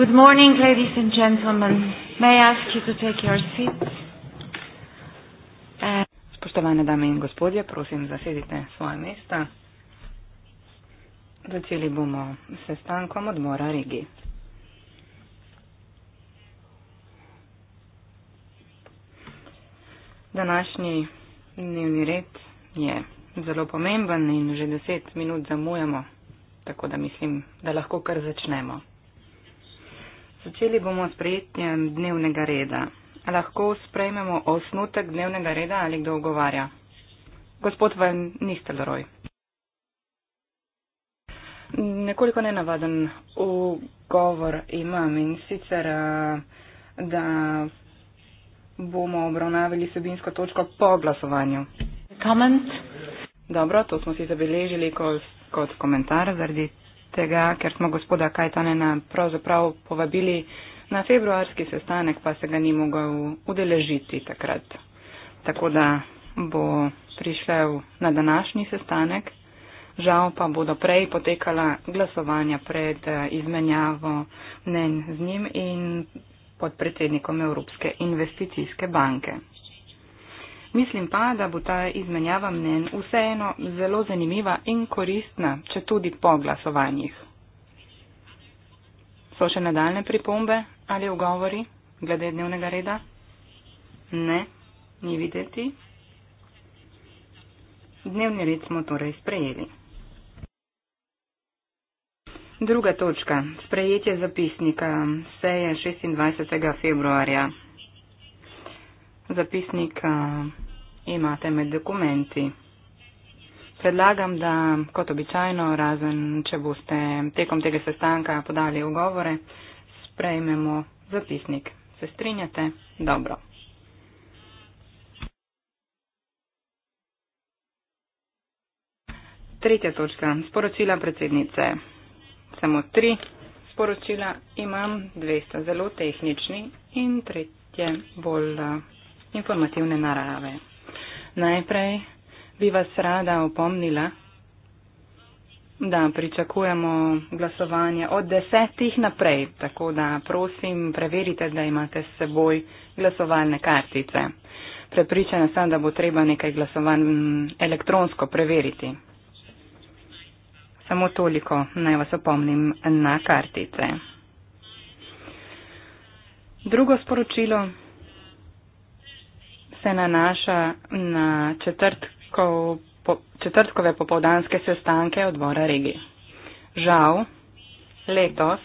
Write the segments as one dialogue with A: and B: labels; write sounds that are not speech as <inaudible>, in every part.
A: Good morning, ladies and gentlemen. May I ask you to take your seats? Uh, Spoštovane dame
B: in gospodje, prosim, zasedite svoje mesta. Začeli bomo s sestankom odmora regij. Današnji dnevni red je zelo pomemben in že deset minut zamujamo, tako da mislim, da lahko kar začnemo. Začeli bomo s prejetjem dnevnega reda. Lahko sprejmemo osnutek dnevnega reda ali kdo ogovarja. Gospod Van Nistelroj. Nekoliko nenavaden ugovor imam in sicer, eh, da bomo obravnavili sebinsko točko po glasovanju. Comment. Dobro, to smo si zabeležili kot, kot komentar zaradi tega, ker smo gospoda Kajtonena pravzaprav povabili na februarski sestanek, pa se ga ni mogel udeležiti takrat. Tako da bo prišel na današnji sestanek, žal pa bodo prej potekala glasovanja pred eh, izmenjavo mnen z njim in pod predsednikom Evropske investicijske banke. Mislim pa, da bo ta izmenjava mnen vseeno zelo zanimiva in koristna, če tudi po glasovanjih. So še nadaljne pripombe ali ogovori glede dnevnega reda? Ne, ni videti. Dnevni red smo torej sprejeli. Druga točka. Sprejetje zapisnika seje 26. februarja zapisnik uh, eh, imate med dokumenti. Predlagam, da kot običajno, razen če boste tekom tega sestanka podali ugovore, sprejmemo zapisnik. Se strinjate? Dobro. Tretja točka. Sporočila predsednice. Samo tri sporočila imam, dve sta zelo tehnični in tretje bolj eh, informativne narave. Najprej bi vas rada opomnila, da pričakujemo glasovanje od desetih naprej, tako da prosim preverite, da imate s seboj glasovalne kartice. Prepričana sem, da bo treba nekaj glasovanj mm, elektronsko preveriti. Samo toliko naj vas opomnim na kartice. Drugo sporočilo se nanaša na četrtkov, po, četrtkove popovdanske sestanke odbora regij. Žal, letos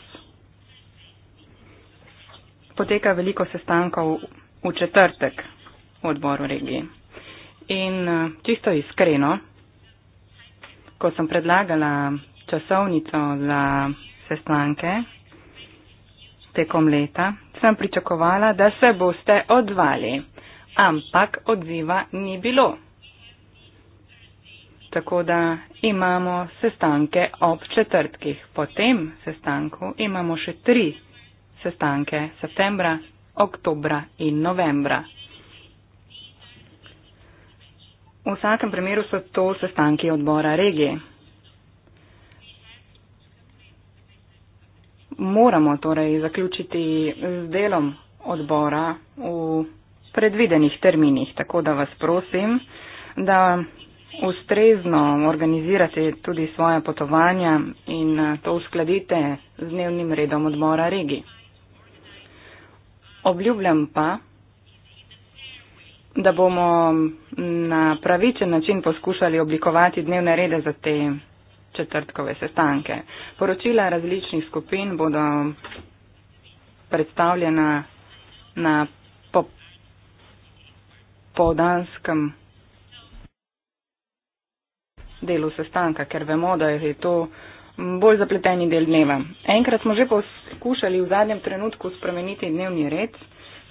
B: poteka veliko sestankov v četrtek v odboru regij. In eh, čisto iskreno, ko sem predlagala časovnico za sestanke tekom leta, sem pričakovala, da se boste odvali ampak odziva ni bilo. Tako da imamo sestanke ob četrtkih. Po tem sestanku imamo še tri sestanke septembra, oktobra in novembra. V vsakem primeru so to sestanki odbora regije. Moramo torej zaključiti z delom odbora v predvidenih terminih, tako da vas prosim, da ustrezno organizirate tudi svoje potovanja in eh, to uskladite z dnevnim redom odmora regi. Obljubljam pa, da bomo na pravičen način poskušali oblikovati dnevne rede za te četrtkove sestanke. Poročila različnih skupin bodo predstavljena na popovdanskem delu sestanka, ker vemo, da je to bolj zapleteni del dneva. Enkrat smo že poskušali v zadnjem trenutku spremeniti dnevni red,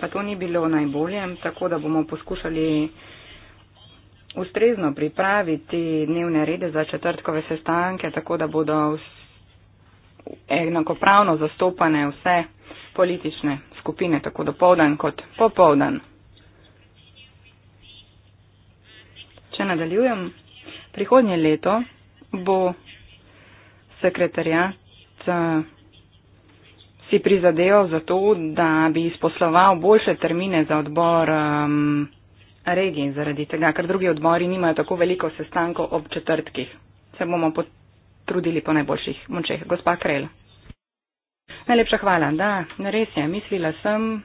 B: pa to ni bilo najbolje, tako da bomo poskušali ustrezno pripraviti dnevne rede za četrtkove sestanke, tako da bodo enakopravno zastopane vse politične skupine, tako dopovdan kot popovdan. nadaljujem. Prihodnje leto bo sekretarjat eh, si prizadeval za to, da bi izposloval boljše termine za odbor um, regij, zaradi tega, ker drugi odbori nimajo tako veliko sestankov ob četrtkih. Se bomo potrudili po najboljših močeh. Gospa Krel. Najlepša hvala. Da, res je, mislila sem,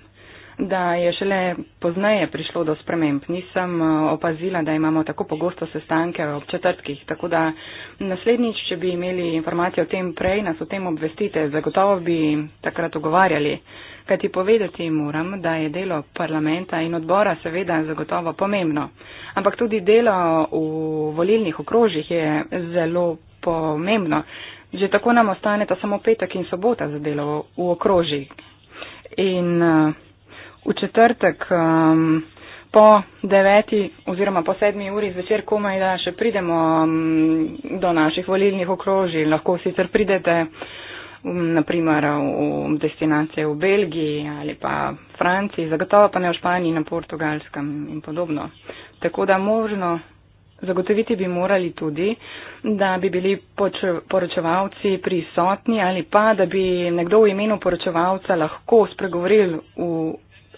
B: da je šele poznaje prišlo do sprememb. Nisem eh, opazila, da imamo tako pogosto sestanke ob četrtkih, tako da naslednjič, če bi imeli informacije o tem prej, nas o tem obvestite, zagotovo bi takrat ogovarjali. Kaj ti povedati moram, da je delo parlamenta in odbora seveda zagotovo pomembno, ampak tudi delo v volilnih okrožjih je zelo pomembno. Že tako nam ostane to samo petek in sobota za delo v okrožjih. In uh, v četrtek um, po deveti oziroma po sedmi uri zvečer komaj da še pridemo um, do naših volilnih okrožij. Lahko sicer pridete um, naprimer v destinacije v Belgiji ali pa Franciji, zagotovo pa ne v Španiji, na Portugalskem in podobno. Tako da možno. Zagotoviti bi morali tudi, da bi bili poročevalci prisotni ali pa, da bi nekdo v imenu poročevalca lahko spregovoril v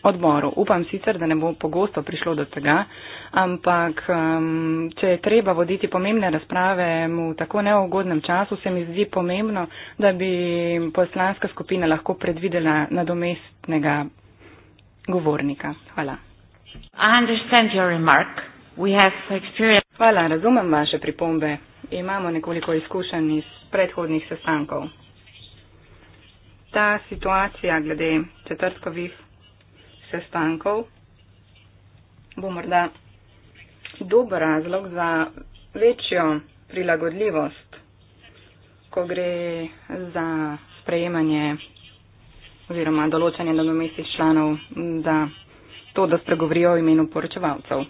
B: odboru. Upam sicer, da ne bo pogosto prišlo do tega, ampak um, če je treba voditi pomembne razprave v tako neugodnem času, se mi zdi pomembno, da bi poslanska skupina lahko predvidela nadomestnega govornika. Hvala. Hvala, razumem vaše pripombe. Imamo nekoliko izkušenj iz predhodnih sestankov. Ta situacija glede četrtkovih sestankov bo morda dober razlog za večjo prilagodljivost, ko gre za sprejemanje oziroma določanje nadomestnih članov za to, da spregovorijo o imenu poročevalcev.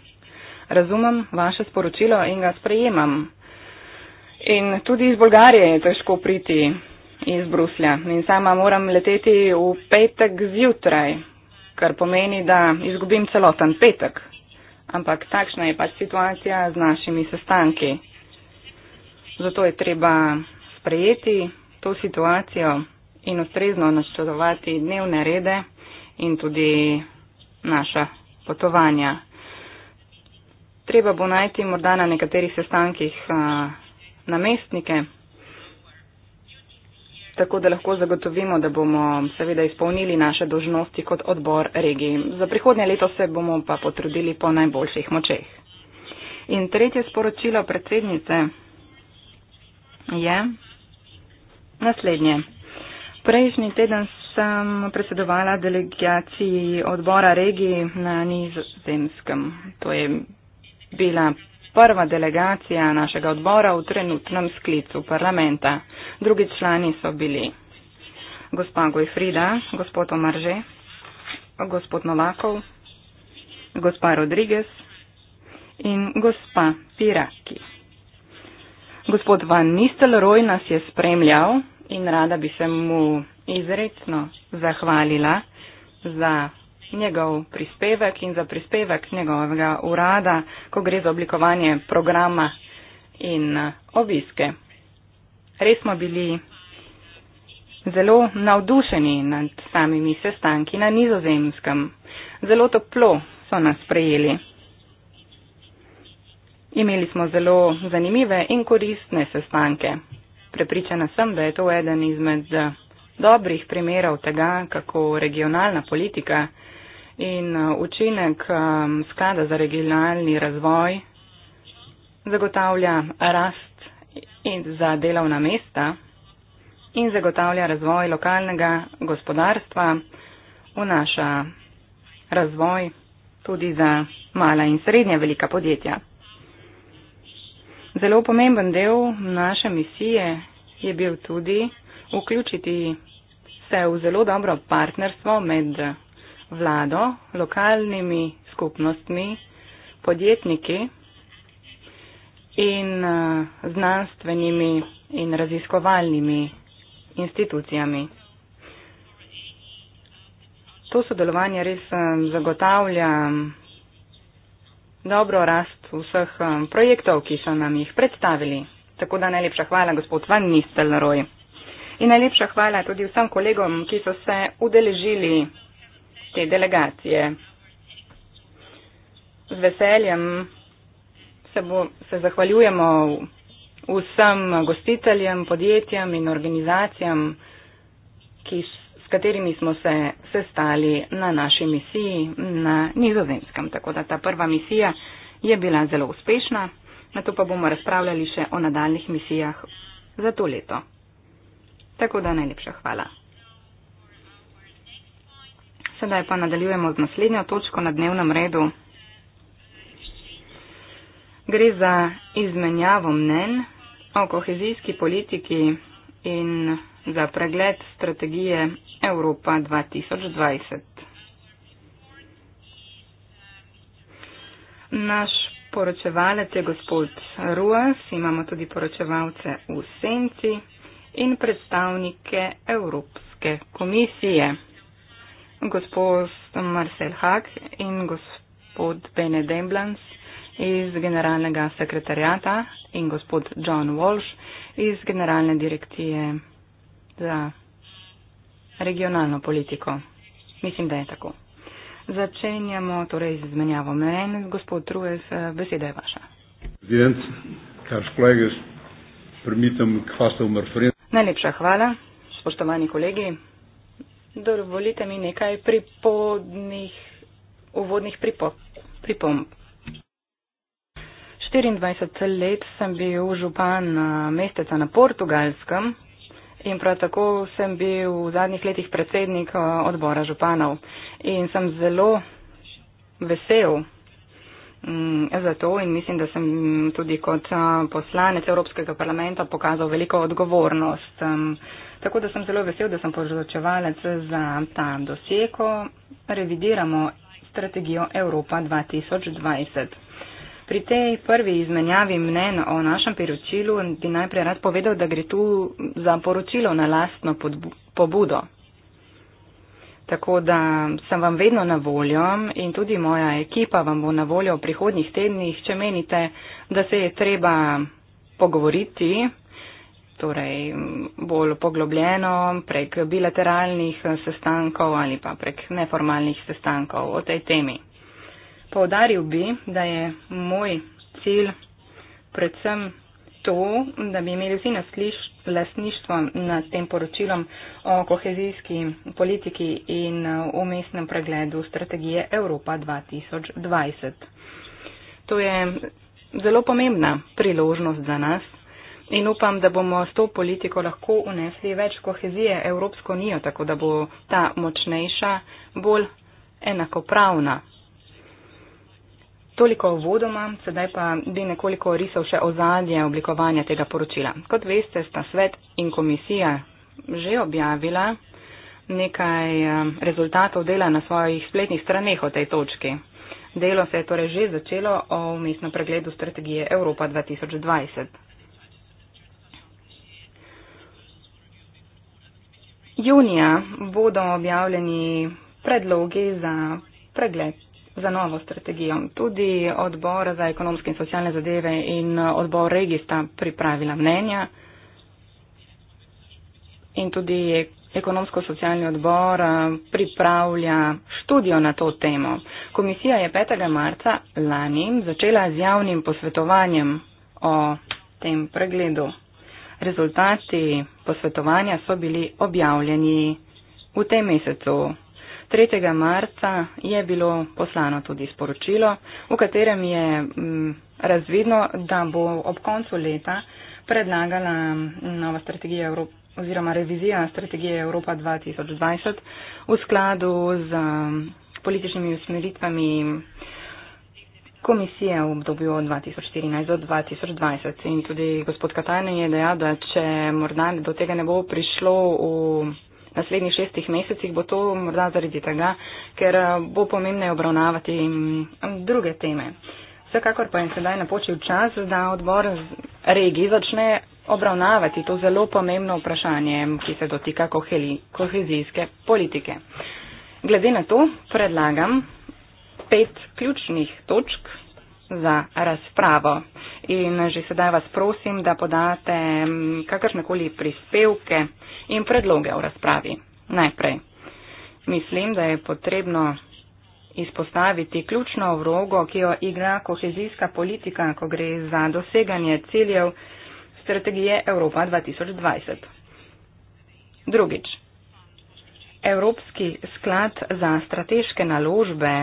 B: Razumem vaše sporočilo in ga sprejemam. In tudi iz Bolgarije je težko priti iz Bruslja. In sama moram leteti v petek zjutraj, kar pomeni, da izgubim celoten petek. Ampak takšna je pač situacija z našimi sestanki. Zato je treba sprejeti to situacijo in ustrezno načrtovati dnevne rede in tudi naša potovanja. Treba bo najti morda na nekaterih sestankih a, namestnike, tako da lahko zagotovimo, da bomo seveda izpolnili naše dožnosti kot odbor regij. Za prihodnje leto se bomo pa potrudili po najboljših močeh. In tretje sporočilo predsednice je naslednje. Prejšnji teden sem predsedovala delegaciji odbora regij na nizozemskem. To je bila prva delegacija našega odbora v trenutnem sklicu parlamenta. Drugi člani so bili gospa Gojfrida, gospod Omarže, gospod Novakov, gospa Rodriguez in gospa Piraki. Gospod Van Nistelrooy nas je spremljal in rada bi se mu izredno zahvalila za njegov prispevek in za prispevek njegovega urada, ko gre za oblikovanje programa in uh, obiske. Res smo bili zelo navdušeni nad samimi sestanki na nizozemskem. Zelo toplo so nas prejeli. Imeli smo zelo zanimive in koristne sestanke. Prepričana sem, da je to eden izmed uh, dobrih primerov tega, kako regionalna politika in uh, učinek um, sklada za regionalni razvoj zagotavlja rast za delovna mesta in zagotavlja razvoj lokalnega gospodarstva, vnaša razvoj tudi za mala in srednja velika podjetja. Zelo pomemben del naše misije je bil tudi vključiti se v zelo dobro partnerstvo med vlado, lokalnimi skupnostmi, podjetniki in eh, znanstvenimi in raziskovalnimi institucijami. To sodelovanje res eh, zagotavlja mm, dobro rast vseh eh, projektov, ki so nam jih predstavili. Tako da najlepša hvala, gospod Van Nistelroj. In najlepša hvala tudi vsem kolegom, ki so se udeležili te delegacije. Z veseljem se, bo, se zahvaljujemo vsem gostiteljem, podjetjem in organizacijam, ki, s katerimi smo se sestali na naši misiji na nizozemskem. Tako da ta prva misija je bila zelo uspešna, na to pa bomo razpravljali še o nadaljnih misijah za to leto. Tako da najlepša hvala. Sedaj pa nadaljujemo z naslednjo točko na dnevnem redu. Gre za izmenjavo mnen o kohezijski politiki in za pregled strategije Evropa 2020. Naš poročevalec je gospod Ruas, imamo tudi poročevalce v Senci in predstavnike Evropske komisije gospod Marcel Hag in gospod Bene Demblans iz generalnega sekretarjata in gospod John Walsh iz generalne direktive za regionalno politiko. Mislim, da je tako. Začenjamo torej z izmenjavo mnen. Gospod Truez, beseda je vaša. Najlepša hvala, spoštovani kolegi. Dovolite mi nekaj pripodnih, uvodnih pripomb. 24 let sem bil župan eh, mesteca na Portugalskem in prav tako sem bil v zadnjih letih predsednik eh, odbora županov in sem zelo vesel mm, za to in mislim, da sem tudi kot eh, poslanec Evropskega parlamenta pokazal veliko odgovornost. Tako da sem zelo vesel, da sem poročevalec za ta doseko. Revidiramo strategijo Evropa 2020. Pri tej prvi izmenjavi mnen o našem poročilu bi najprej rad povedal, da gre tu za poročilo na lastno pobudo. Tako da sem vam vedno na voljo in tudi moja ekipa vam bo na voljo v prihodnjih tednih, če menite, da se je treba pogovoriti torej bolj poglobljeno prek bilateralnih eh, sestankov ali pa prek neformalnih sestankov o tej temi. Povdaril bi, da je moj cilj predvsem to, da bi imeli vsi nasliš, lasništvo nad tem poročilom o kohezijski politiki in eh, umestnem pregledu strategije Evropa 2020. To je zelo pomembna priložnost za nas, in upam, da bomo s to politiko lahko unesli več kohezije Evropsko unijo, tako da bo ta močnejša, bolj enakopravna. Toliko vodoma, sedaj pa bi nekoliko risal še ozadje oblikovanja tega poročila. Kot veste, sta svet in komisija že objavila nekaj eh, rezultatov dela na svojih spletnih straneh o tej točki. Delo se je torej že začelo o umestnem pregledu strategije Evropa 2020. Junija bodo objavljeni predlogi za pregled za novo strategijo. Tudi odbor za ekonomske in socialne zadeve in odbor regij sta pripravila mnenja in tudi ekonomsko-socialni odbor eh, pripravlja študijo na to temo. Komisija je 5. marca lani začela z javnim posvetovanjem o tem pregledu. Rezultati posvetovanja so bili objavljeni v tem mesecu. 3. marca je bilo poslano tudi sporočilo, v katerem je mm, razvidno, da bo ob koncu leta predlagala nova strategija Evrope oziroma revizija strategije Evropa 2020 v skladu z um, političnimi usmeritvami uh, komisije v obdobju 2014 do 2020. In tudi gospod Katajne je dejal, da če morda do tega ne bo prišlo v naslednjih šestih mesecih, bo to morda zaradi tega, ker eh, bo pomembneje obravnavati mm, druge teme. Vsekakor pa je sedaj napočil čas, da odbor regij začne obravnavati to zelo pomembno vprašanje, ki se dotika kohezijske politike. Glede na to predlagam, pet ključnih točk za razpravo. In že sedaj vas prosim, da podate mm, kakršnekoli prispevke in predloge v razpravi. Najprej. Mislim, da je potrebno izpostaviti ključno vlogo, ki jo igra kohezijska politika, ko gre za doseganje ciljev strategije Evropa 2020. Drugič. Evropski sklad za strateške naložbe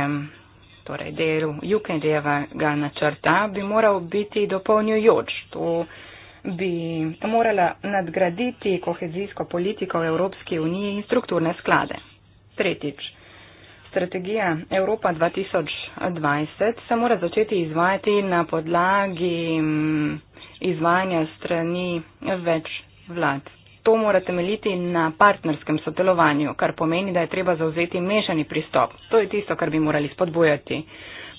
B: torej del Jukendjevega načrta, bi moral biti dopolnjujoč. To bi morala nadgraditi kohezijsko politiko Evropske unije in strukturne sklade. Tretjič. Strategija Evropa 2020 se mora začeti izvajati na podlagi mm, izvajanja strani več vlad to mora temeljiti na partnerskem sodelovanju, kar pomeni, da je treba zauzeti mešani pristop. To je tisto, kar bi morali spodbujati.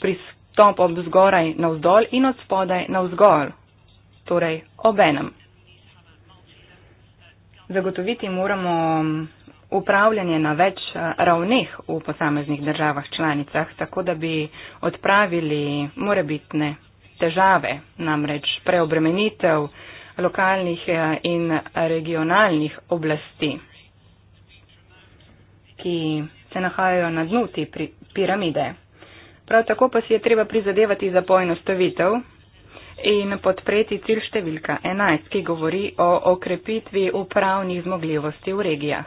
B: Pristop od zgoraj na vzdolj in od spodaj na vzgor, torej obenem. Zagotoviti moramo upravljanje na več eh, ravneh v posameznih državah članicah, tako da bi odpravili morebitne težave, namreč preobremenitev, lokalnih eh, in regionalnih oblasti, ki se nahajajo na dnu te piramide. Prav tako pa si je treba prizadevati za poenostavitev in podpreti cilj številka 11, ki govori o okrepitvi upravnih zmogljivosti v regijah.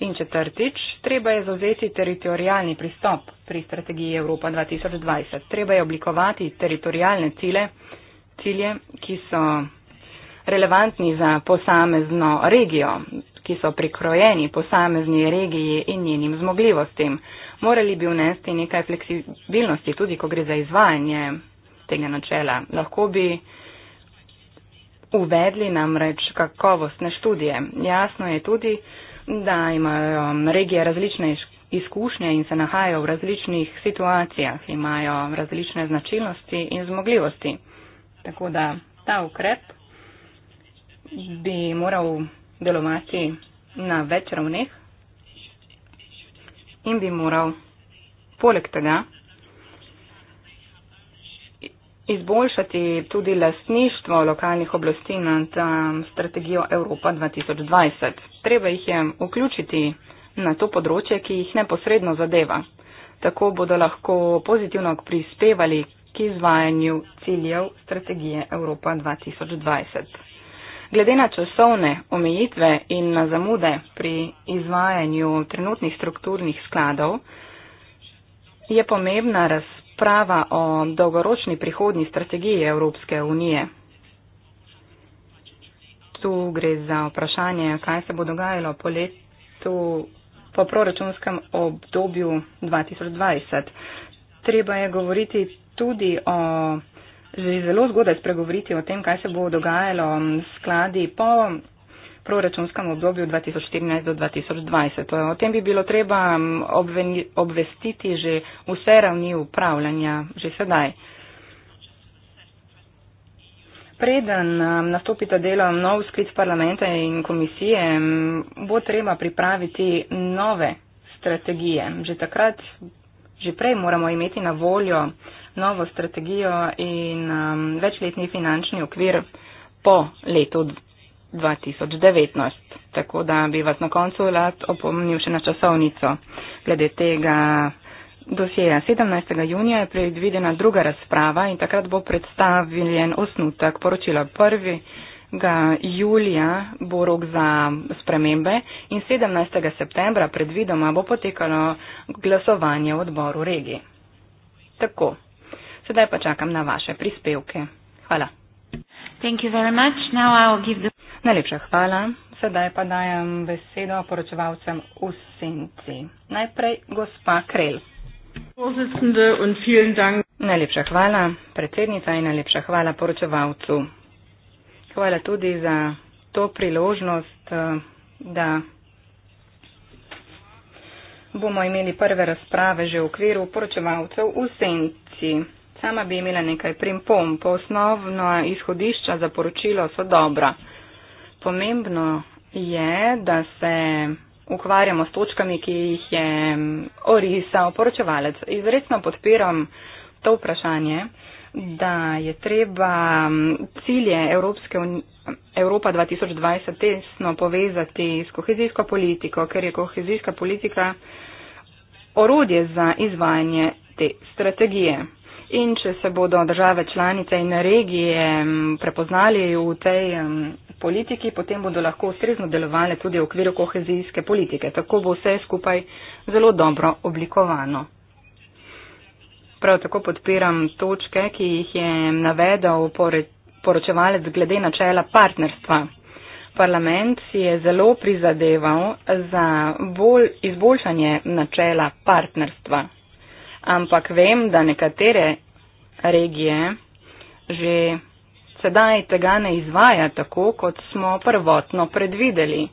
B: In četrtič, treba je zauzeti teritorijalni pristop pri strategiji Evropa 2020. Treba je oblikovati teritorijalne cilje, cilje, ki so relevantni za posamezno regijo, ki so prikrojeni posamezni regiji in njenim zmogljivostim. Morali bi vnesti nekaj fleksibilnosti, tudi ko gre za izvajanje tega načela. Lahko bi uvedli namreč kakovostne študije. Jasno je tudi, da imajo regije različne izkušnje in se nahajajo v različnih situacijah, imajo različne značilnosti in zmogljivosti. Tako da ta ukrep bi moral delovati na več ravneh in bi moral poleg tega izboljšati tudi lasništvo lokalnih oblasti nad strategijo Evropa 2020. Treba jih je vključiti na to področje, ki jih neposredno zadeva. Tako bodo lahko pozitivno prispevali k izvajanju ciljev strategije Evropa 2020. Glede na časovne omejitve in na zamude pri izvajanju trenutnih strukturnih skladov je pomembna razprava o dolgoročni prihodni strategiji Evropske unije. Tu gre za vprašanje, kaj se bo dogajalo po letu, po proračunskem obdobju 2020. Treba je govoriti tudi o že zelo zgodaj spregovoriti o tem, kaj se bo dogajalo s skladi po proračunskem obdobju 2014 do 2020. O tem bi bilo treba obveni, obvestiti že vse ravni upravljanja, že sedaj. Preden nastopita delo nov sklic parlamenta in komisije, bo treba pripraviti nove strategije. Že takrat, že prej moramo imeti na voljo novo strategijo in um, večletni finančni okvir po letu 2019. Tako da bi vas na koncu rad opomnil še na časovnico. Glede tega dosjeja 17. junija je predvidena druga razprava in takrat bo predstavljen osnutek poročila prvi. Julija bo rok za spremembe in 17. septembra predvidoma bo potekalo glasovanje v odboru regije. Tako. Sedaj pa čakam na vaše prispevke. Hvala. The... Najlepša hvala. Sedaj pa dajem besedo poročevalcem v Senci. Najprej gospa Krel. Najlepša hvala, predsednica in najlepša hvala poročevalcu. Hvala tudi za to priložnost, eh, da bomo imeli prve razprave že v okviru poročevalcev v Senci sama bi imela nekaj pripomp. Osnovno izhodišča za poročilo so dobra. Pomembno je, da se ukvarjamo s točkami, ki jih je orisal poročevalec. Izredno podpiram to vprašanje, da je treba cilje Evropske unije. Evropa 2020 tesno povezati s kohezijsko politiko, ker je kohezijska politika orodje za izvajanje te strategije. In če se bodo države članice in regije prepoznali v tej politiki, potem bodo lahko ustrezno delovali tudi v okviru kohezijske politike. Tako bo vse skupaj zelo dobro oblikovano. Prav tako podpiram točke, ki jih je navedal poročevalec glede načela partnerstva. Parlament si je zelo prizadeval za bolj izboljšanje načela partnerstva ampak vem, da nekatere regije že sedaj tega ne izvaja tako, kot smo prvotno predvideli.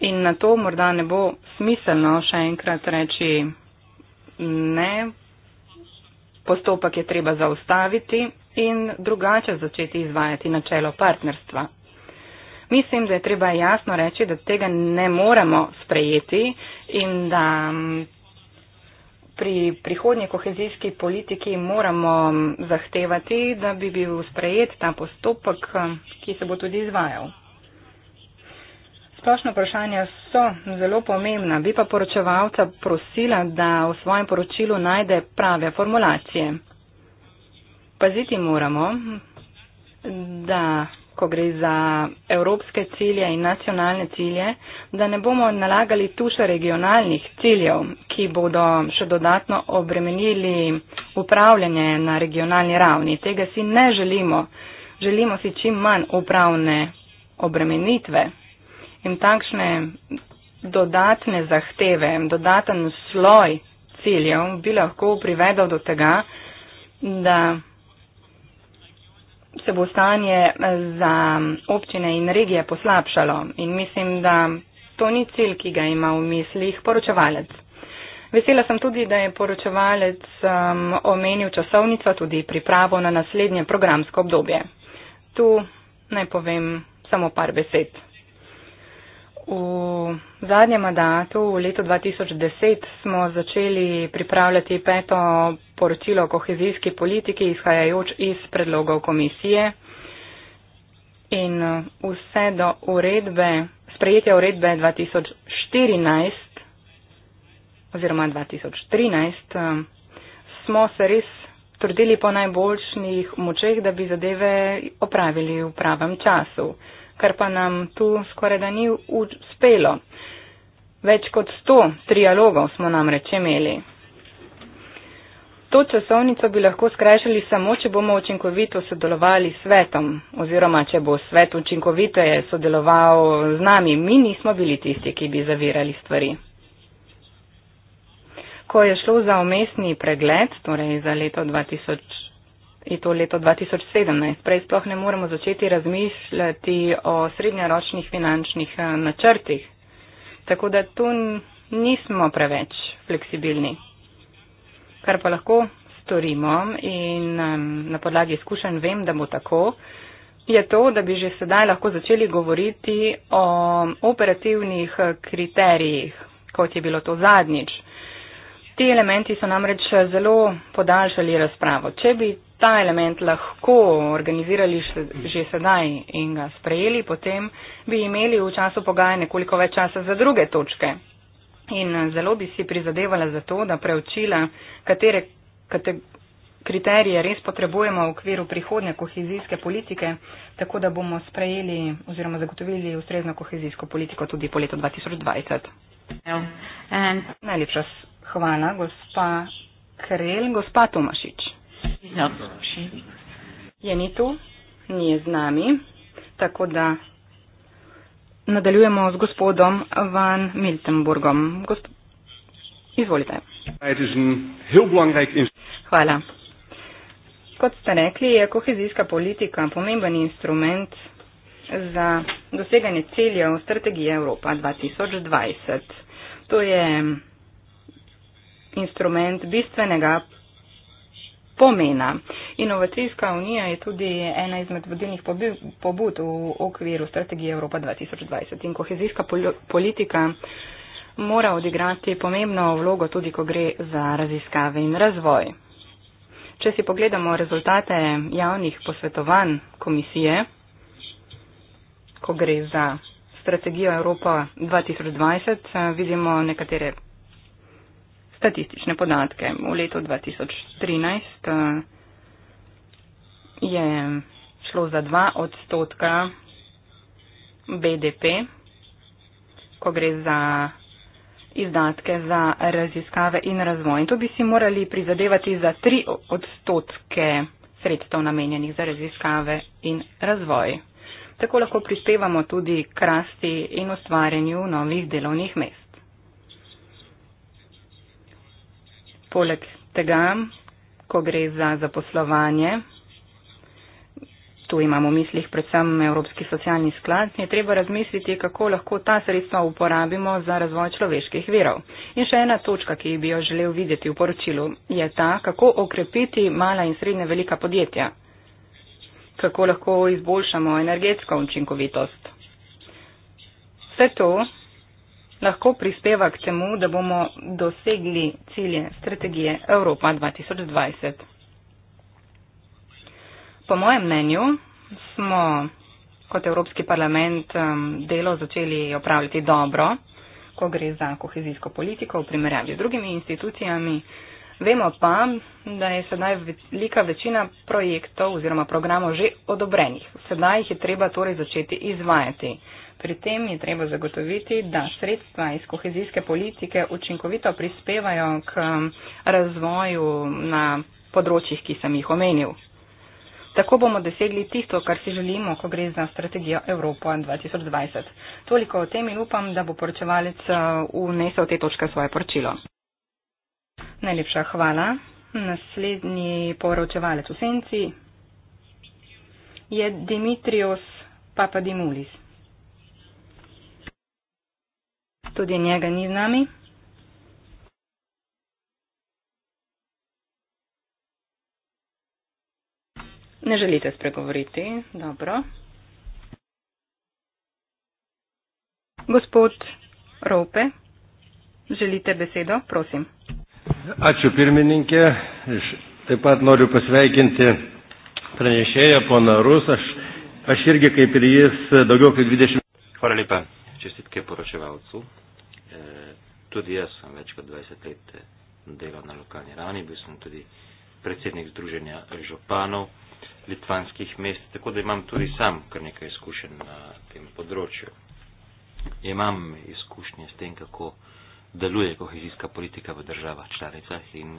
B: In na to morda ne bo smiselno še enkrat reči ne, postopek je treba zaustaviti in drugače začeti izvajati načelo partnerstva. Mislim, da je treba jasno reči, da tega ne moremo sprejeti in da pri prihodnji kohezijski politiki moramo zahtevati, da bi bil sprejet ta postopek, ki se bo tudi izvajal. Splošno vprašanja so zelo pomembna, bi pa poročevalca prosila, da v svojem poročilu najde prave formulacije. Paziti moramo, da ko gre za evropske cilje in nacionalne cilje, da ne bomo nalagali tuša regionalnih ciljev, ki bodo še dodatno obremenili upravljanje na regionalni ravni. Tega si ne želimo. Želimo si čim manj upravne obremenitve in takšne dodatne zahteve, dodaten sloj ciljev bi lahko privedel do tega, da se bo stanje eh, za občine in regije poslabšalo in mislim, da to ni cilj, ki ga ima v mislih poročevalec. Vesela sem tudi, da je poročevalec um, omenil časovnico tudi pripravo na naslednje programsko obdobje. Tu naj povem samo par besed. V zadnjem mandatu, v letu 2010, smo začeli pripravljati peto poročilo o kohezijski politiki, izhajajoč iz predlogov komisije. In uh, vse do uredbe, sprejetja uredbe 2014 oziroma 2013 uh, smo se res trudili po najboljšnih močeh, da bi zadeve opravili v pravem času kar pa nam tu skoraj da ni uspelo. Več kot sto trialogov smo namreč imeli. To časovnico bi lahko skrajšali samo, če bomo učinkovito sodelovali s svetom oziroma če bo svet učinkovito je sodeloval z nami. Mi nismo bili tisti, ki bi zavirali stvari. Ko je šlo za omestni pregled, torej za leto 2000, je to leto 2017. Prej sploh ne moremo začeti razmišljati o srednjeročnih finančnih eh, načrtih. Tako da tu nismo preveč fleksibilni. Kar pa lahko storimo in na podlagi izkušenj vem, da bo tako, je to, da bi že sedaj lahko začeli govoriti o operativnih eh, kriterijih, kot je bilo to zadnjič. Ti elementi so namreč eh, zelo podaljšali razpravo. Če bi ta element lahko organizirali že sedaj in ga sprejeli, potem bi imeli v času pogajanja nekoliko več časa za druge točke. In eh, zelo bi si prizadevala za to, da preučila, katere kate, kriterije res potrebujemo v okviru prihodnje kohezijske politike, tako da bomo sprejeli oziroma zagotovili ustrezno kohezijsko politiko tudi po letu 2020. And... Najlepša hvala, gospa Krel, gospa Tomašič.
A: Je
B: ni tu, ni je z nami, tako da nadaljujemo z gospodom Van Miltenburgom. Gosp Izvolite. Hvala. Kot ste rekli, je kohezijska politika pomemben instrument za doseganje ciljev strategije Evropa 2020. To je instrument bistvenega pomena. Inovacijska unija je tudi ena izmed vodilnih pobud v okviru strategije Evropa 2020 in kohezijska politika mora odigrati pomembno vlogo tudi, ko gre za raziskave in razvoj. Če si pogledamo rezultate javnih posvetovanj komisije, ko gre za strategijo Evropa 2020, vidimo nekatere statistične podatke. V letu 2013 eh, je šlo za 2 odstotka BDP, ko gre za izdatke za raziskave in razvoj. In to bi si morali prizadevati za 3 odstotke sredstev namenjenih za raziskave in razvoj. Tako lahko prispevamo tudi k rasti in ustvarjanju novih delovnih mest. Poleg tega, ko gre za zaposlovanje, tu imamo v mislih predvsem Evropski socialni sklad, je treba razmisliti, kako lahko ta sredstva uporabimo za razvoj človeških virov. In še ena točka, ki bi jo želel videti v poročilu, je ta, kako okrepiti mala in srednje velika podjetja, kako lahko izboljšamo energetsko učinkovitost. Vse to lahko prispeva k temu, da bomo dosegli cilje strategije Evropa 2020. Po mojem mnenju smo kot Evropski parlament um, delo začeli opravljati dobro, ko gre za kohezijsko politiko v primerjavi z drugimi institucijami. Vemo pa, da je sedaj velika večina projektov oziroma programov že odobrenih. Sedaj jih je treba torej začeti izvajati. Pri tem je treba zagotoviti, da sredstva iz kohezijske politike učinkovito prispevajo k um, razvoju na področjih, ki sem jih omenil. Tako bomo dosegli tisto, kar si želimo, ko gre za strategijo Evropa 2020. Toliko o tem in upam, da bo poročevalec unesel uh, te točke svoje poročilo. Najlepša hvala. Naslednji poročevalec v senci je Dimitrios Papadimulis. Tudi njega ni z nami. Ne želite spregovoriti? Dobro. Gospod Rope, želite besedo? Prosim.
C: Ačiū pirmininkė, aš taip pat noriu pasveikinti pranešėją poną Rusą, aš, aš irgi kaip ir jis daugiau kaip 20. Hvala lepa, čestitke poročevalcu, E, tudi jaz sem več kot 20 let e, delal na lokalni ravni, bil sem tudi predsednik Združenja županov litvanskih mest, tako da imam tudi sam kar nekaj izkušenj na tem področju. Imam izkušnje s tem, kako deluje kohezijska politika v državah članicah in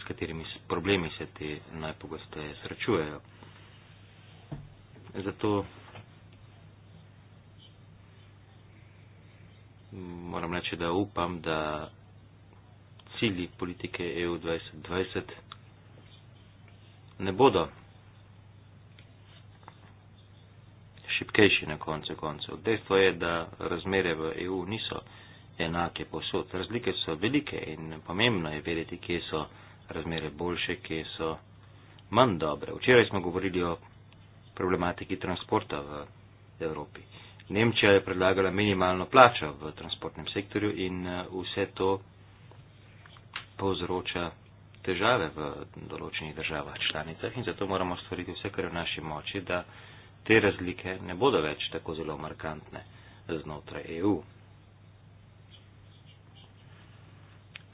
C: s katerimi problemi se ti najpogosteje srečujejo. Zato moram reči, da upam, da cilji politike EU 2020 ne bodo šipkejši na koncu koncev. Dejstvo je, da razmere v EU niso enake posod. Razlike so velike in pomembno je vedeti, kje so razmere boljše, kje so manj dobre. Včeraj smo govorili o problematiki transporta v Evropi. Uh, Nemčija je predlagala minimalno plačo v transportnem sektorju in eh, vse to povzroča težave v določenih državah članicah in zato moramo stvariti vse, kar je v naši moči, da te razlike ne bodo več tako zelo markantne znotraj EU.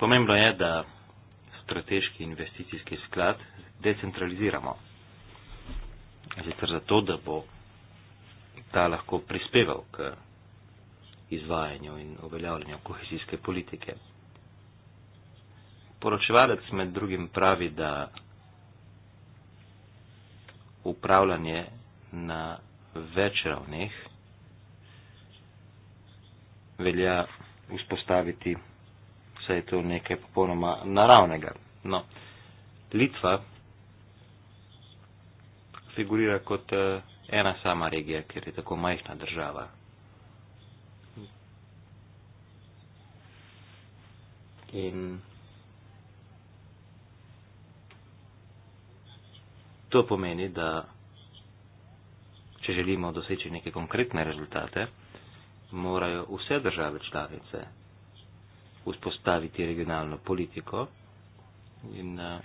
C: Pomembno je, da strateški investicijski sklad decentraliziramo. Zato, da bo ta lahko prispeval k izvajanju in uveljavljanju kohezijske politike. Poročevalec med drugim pravi, da upravljanje na več ravneh velja vzpostaviti, saj je to nekaj popolnoma naravnega. No, Litva figurira kot eh, ena sama regija, ker je tako majhna država. In to pomeni, da če želimo doseči neke konkretne rezultate, morajo vse države članice vzpostaviti regionalno politiko in eh,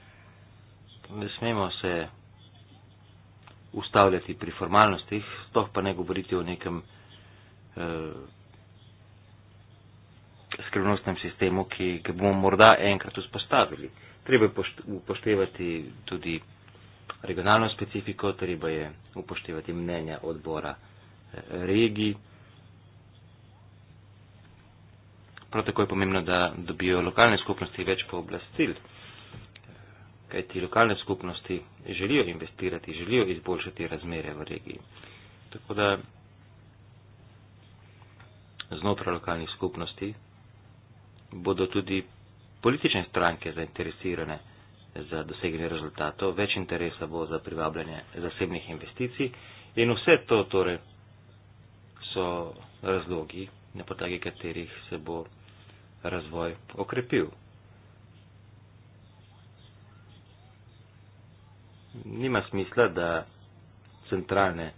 C: ne smemo se ustavljati pri formalnostih, sploh pa ne govoriti o nekem eh, skrivnostnem sistemu, ki ga bomo morda enkrat vzpostavili. Treba je upoštevati tudi regionalno specifiko, treba je upoštevati mnenja odbora eh, regij. Prav tako je pomembno, da dobijo lokalne skupnosti več pooblastil kajti lokalne skupnosti želijo investirati, želijo izboljšati razmere v regiji. Tako da znotraj lokalnih skupnosti bodo tudi politične stranke zainteresirane za doseganje rezultatov, več interesa bo za privabljanje zasebnih investicij in vse to torej so razlogi, na podlagi katerih se bo razvoj okrepil. nima smisla, da centralne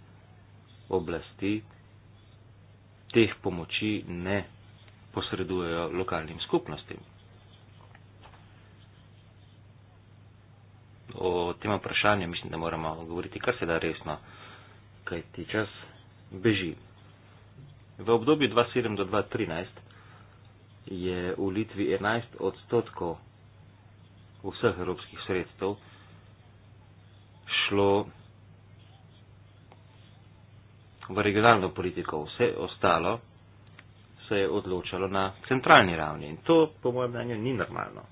C: oblasti teh pomoči ne posredujejo lokalnim skupnostim. O tem vprašanju mislim, da moramo govoriti kar se da resno, kaj ti čas beži. V obdobju 2007 do 2013 je v Litvi 11 odstotkov vseh evropskih sredstev šlo v regionalno politiko, vse ostalo se je odločalo na centralni ravni in to, po mojem mnenju, ni normalno.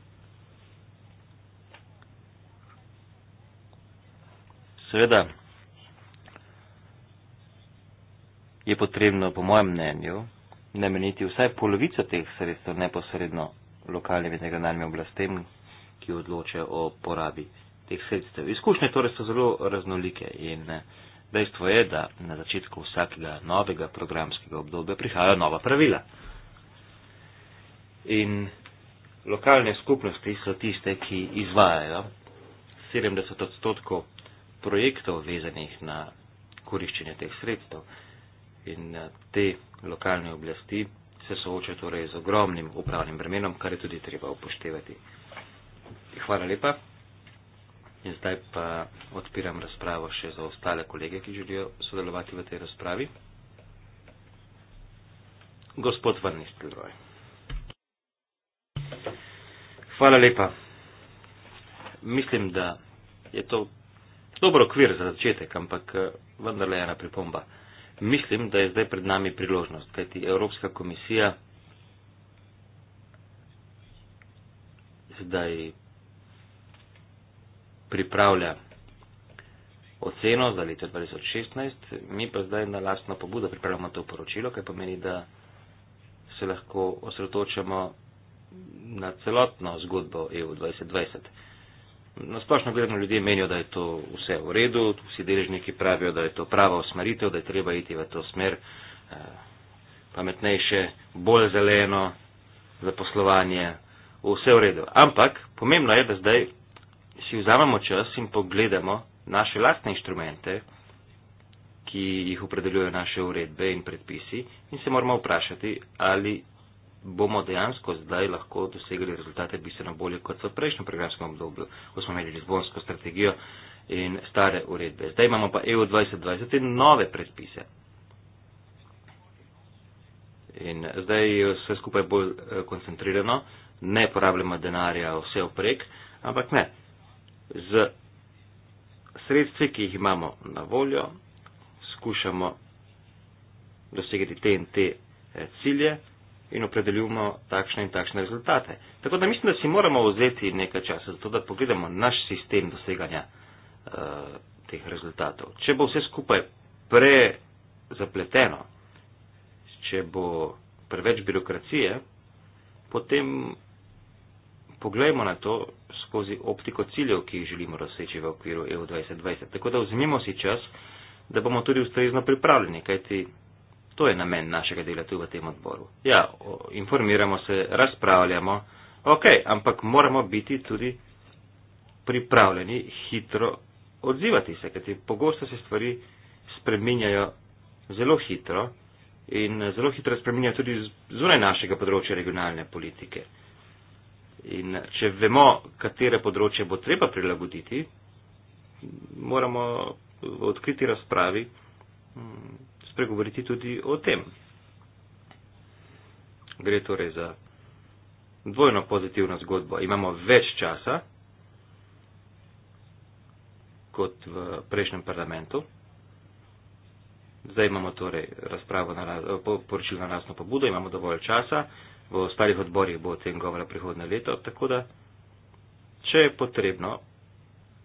C: Seveda je potrebno, po mojem mnenju, nameniti vsaj polovico teh sredstev neposredno lokalnim in regionalnim oblastem, ki odločajo o porabi teh sredstev. Izkušnje torej so zelo raznolike in eh, dejstvo je, da na začetku vsakega novega programskega obdobja prihajajo nova pravila. In lokalne skupnosti so tiste, ki izvajajo 70 odstotkov projektov vezanih na koriščenje teh sredstev. In eh, te lokalne oblasti se soočajo torej z ogromnim upravnim bremenom, kar je tudi treba upoštevati. Hvala lepa. In zdaj pa odpiram razpravo še za ostale kolege, ki želijo sodelovati v tej razpravi. Gospod Vrnistelroj. Hvala lepa. Mislim, da je to dober okvir za začetek, ampak eh, vendarle ena pripomba. Mislim, da je zdaj pred nami priložnost, kajti Evropska komisija zdaj pripravlja oceno za leto 2016, mi pa zdaj na lastno pobudo pripravljamo to poročilo, kaj pomeni, da se lahko osredotočamo na celotno zgodbo EU 2020. Na splošno gledano ljudje menijo, da je to vse v redu, vsi deležniki pravijo, da je to prava usmeritev, da je treba iti v to smer eh, pametnejše, bolj zeleno zaposlovanje, vse v redu. Ampak pomembno je, da zdaj si vzamemo čas in pogledamo naše lastne inštrumente, ki jih opredeljujejo naše uredbe in predpisi, in se moramo vprašati, ali bomo dejansko zdaj lahko dosegli rezultate bistveno bolje kot v prejšnjem programskem obdobju, ko smo imeli Lizbonsko strategijo in stare uredbe. Zdaj imamo pa EU 2020 in nove predpise. In zdaj je vse skupaj bolj eh, koncentrirano, ne porabljamo denarja vse oprek, ampak ne, z sredstvi, ki jih imamo na voljo, skušamo dosegati te in te eh, cilje in opredeljujemo takšne in takšne rezultate. Tako da mislim, da si moramo vzeti nekaj časa za to, da pogledamo naš sistem doseganja uh, teh rezultatov. Če bo vse skupaj prezapleteno, če bo preveč birokracije, potem poglejmo na to, skozi optiko ciljev, ki jih želimo razseči v okviru EU 2020. Tako da vzmimo si čas, da bomo tudi ustrezno pripravljeni, kajti to je namen našega dela tu v tem odboru. Ja, informiramo se, razpravljamo, ok, ampak moramo biti tudi pripravljeni hitro odzivati se, kajti pogosto se stvari spreminjajo zelo hitro in zelo hitro spreminjajo tudi zunaj našega področja regionalne politike. In če vemo, katere področje bo treba prilagoditi, moramo v odkriti razpravi mm, spregovoriti tudi o tem. Gre torej za dvojno pozitivno zgodbo. Imamo več časa kot v prejšnjem parlamentu. Zdaj imamo torej razpravo na, poročilo na lastno pobudo, imamo dovolj časa, V ostalih odborih bo o tem govora prihodne leto, tako da, če je potrebno,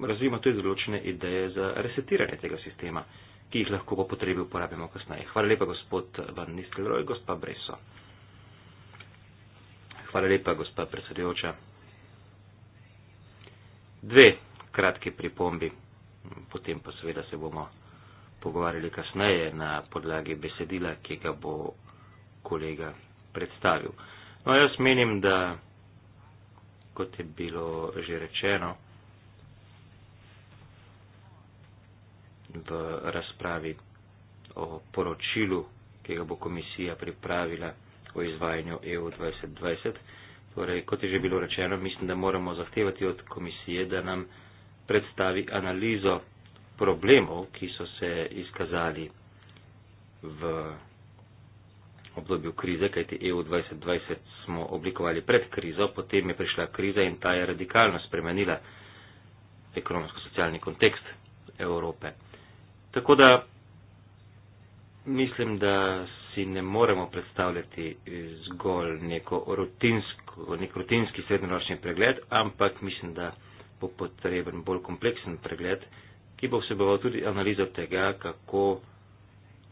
C: razvijemo tudi določene ideje za resetiranje tega sistema, ki jih lahko po potrebi uporabimo kasneje. Hvala lepa, gospod Van Nistelrooy, gospa Breso. Hvala lepa, gospa predsedujoča. Dve kratke pripombi, potem pa seveda se bomo pogovarjali kasneje na podlagi besedila, ki ga bo kolega predstavil. No, jaz menim, da, kot je bilo že rečeno v razpravi o poročilu, ki ga bo komisija pripravila o izvajanju EU 2020, torej, kot je že bilo rečeno, mislim, da moramo zahtevati od komisije, da nam predstavi analizo
A: problemov,
C: ki so se izkazali v obdobju krize, kajti EU 2020 smo oblikovali pred krizo, potem je prišla kriza in ta je radikalno spremenila ekonomsko-socialni kontekst Evrope. Tako da mislim, da si ne moremo predstavljati zgolj neko rutinsko, nek rutinski srednjeročni pregled, ampak mislim, da bo potreben bolj kompleksen pregled, ki bo vseboval tudi analizo tega, kako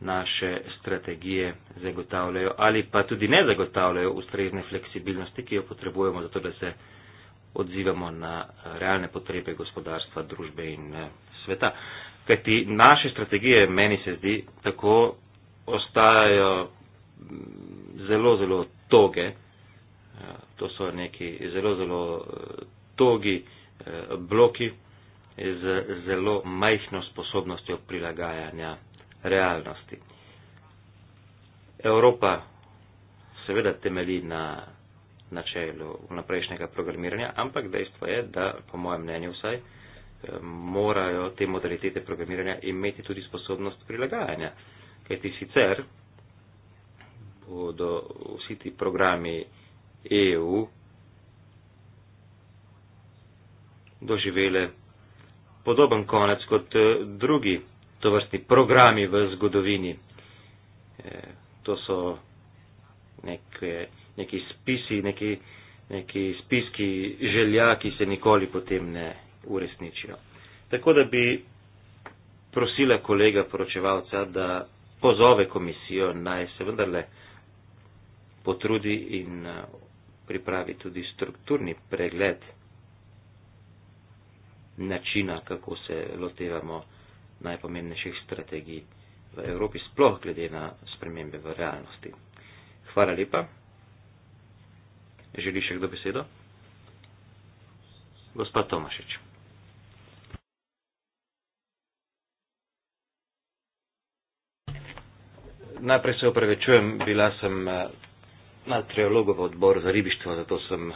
C: naše strategije zagotavljajo ali pa tudi ne zagotavljajo ustrezne fleksibilnosti, ki jo potrebujemo zato, da se odzivamo na eh, realne potrebe gospodarstva, družbe in eh, sveta. Kajti naše strategije, meni se zdi, tako ostajajo mm, zelo, zelo toge. Eh, to so neki zelo, zelo togi bloki z zelo majhno sposobnostjo prilagajanja realnosti. Evropa seveda temeli na načelu vnaprejšnjega programiranja, ampak dejstvo je, da po mojem mnenju vsaj morajo te modalitete programiranja imeti tudi sposobnost prilagajanja. Kajti sicer bodo vsi ti programi EU doživele podoben konec kot eh, drugi to vrstni programi v zgodovini. Eh, to so neke, neki spisi, neki, neki spiski želja, ki se nikoli potem ne uresničijo. Tako da bi prosila kolega poročevalca, da pozove komisijo naj se vendarle potrudi in eh, pripravi tudi strukturni pregled načina, kako se lotevamo najpomembnejših strategij v Evropi, sploh glede na spremembe v realnosti. Hvala lepa. Želi še kdo besedo? Gospa Tomašič. Najprej se opravičujem, bila sem eh, na triologu v odboru za ribištvo, zato sem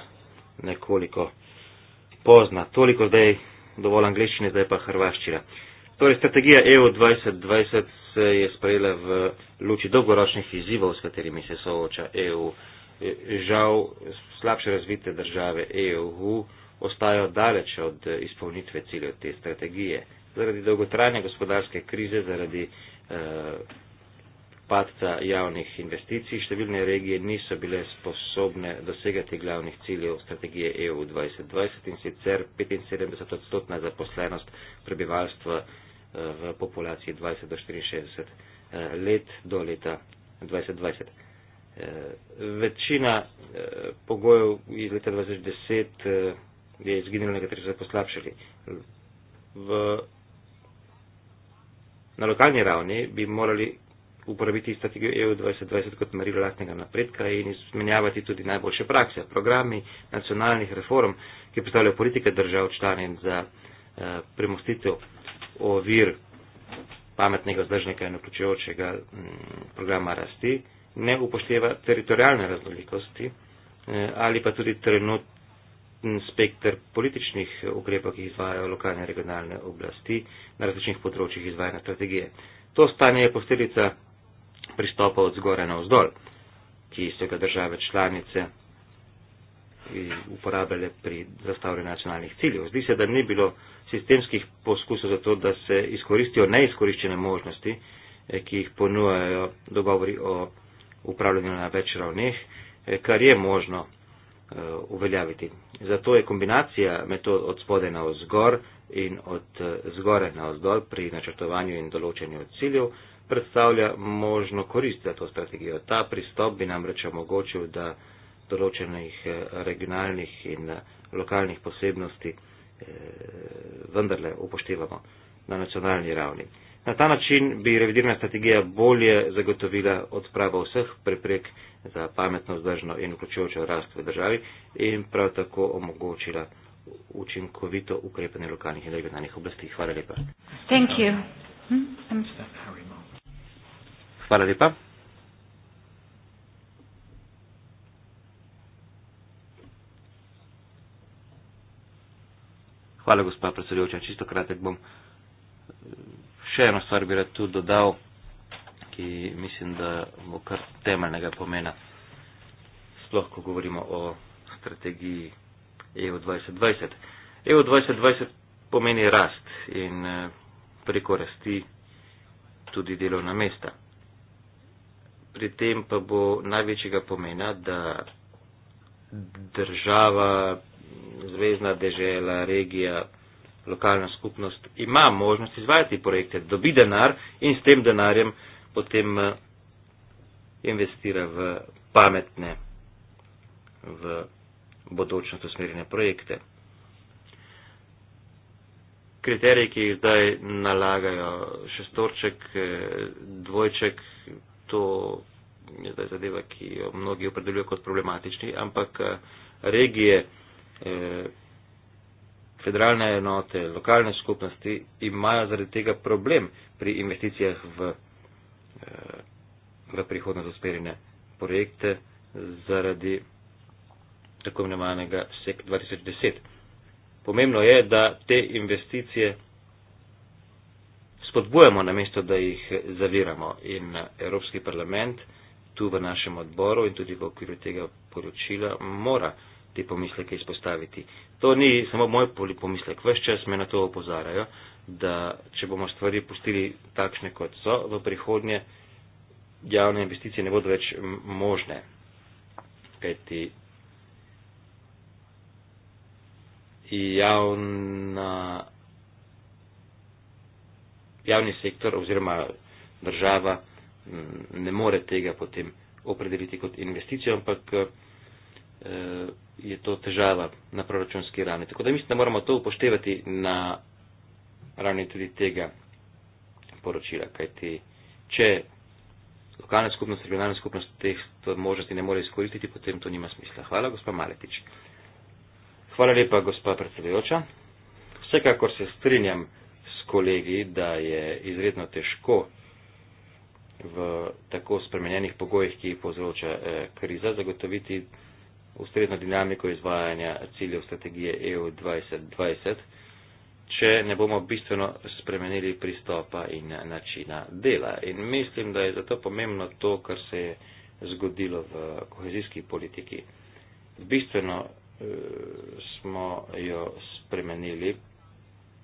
C: nekoliko pozna. Toliko zdaj dovolj angliščine, zdaj pa hrvaščina. Torej, strategija EU 2020 se je sprejela v luči dolgoročnih izzivov, s katerimi se sooča EU. Žal, slabše razvite države EU ostajajo daleč od izpolnitve ciljev te strategije. Zaradi dolgotrajne gospodarske krize, zaradi eh, padca javnih investicij, številne regije niso bile sposobne dosegati glavnih ciljev strategije EU 2020 in sicer 75-odstotna zaposlenost prebivalstva v populaciji 20 do 64 eh, let do leta 2020. Eh, večina eh, pogojev iz leta 2010 je izginilo, nekateri so se poslabšali. V, na lokalni ravni bi morali uporabiti strategijo EU 2020 kot merilo lastnega napredka in izmenjavati tudi najboljše prakse, programi nacionalnih reform, ki postavljajo politike držav članic za premostitev ovir pametnega, zdržnega in vključujočega mm, programa rasti, ne upošteva teritorijalne raznolikosti eh, ali pa tudi trenutni spektr političnih ukrepov, ki jih izvajajo lokalne in regionalne oblasti na različnih področjih izvajanja strategije. To stanje je posledica pristopa od zgore na vzdolj, ki so ga države članice Eh, uporabljale pri zastavljanju nacionalnih ciljev. Zdi se, da ni bilo sistemskih poskusov za to, da se izkoristijo neizkoriščene možnosti, eh, ki jih ponujajo dogovori o upravljanju na več ravneh, eh, kar je možno uveljaviti. Zato je kombinacija metod od spode na vzgor in od zgore na vzdolj pri načrtovanju in določenju ciljev predstavlja možno korist za to strategijo. Ta pristop bi nam reče omogočil, da določenih eh, regionalnih in eh, lokalnih posebnosti eh, vendarle upoštevamo na nacionalni ravni. Na ta način bi revidirna strategija bolje zagotovila odpravo vseh preprek za pametno, zdržno in vključujočo rast v državi in prav tako omogočila učinkovito ukrepanje lokalnih in regionalnih oblasti. Hvala lepa.
A: Thank you. Hmm?
C: Hvala lepa. Hvala, gospa predsedujoča. Čisto kratek bom. Še eno stvar bi rad tu dodal, ki mislim, da bo kar temeljnega pomena. Sploh, ko govorimo o strategiji EU 2020. EU 2020 pomeni rast in eh, preko rasti tudi delovna mesta. Pri tem pa bo največjega pomena, da država, zvezdna dežela, regija, lokalna skupnost ima možnost izvajati projekte, dobi denar in s tem denarjem potem eh, investira v pametne, v bodočnost usmerjene projekte. Kriteriji, ki jih zdaj nalagajo šestorček, eh, dvojček, to je zadeva, ki jo mnogi opredeljujejo kot problematični, ampak eh, regije, E, federalne enote, lokalne skupnosti imajo zaradi tega problem pri investicijah v, e, v prihodnost usmerjene projekte zaradi tako imenovanega SEC 2010. Pomembno je, da te investicije spodbujamo namesto, da jih zaviramo in Evropski parlament tu v našem odboru in tudi v okviru tega poročila mora te pomisleke izpostaviti. To ni samo moj pomislek, vse čas me na to opozarajo, da če bomo stvari pustili takšne, kot so, v prihodnje javne investicije ne bodo več možne. Kajti javna, javni sektor oziroma država ne more tega potem opredeliti kot investicijo, ampak. Eh, je to težava na proračunski ravni. Tako da mislim, da moramo to upoštevati na ravni tudi tega poročila, kajti če lokalna skupnost, regionalna skupnost teh možnosti ne more izkoristiti, potem to nima smisla. Hvala, gospa Maletič. Hvala lepa, gospa predsedujoča. Vsekakor se strinjam s kolegi, da je izredno težko v tako spremenjenih pogojih, ki jih povzroča eh, kriza, zagotoviti ustrezno dinamiko izvajanja ciljev strategije EU 2020, če ne bomo bistveno spremenili pristopa in načina dela. In mislim, da je zato pomembno to, kar se je zgodilo v kohezijski politiki. Bistveno eh, smo jo spremenili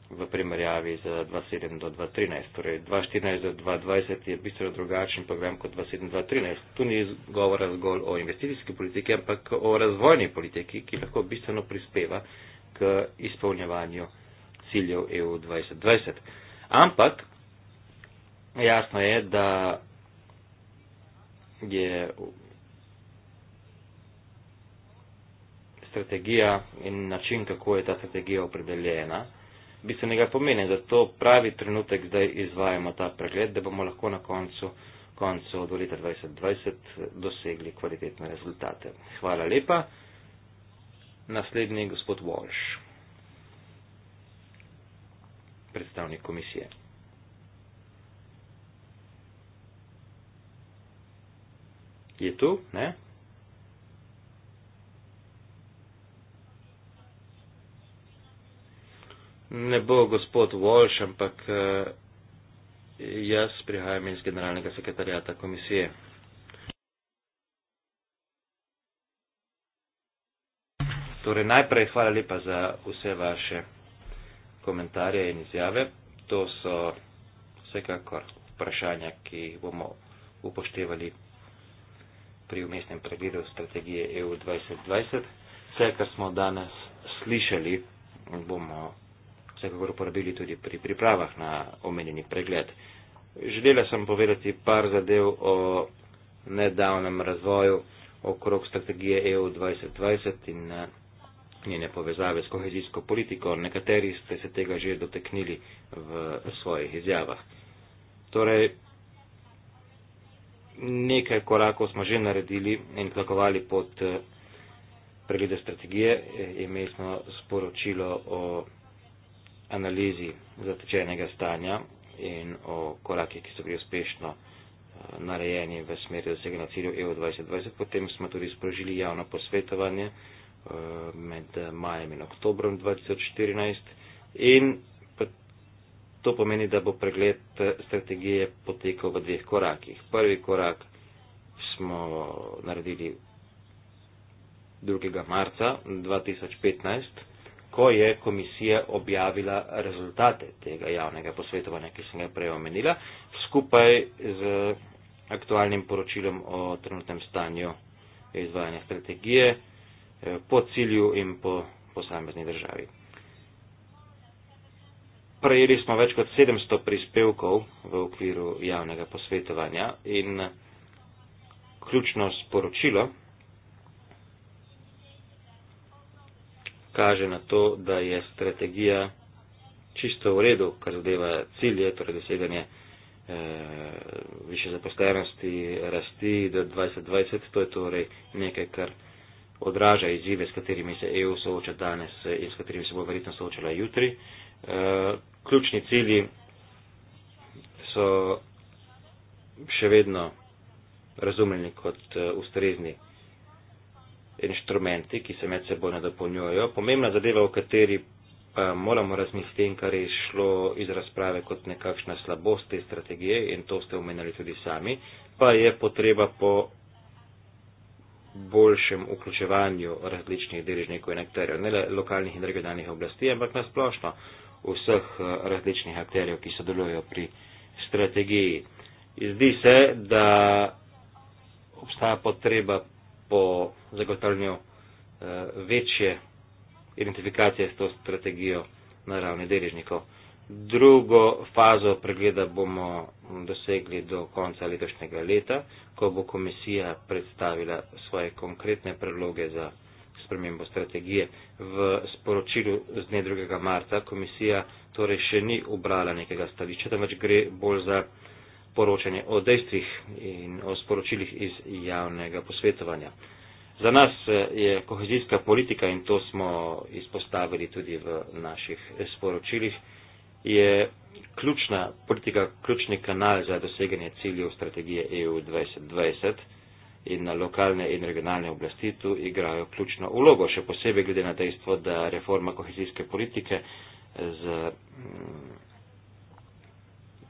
C: v primerjavi z 2.7 do 2.13. Torej 2.14 do 2.20 je bistveno drugačen program kot 2.7 2.13. Tu ni govora zgolj o investicijski politiki, ampak o razvojni politiki, ki lahko bistveno prispeva k izpolnjevanju ciljev EU 2020. Ampak jasno je, da je strategija in način, kako je ta strategija opredeljena, bistvenega pomena. Zato pravi trenutek zdaj izvajamo ta pregled, da bomo lahko na koncu, koncu do leta 2020 eh, dosegli kvalitetne rezultate. Hvala lepa. Naslednji je gospod Walsh, predstavnik komisije. Je tu? Ne? ne bo gospod Walsh, ampak eh, jaz prihajam iz generalnega sekretarjata komisije. Torej najprej hvala lepa za vse vaše komentarje in izjave. To so vsekakor vprašanja, ki jih bomo upoštevali pri umestnem pregledu strategije EU 2020. Vse, kar smo danes slišali, bomo vsekakor uporabili tudi pri pripravah na omenjeni pregled. Želela sem povedati par zadev o nedavnem razvoju okrog strategije EU 2020 in eh, njene povezave s kohezijsko politiko. Nekateri ste se tega že doteknili v svojih izjavah. Torej, nekaj korakov smo že naredili in plakovali pod eh, preglede strategije. Imeli smo sporočilo o analizi zatečenega stanja in o korakih, ki so bili uspešno eh, narejeni v smeri dosegena ciljev EU 2020. Potem smo tudi sprožili javno posvetovanje eh, med eh, majem in oktobrom 2014 in to pomeni, da bo pregled strategije potekal v dveh korakih. Prvi korak smo naredili 2. marca 2015 ko je komisija objavila rezultate tega javnega posvetovanja, ki sem ga prej omenila, skupaj z aktualnim poročilom o trenutnem stanju izvajanja strategije eh, po cilju in po posamezni državi. Prejeli smo več kot 700 prispevkov v okviru javnega posvetovanja in ključno sporočilo, kaže na to, da je strategija čisto v redu, kar zadeva cilje, torej doseganje e, više zaposlenosti, rasti do 2020. To je torej nekaj, kar odraža izzive, s katerimi se EU sooča danes in s katerimi se bo verjetno soočala jutri. E, ključni cilji so še vedno razumljeni kot eh, ustrezni inštrumenti, ki se med seboj nadopolnjujejo. Pomembna zadeva, o kateri pa moramo razmisliti in kar je šlo iz razprave kot nekakšna slabost te strategije in to ste omenjali tudi sami, pa je potreba po boljšem vključevanju različnih deležnikov in akterjev, ne le lokalnih in regionalnih oblasti, ampak nasplošno vseh eh, različnih akterjev, ki sodelujo pri strategiji. Zdi se, da obstaja potreba po zagotavljanju eh, večje identifikacije s to strategijo na ravni deležnikov. Drugo fazo pregleda bomo dosegli do konca letošnjega leta, ko bo komisija predstavila svoje konkretne predloge za spremembo strategije. V sporočilu z dne 2. marca komisija torej še ni obrala nekega stališča, temveč gre bolj za poročanje o dejstvih in o sporočilih iz javnega posvetovanja. Za nas eh, je kohezijska politika, in to smo izpostavili tudi v naših eh, sporočilih, je ključna politika, ključni kanal za doseganje ciljev strategije EU 2020 in na lokalne in regionalne oblasti tu igrajo ključno ulogo, še posebej glede na dejstvo, da reforma kohezijske politike z mm,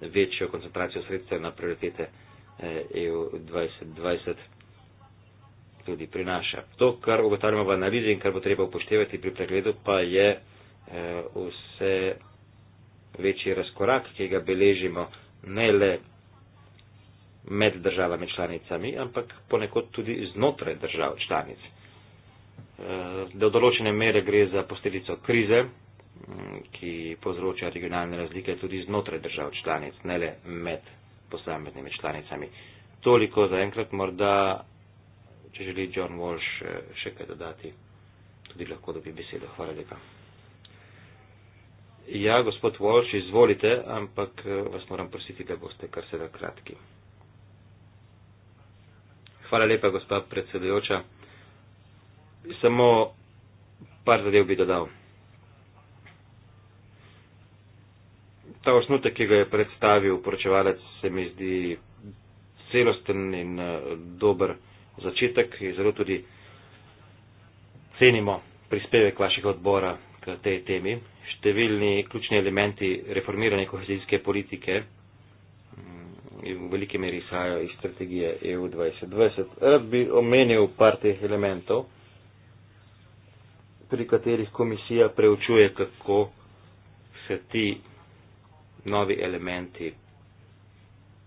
C: večjo koncentracijo sredstev na prioritete EU eh, e 2020 tudi prinaša. To, kar ugotavljamo v analizi in kar bo treba upoštevati pri pregledu, pa je eh, vse večji razkorak, ki ga beležimo ne le med državami članicami, ampak ponekod tudi znotraj držav članic. Eh, do določene mere gre za posledico krize, povzroča regionalne razlike tudi znotraj držav članic, ne le med posameznimi članicami. Toliko za enkrat, morda, če želi John Walsh eh, še kaj dodati, tudi lahko dobi besedo. Hvala lepa. Ja, gospod Walsh, izvolite, ampak eh, vas moram prositi, da boste kar se da kratki. Hvala lepa, gospod predsedujoča. Samo par zadev bi dodal. ta osnutek, ki ga je predstavil poročevalec, se mi zdi celosten in eh, dober začetek. Zelo tudi cenimo prispevek vaših odbora k tej temi. Številni ključni elementi reformirane kohezijske politike mm, in v veliki meri izhajajo iz strategije EU 2020. Rad bi omenil par teh elementov, pri katerih komisija preučuje, kako se ti novi elementi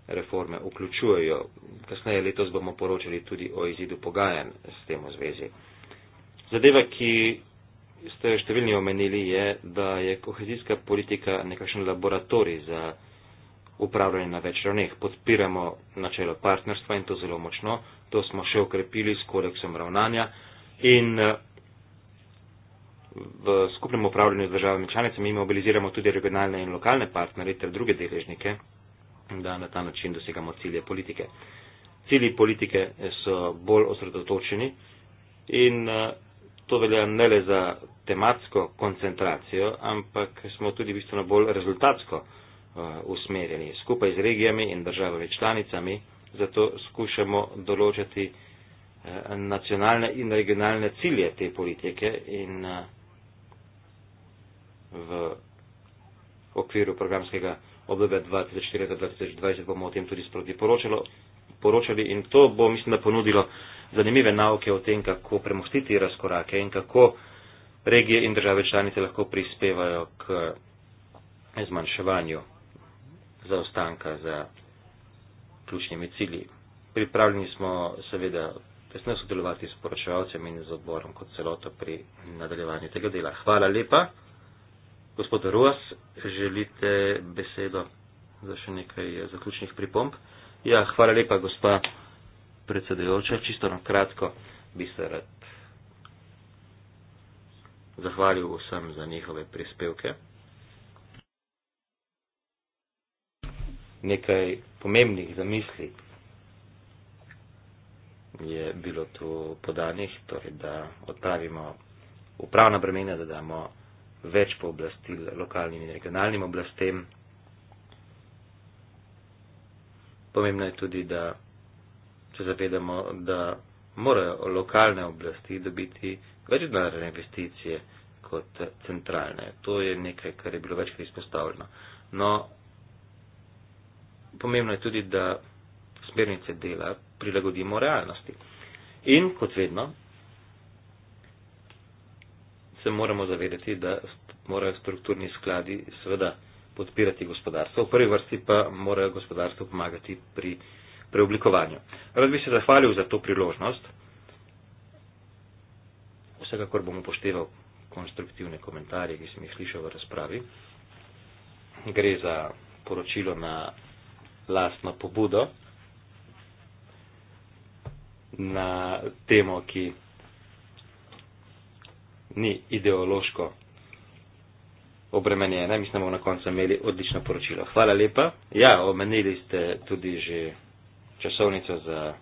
C: reforme vključujejo. Kasneje letos bomo poročali tudi o izidu pogajanj s tem v zvezi. Zadeva, ki ste številni omenili, je, da je kohezijska politika nekakšen laboratorij za upravljanje na več ravneh. Podpiramo načelo partnerstva in to zelo močno. To smo še okrepili s kodeksom ravnanja in v skupnem upravljanju z državami članicami mi mobiliziramo tudi regionalne in lokalne partnerje ter druge deležnike, da na ta način dosegamo cilje politike. Cilji politike so bolj osredotočeni in eh, to velja ne le za tematsko koncentracijo, ampak smo tudi bistveno bolj rezultatsko eh, usmerjeni skupaj z regijami in državami članicami, zato skušamo določati eh, nacionalne in regionalne cilje te politike in uh, v okviru programskega obdobja 2004-2020 bomo o tem tudi sproti poročali in to bo, mislim, da ponudilo zanimive nauke o tem, kako premostiti razkorake in kako regije in države članice lahko prispevajo k zmanjševanju zaostanka za ključnimi cilji. Pripravljeni smo seveda tesno sodelovati s poročevalcem in z odborom kot celoto pri nadaljevanju tega dela. Hvala lepa. Gospod Ruas, želite besedo za še nekaj zaključnih pripomp? Ja, hvala lepa, gospa predsedujoča. Čisto na kratko bi se rad zahvalil vsem za njihove prispevke. Nekaj pomembnih zamisli je bilo tu podanih, torej da odpravimo upravna bremena, da damo več pooblastil lokalnim in regionalnim oblastem. Pomembno je tudi, da se zavedamo, da morajo lokalne oblasti dobiti več denarne investicije kot centralne. To je nekaj, kar je bilo večkrat izpostavljeno. No, pomembno je tudi, da smernice dela prilagodimo realnosti. In kot vedno, se moramo zavedati, da morajo strukturni skladi seveda podpirati gospodarstvo, v prvi vrsti pa morajo gospodarstvo pomagati pri preoblikovanju. Rad bi se zahvalil za to priložnost. Vsekakor bom upošteval konstruktivne komentarje, ki sem jih slišal v razpravi. Gre za poročilo na lastno pobudo na temo, ki ni ideološko obremenjena. Mi smo na koncu imeli odlično poročilo. Hvala lepa. Ja, omenili ste tudi že časovnico za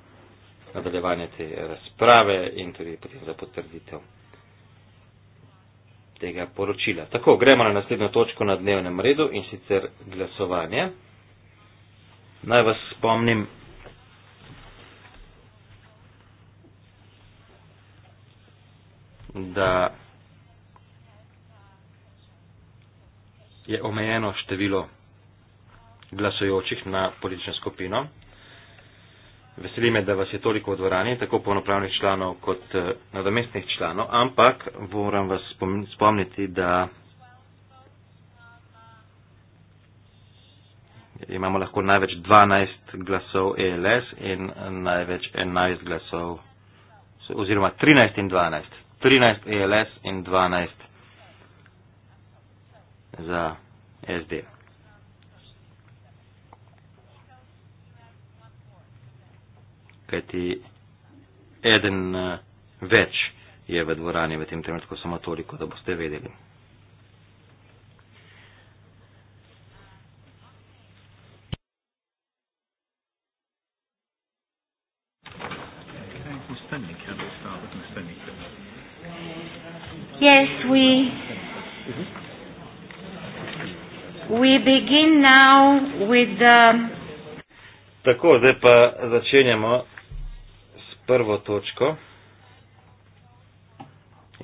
C: nadaljevanje te razprave in tudi potem za potrditev tega poročila. Tako, gremo na naslednjo točko na dnevnem redu in sicer glasovanje. Naj vas spomnim, da je omejeno število glasujočih na politično skupino. Veseli me, da vas je toliko v dvorani, tako polnopravnih članov kot eh, nadomestnih članov, ampak moram vas spomniti, da imamo lahko največ 12 glasov ELS in največ 11 glasov, oziroma 13 in 12, 13 ALS in 12 za SD. Kaj ti eden eh, več je v dvorani v tem trenutku, samo toliko, da boste vedeli.
D: Yes, we
A: we begin now with the.
C: Tako, zdaj pa začenjamo s prvo točko.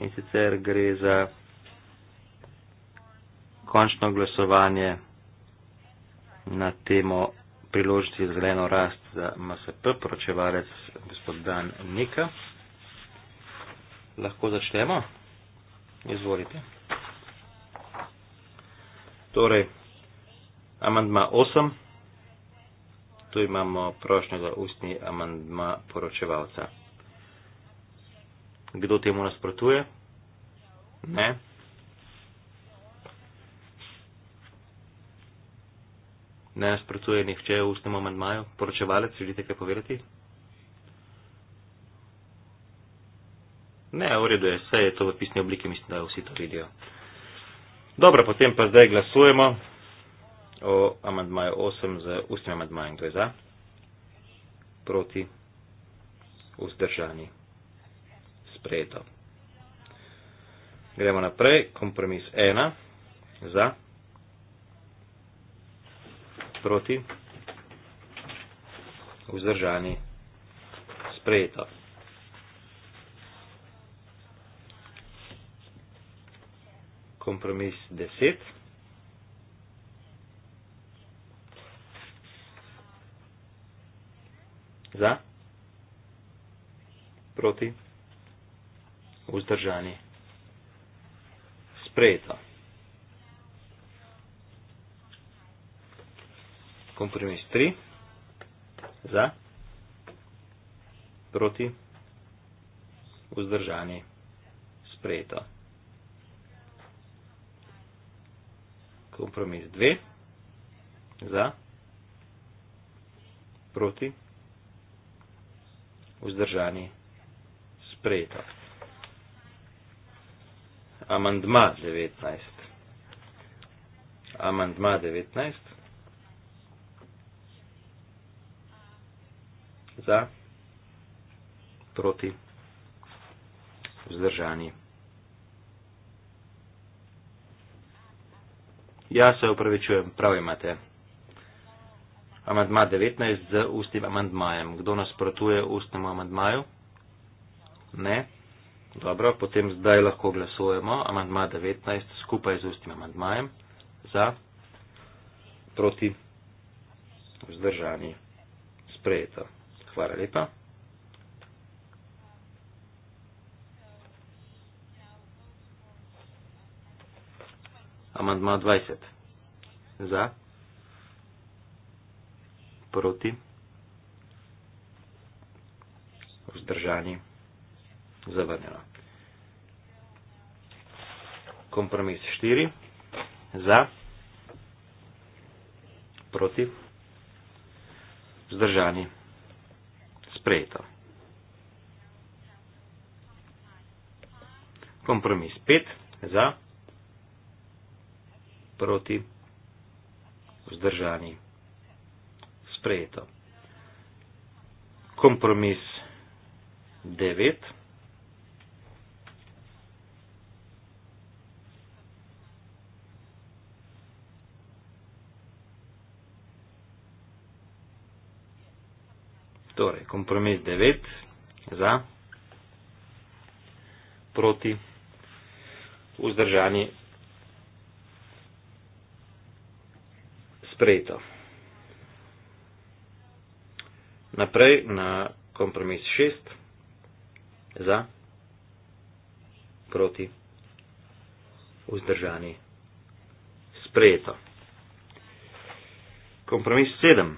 C: In sicer gre za končno glasovanje na temo priložnosti za zeleno rast za MSP, poročevalec gospod Dan Nika. Lahko začnemo? Izvolite. Torej, amandma 8. Tu imamo prošnjo za ustni amandma poročevalca. Kdo temu nasprotuje? Ne. Ne nasprotuje nihče v ustnem amandmaju. Poročevalec, želite kaj povedati? Ne, v redu je, vse je to v pisni obliki, mislim, da vsi to vidijo. Dobro, potem pa zdaj glasujemo o amandmaju 8 z ustnim amandmajem, kdo je za, proti, vzdržani, sprejeto. Gremo naprej, kompromis 1, za, proti, vzdržani, sprejeto. kompromis 10. Za? Proti? Vzdržani? Sprejeto. Kompromis 3. Za? Proti? Vzdržani? Sprejeto. kompromis 2 za, proti, vzdržani, sprejeto. Amandma 19. Amandma 19. Za, proti, vzdržani, sprejeto. Ja se upravičujem, prav imate. Amandma 19 z ustnim amandmajem. Kdo nasprotuje ustnemu amandmaju? Ne. Dobro, potem zdaj lahko glasujemo. Amandma 19 skupaj z ustnim amandmajem. Za. Proti. Vzdržani. Sprejeto. Hvala lepa. amandma 20. Za? Proti? Vzdržani? Zavrnjeno. Kompromis 4. Za? Proti? Vzdržani? Sprejeto. Kompromis 5. Za? proti vzdržani. Sprejeto. Kompromis 9. Torej, kompromis 9 za, proti, vzdržanje sprejeto. Naprej na kompromis 6. Za, proti, vzdržani, sprejeto. Kompromis 7.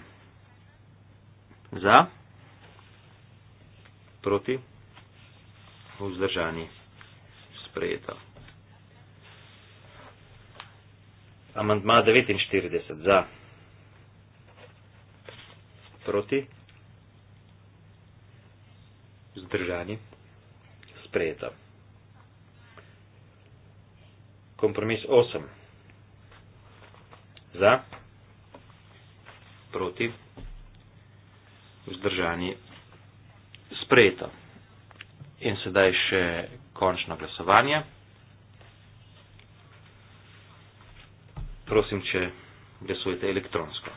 C: Za, proti, vzdržani, sprejeto. Amandma 49 za. Proti. Zdržani. Sprejeta. Kompromis 8. Za. Proti. Vzdržani. Sprejeta. In sedaj še končno glasovanje. prosim, če glasujete elektronsko.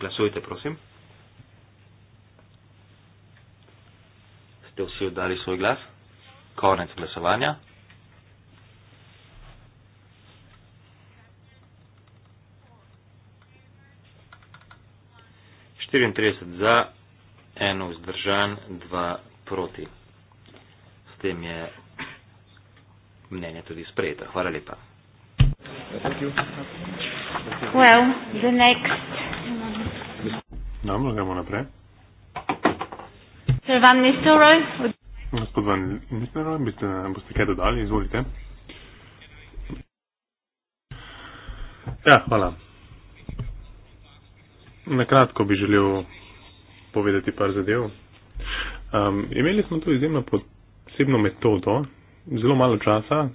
C: Glasujte, prosim. Ste vsi oddali svoj glas? Konec glasovanja. za, eno vzdržan, dva proti. S tem je mnenja tudi sprejeta. Hvala lepa. Well,
A: the next.
E: Namo, gremo naprej.
A: Sir Van Nistelrooy.
E: Gospod Van Nistelrooy, biste, boste kaj dodali? Izvolite. Ja, hvala. Na kratko bi želel povedati par zadev. Um, imeli smo tu izjemno posebno metodo, zelo malo časa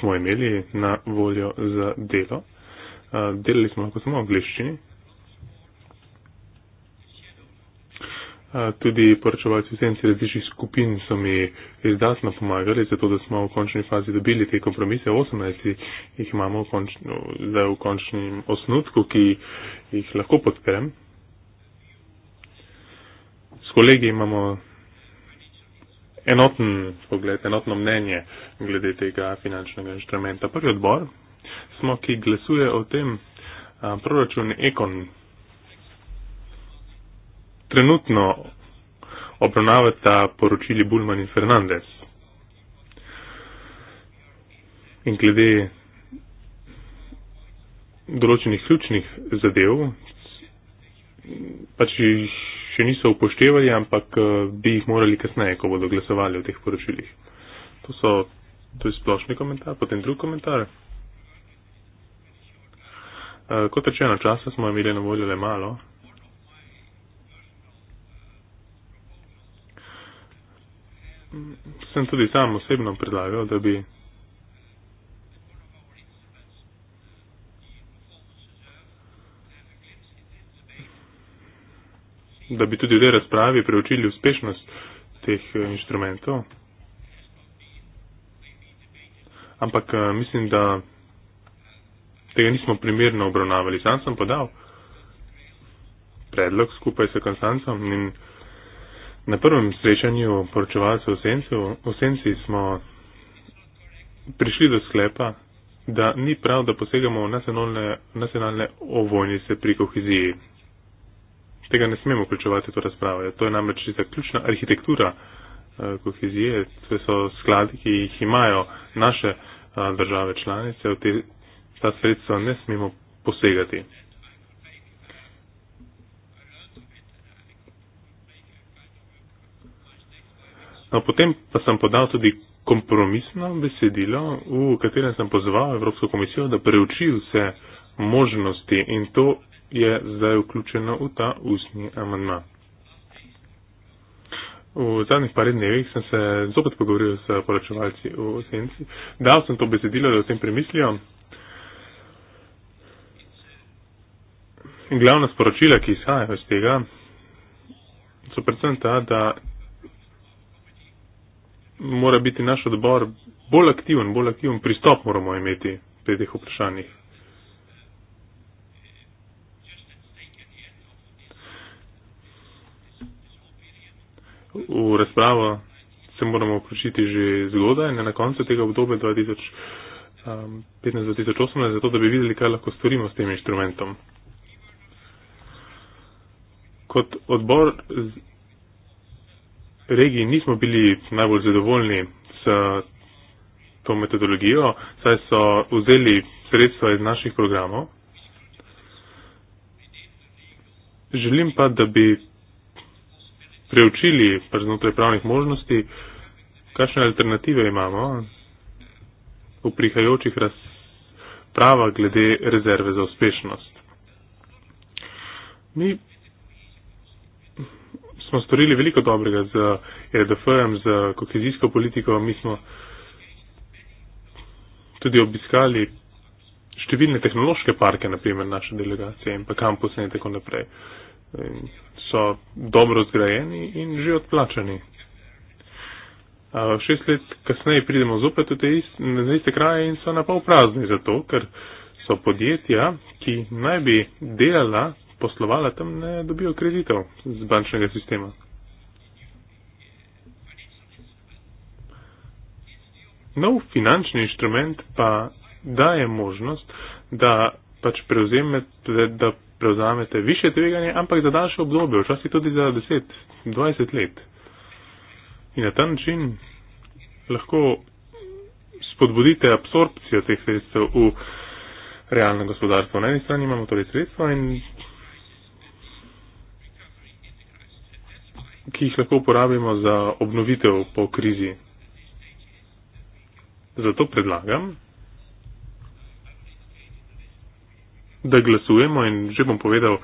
E: smo imeli na voljo za delo. Uh, delali smo lahko samo v angliščini. Tudi poročevalci vsem se različnih skupin so mi izdatno pomagali, zato da smo v končni fazi dobili te kompromise. 18 jih imamo v končni, no, zdaj v končnem osnutku, ki jih lahko podprem. S kolegi imamo enoten pogled, enotno mnenje glede tega finančnega inštrumenta. Prvi odbor smo, ki glasuje o tem a, proračun Ekon. Trenutno obravnavata poročili Bulman in Fernandez. In glede določenih ključnih zadev, pač jih še niso upoštevali, ampak eh, bi jih morali kasneje, ko bodo glasovali o teh poročilih. To, so, to je splošni komentar, potem drug komentar. Eh, kot rečeno, časa smo imeli na voljo le malo. Sem tudi sam osebno predlagal, da bi da bi tudi v tej razpravi preučili uspešnost teh eh, inštrumentov. Ampak eh, mislim, da tega nismo primerno obravnavali. Sam sem podal predlog skupaj s Konstancom in na prvem srečanju poročevalcev v Senci smo prišli do sklepa, da ni prav, da posegamo v nacionalne, nacionalne ovojnice pri koheziji tega ne smemo vključevati v to razpravo. To je namreč čista ključna arhitektura eh, kohezije. To so skladi, ki jih imajo naše eh, države članice. V te, ta sredstva ne smemo posegati. No, potem pa sem podal tudi kompromisno besedilo, v katerem sem pozval Evropsko komisijo, da preuči vse možnosti in to je zdaj vključeno v ta ustni amandma. V zadnjih par dnevih sem se zopet pogovoril s poročevalci v senci. Dal sem to besedilo, da o tem premislijo. Glavna sporočila, ki izhajajo iz tega, so predvsem ta, da mora biti naš odbor bolj aktiven, bolj aktiven pristop moramo imeti pri teh vprašanjih. v razpravo se moramo vključiti že zgodaj, ne na koncu tega obdobja 2015-2018, um, zato da bi videli, kaj lahko storimo s tem inštrumentom. Kot odbor regiji nismo bili najbolj zadovoljni s to metodologijo, saj so vzeli sredstva iz naših programov. Želim pa, da bi preučili pač znotraj pravnih možnosti, kakšne alternative imamo v prihajajočih razpravah glede rezerve za uspešnost. Mi smo storili veliko dobrega z EDF-em, z kohezijsko politiko, mi smo tudi obiskali številne tehnološke parke, naprimer naše delegacije in pa kampuse in tako naprej. In so dobro zgrajeni in že odplačani. Šest let kasneje pridemo zopet v te iste, na iste kraje in so napol prazni zato, ker so podjetja, ki naj bi delala, poslovala tam, ne dobijo kreditov z bančnega sistema. Nov finančni inštrument pa daje možnost, da pač prevzemete, da prevzamete više tveganje, ampak za daljše obdobje, včasih tudi za 10-20 let. In na ta način lahko spodbudite absorpcijo teh sredstev v realno gospodarstvo. Na eni strani imamo torej sredstva, in, ki jih lahko uporabimo za obnovitev po krizi. Zato predlagam, da glasujemo in že bom povedal uh,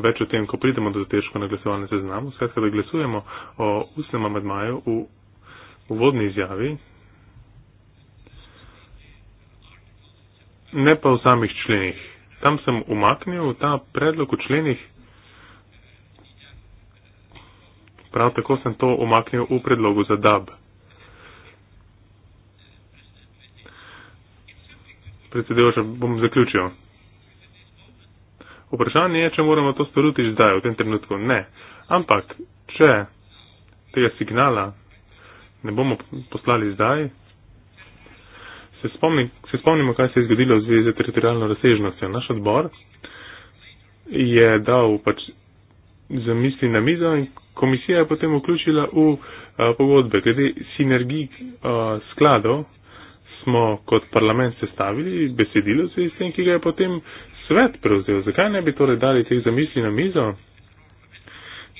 E: več o tem, ko pridemo do težko na glasovalni seznam. Skratka, da glasujemo o ustnem amadmaju v uvodni izjavi, ne pa v samih členih. Tam sem umaknil ta predlog v členih. Prav tako sem to umaknil v predlogu za DAB. Predsedujoča, bom zaključil. Vprašanje je, če moramo to storiti zdaj, v tem trenutku. Ne. Ampak, če tega signala ne bomo poslali zdaj, se, spomni, se spomnimo, kaj se je zgodilo v zvezi z teritorijalno razsežnostjo. Naš odbor je dal pač za misli na mizo in komisija je potem vključila v a, eh, pogodbe. Glede sinergij eh, skladov smo kot parlament sestavili besedilo se iz tem, ki ga je potem svet prevzel, zakaj ne bi torej dali teh zamisli na mizo?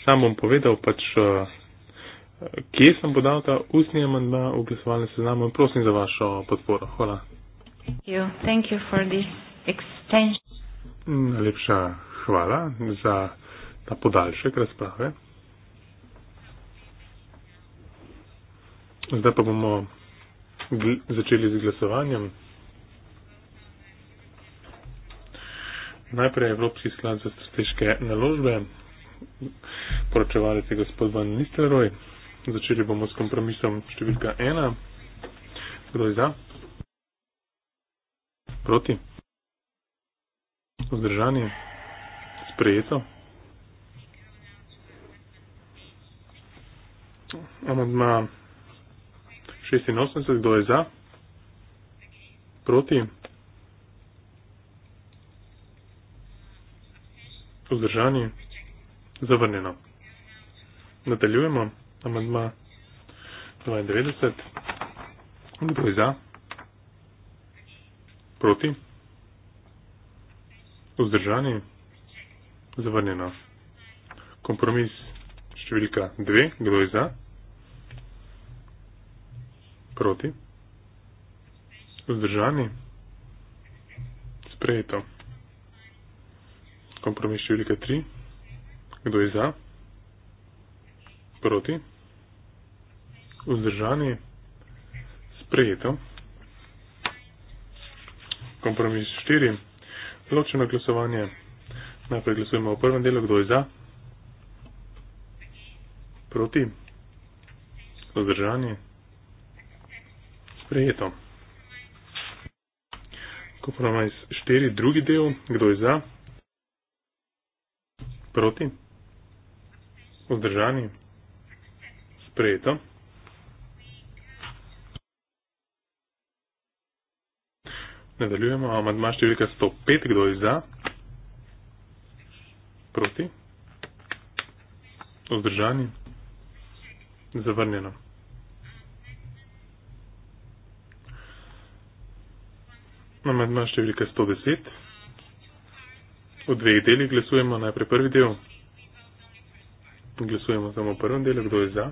E: Sam bom povedal pač, eh, kje sem podal ta ustni amandma v glasovalni seznam in prosim za vašo podporo. Hvala.
A: Thank you. Thank you
E: Najlepša hvala za ta podaljšek razprave. Zdaj pa bomo začeli z glasovanjem. Najprej Evropski sklad za strateške naložbe, poročevalec je gospod Van Nisteroj. Začeli bomo s kompromisom številka ena. Kdo je za? Proti? Vzdržanje? Sprejeto? Amadma 86, kdo je za? Proti? Vzdržani. Zavrnjeno. Nadaljujemo. Amandma 92. Kdo je za? Proti? Vzdržani. Zavrnjeno. Kompromis številka 2. Kdo je za? Proti? Vzdržani. Sprejeto. Kompromis številka 3. Kdo je za? Proti? Vzdržani? Sprejeto. Kompromis 4. Ločeno glasovanje. Najprej glasujemo v prvem delu. Kdo je za? Proti? Vzdržani? Sprejeto. Kompromis 4. Drugi del. Kdo je za? Proti? Vzdržani? Sprejeto? Nadaljujemo. Amadma številka 105. Kdo je za? Proti? Vzdržani? Zavrnjeno. Amadma številka 110 v dveh delih glasujemo najprej prvi del. Glasujemo samo v prvem delu, kdo je za.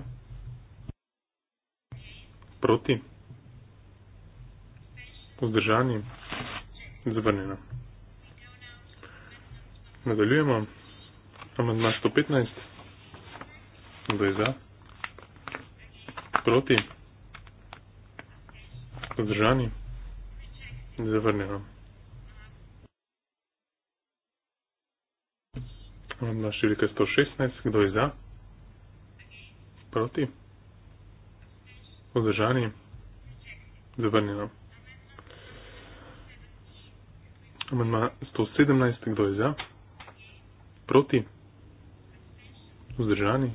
E: Proti. Vzdržani. Zavrnjeno. Nadaljujemo. Amandma 115. Kdo je za. Proti. Vzdržani. Zavrnjeno. Imam na številke 116. Kdo je za? Proti? Vzdržani? Zavrnjeno. Amandma 117. Kdo je za? Proti? Vzdržani?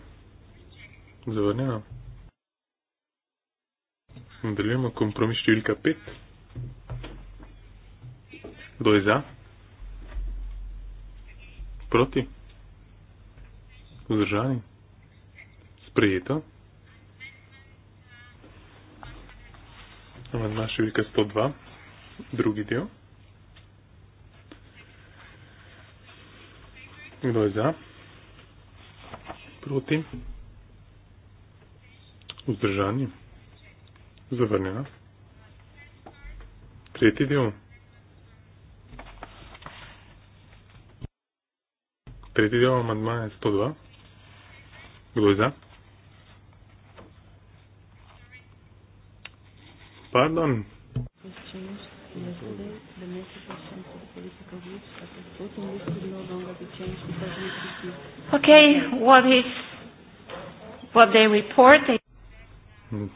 E: Zavrnjeno. Nadaljujemo kompromis številka 5. Kdo je za? Proti? Vzdržani. Sprejeto. Amandma številka 102, drugi del. Kdo je za? Proti. Vzdržani. Zavrnjeno. Tretji del. Tretji del amandma je 102. Louisa. Pardon.
A: Okay, what is what they report?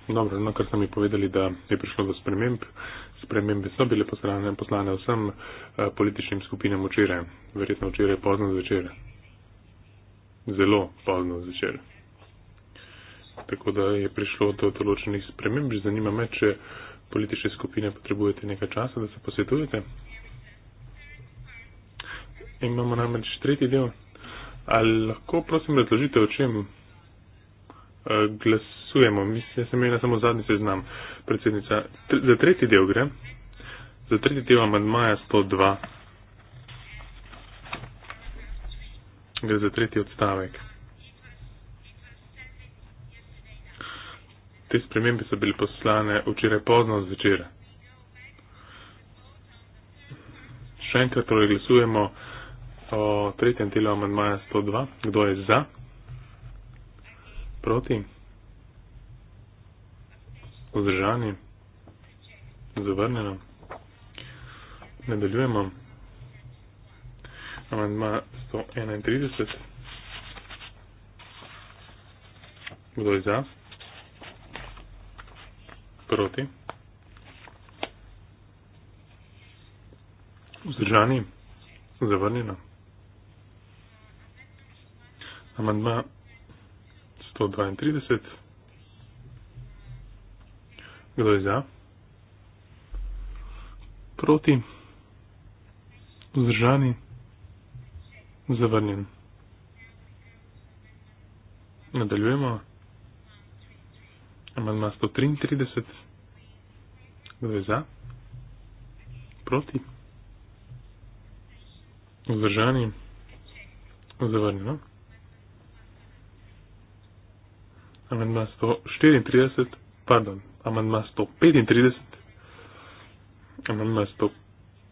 E: Dobro, no, kar so mi povedali, da je prišlo do sprememb. Spremembe so bile poslane, poslane vsem uh, političnim skupinam včeraj, verjetno včeraj pozno zvečer zelo pozno zvečer. Tako da je prišlo do določenih sprememb. Zanima me, če politične skupine potrebujete nekaj časa, da se posvetujete. Imamo namreč tretji del. Ali lahko, prosim, razložite, o čem eh, glasujemo? Mislim, da sem imela samo zadnji seznam, predsednica. Tr za tretji del gre. Za tretji del amadmaja 102. gre za tretji odstavek. Te spremembe so bile poslane včeraj pozno zvečer. Še enkrat torej glasujemo o tretjem delu amandmaja 102. Kdo je za? Proti? Zdržani? Zavrnjeno? Nadaljujemo amandma 131. Kdo je za? Proti? Vzdržani? Zavrnjeno? Amandma 132. Kdo je za? Proti? Vzdržani? Zavrnjen. Nadaljujemo. Amandma 133. Kdo je za? Proti? Vzdržani? Zavrnjeno. Amandma 134. Pardon. Amandma 135. Amandma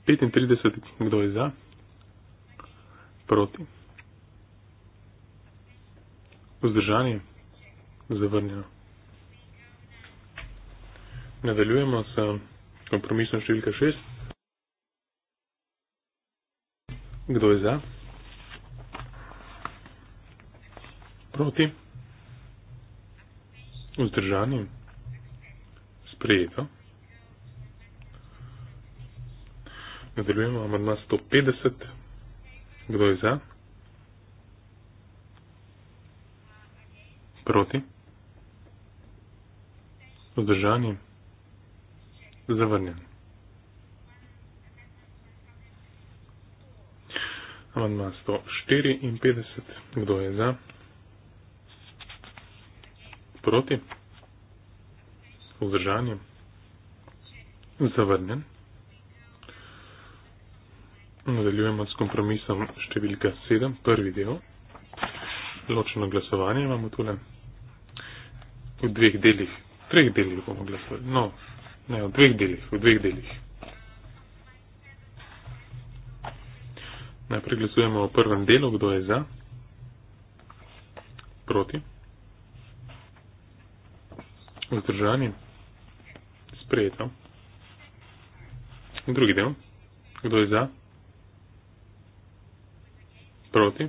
E: 135. Kdo je za? proti. Vzdržanje zavrnjeno. Nadaljujemo s kompromisom številka 6. Kdo je za? Proti. Vzdržanje. Sprejeto. Nadaljujemo amandma 150. Kdo je za? Proti? Vzdržani? Zavrnjen. Amandma 154. Kdo je za? Proti? Vzdržani? Zavrnjen. Nadaljujemo s kompromisom številka 7, prvi del. Ločeno glasovanje imamo tole. V dveh delih, v treh delih bomo glasovali. No, ne, v dveh delih, v dveh delih. Najprej glasujemo o prvem delu, kdo je za, proti, vzdržani, sprejeto. Drugi del, kdo je za, proti. Proti?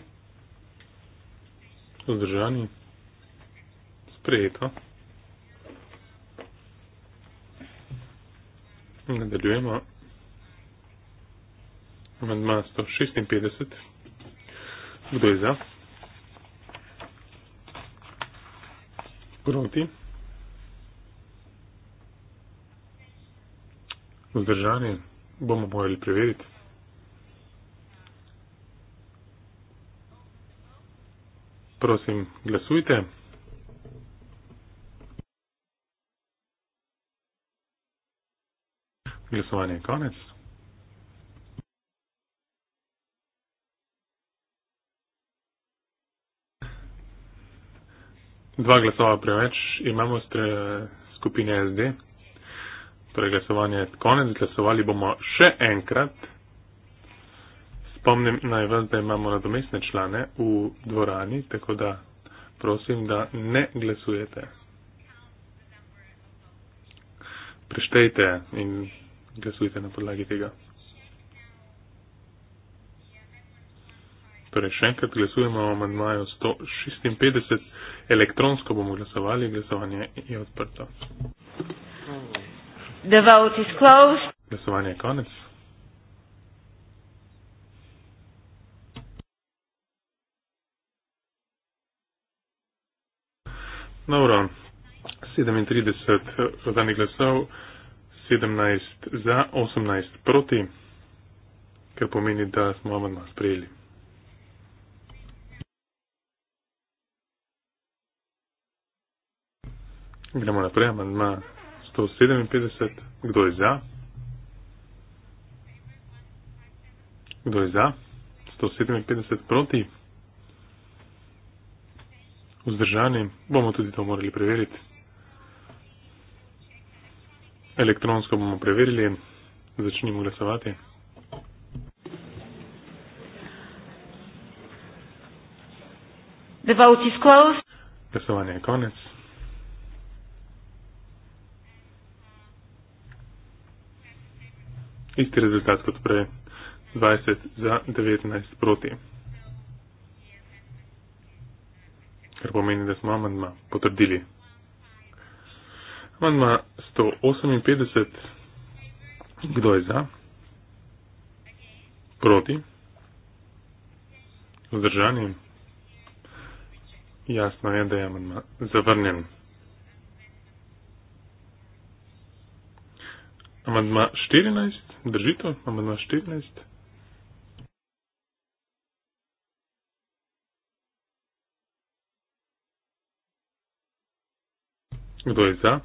E: Zdržani? Sprejeto? Nadaljujemo. Amandma 156. Kdo je za? Proti? Zdržani? Bomo morali preveriti. prosim, glasujte.
D: Glasovanje je konec.
E: Dva glasova preveč imamo stre, skupine SD. Torej glasovanje je konec. Glasovali bomo še enkrat. Spomnim naj vas, da imamo nadomestne člane v dvorani, tako da prosim, da ne glasujete. Preštejte in glasujte na podlagi tega. Torej, še enkrat glasujemo o amandmaju 156. Elektronsko bomo glasovali, glasovanje je odprto. Glasovanje je konec. Dobro. 37 zadanih glasov, 17 za, 18 proti, kar pomeni, da smo amandma sprejeli. Gremo naprej, amandma 157. Kdo je za? Kdo je za? 157 proti vzdržani, bomo tudi to morali preveriti. Elektronsko bomo preverili, začnimo glasovati. Glasovanje je konec. Isti rezultat kot prej, 20 za 19 proti. kar pomeni, da smo amandma potrdili. Amandma 158. Kdo je za? Proti? Vzdržani? Jasno je, da je amandma zavrnjen. Amandma 14. Držite, amandma 14. Kdo je za?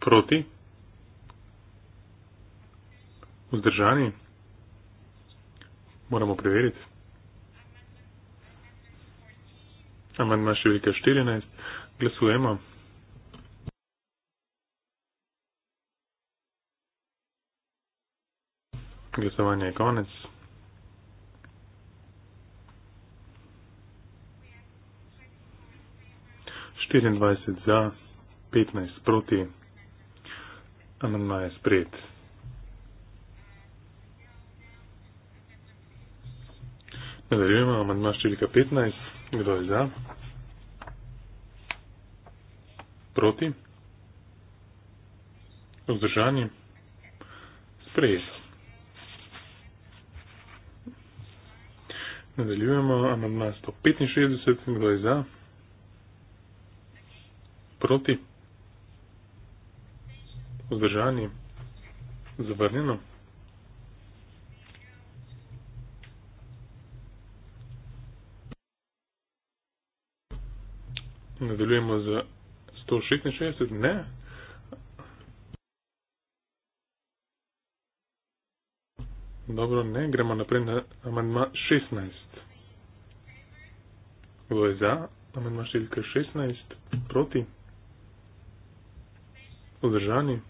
E: Proti? Vzdržani? Moramo preveriti. Amandma številka 14. Glasujemo. Glasovanje je konec. 24 za, 15 proti. Amandma je sprejet. Nadaljujemo, amandma številka 15. Kdo je za? Proti? Vzdržani? Sprejet. Nadaljujemo, amandma 165. Kdo je za? proti, vzdržani, zavrnjeno. Nadaljujemo z 166, ne. Dobro, ne, gremo naprej na amandma 16. Kdo je za? Amandma številka 16, proti. Vzdržani.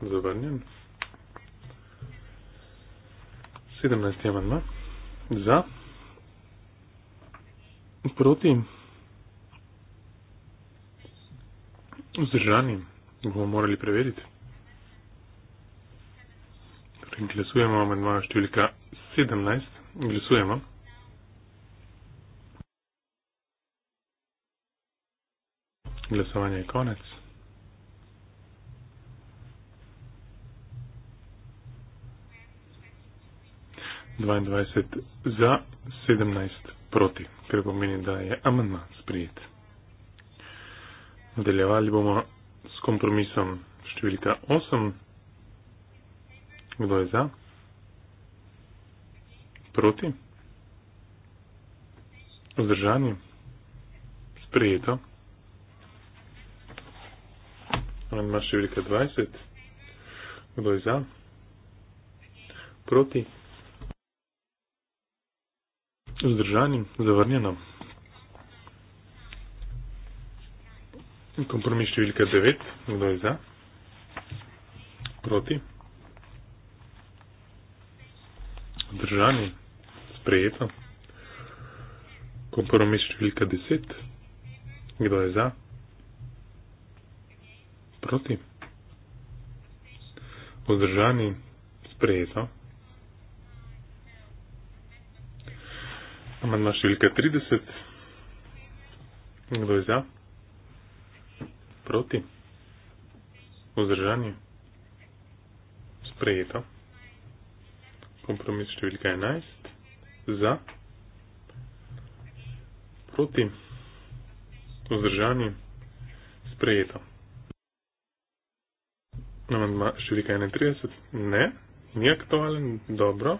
E: Zavrnjen. 17. amandma. Za. Proti. Vzdržani. Bomo morali preveriti. Torej, glasujemo amandma številka 17. Glasujemo. glasovanje je konec. dvaindvajset za sedemnajst proti kar pomeni da je amandma sprejet nadaljevali bomo s kompromisom številka osem kdo je za proti vzdržanje sprejeto ima številka 20, kdo je za, proti, vzdržanim, zavrnjeno. Kompromis številka 9, kdo je za, proti, vzdržanim, sprejeto. Kompromis številka 10, kdo je za, proti proti, vzdržani, sprejeto. Amandma številka 30. Kdo je za? Proti. Vzdržanje. Sprejeto. Kompromis številka 11. Za. Proti. Vzdržanje. Sprejeto na amandma Žirika 31? Ne, ni aktualen, dobro.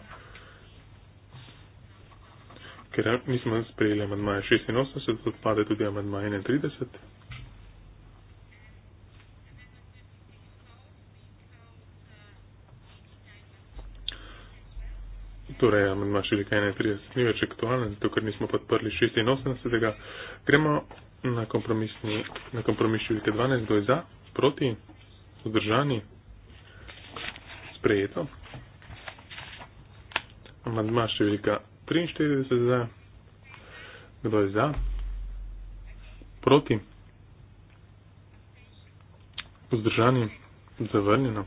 E: Ker nismo ja, sprejeli amandmaja 86, odpade tudi amandmaja 31. Torej, amandma Žirika 31 ni več aktualen, zato ker nismo podprli 86. Gremo na kompromis Žirika 12, kdo je za, proti vzdržani, sprejeto. Amandma številka 43 za. Kdo je za? Proti? Vzdržani, zavrnjeno.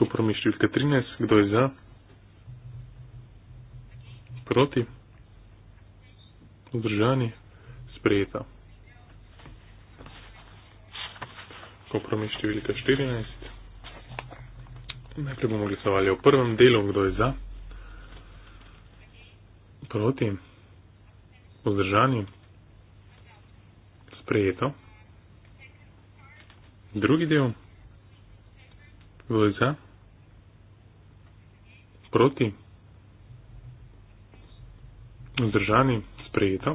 E: Kompromis številka 13. Kdo je za? Proti? Vzdržani, sprejeto. kompromis številka 14. Najprej bomo glasovali o prvem delu, kdo je za, proti, vzdržani, sprejeto. Drugi del, kdo je za, proti, vzdržani, sprejeto.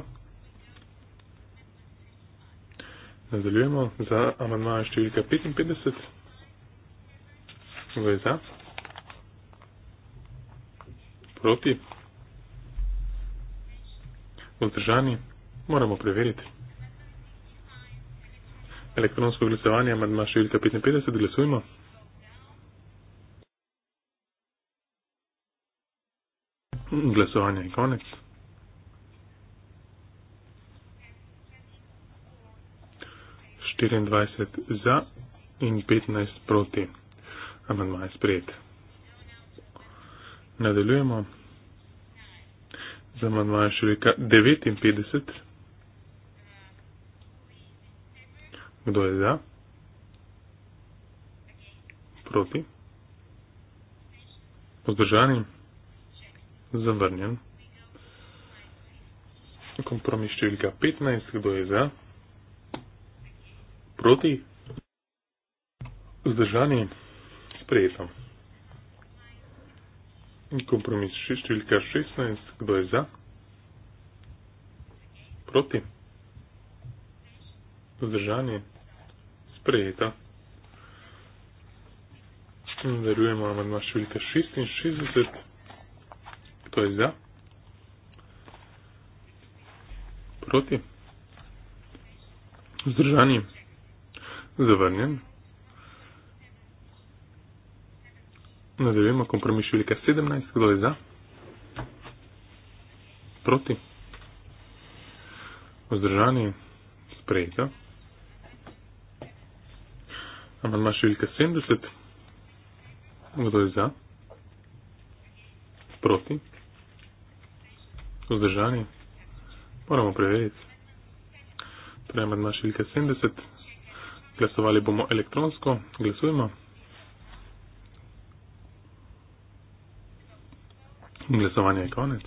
E: Nadaljujemo za amandmaja številka 55. Kdo je za? Proti? Vzdržani? Moramo preveriti. Elektronsko glasovanje, amandma številka 55, glasujmo. Glasovanje je konec. 24 za in 15 proti. Amandma je sprejet. Nadaljujemo. Za amandma je še veka 59. Kdo je za? Proti. Vzdržani. Zavrnjen. Kompromis številka 15. Kdo je za? Proti? Zdržani? Sprejeto. Kompromis številka 16. Kdo je za? Proti? Zdržani? Sprejeto. Nadaljujemo amandma številka 66. Kdo je za? Proti? Zdržani? Sprejeto zavrnjen. Nadaljujemo kompromis številka 17. Kdo je za? Proti? Vzdržani? Sprejeto. Amandma številka 70. Kdo je za? Proti? Vzdržani? Moramo preveriti. Torej, amandma številka 70. Glasovali bomo elektronsko. Glasujemo. Glasovanje je konec.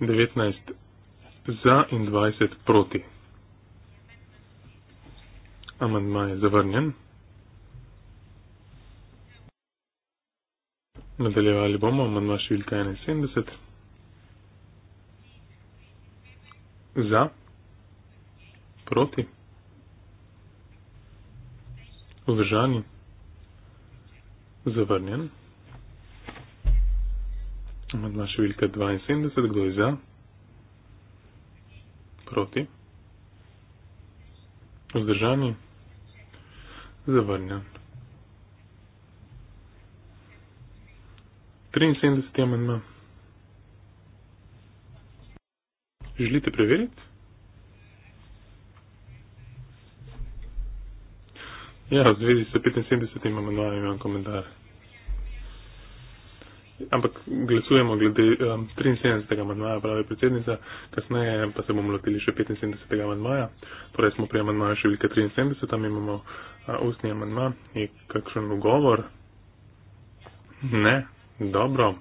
E: Devetnajst za in dvajset proti. Amandma je zavrnjen. Nadaljevali bomo amandma številka 71. Za? Proti? Vzdržani? Zavrnjen? Amadma številka 72, kdo je za? Proti? Vzdržani? Zavrnjen? 73. amandma. Želite preveriti? Ja, v zvezi s 75 imamo na eno komentar. Ampak glasujemo glede um, 73. amandmaja, pravi predsednica, kasneje pa se bomo lotili še 75. amandmaja. Torej smo pri amandmaju številka 73, tam imamo uh, ustni amandma. Je kakšen ugovor? Ne? Dobro.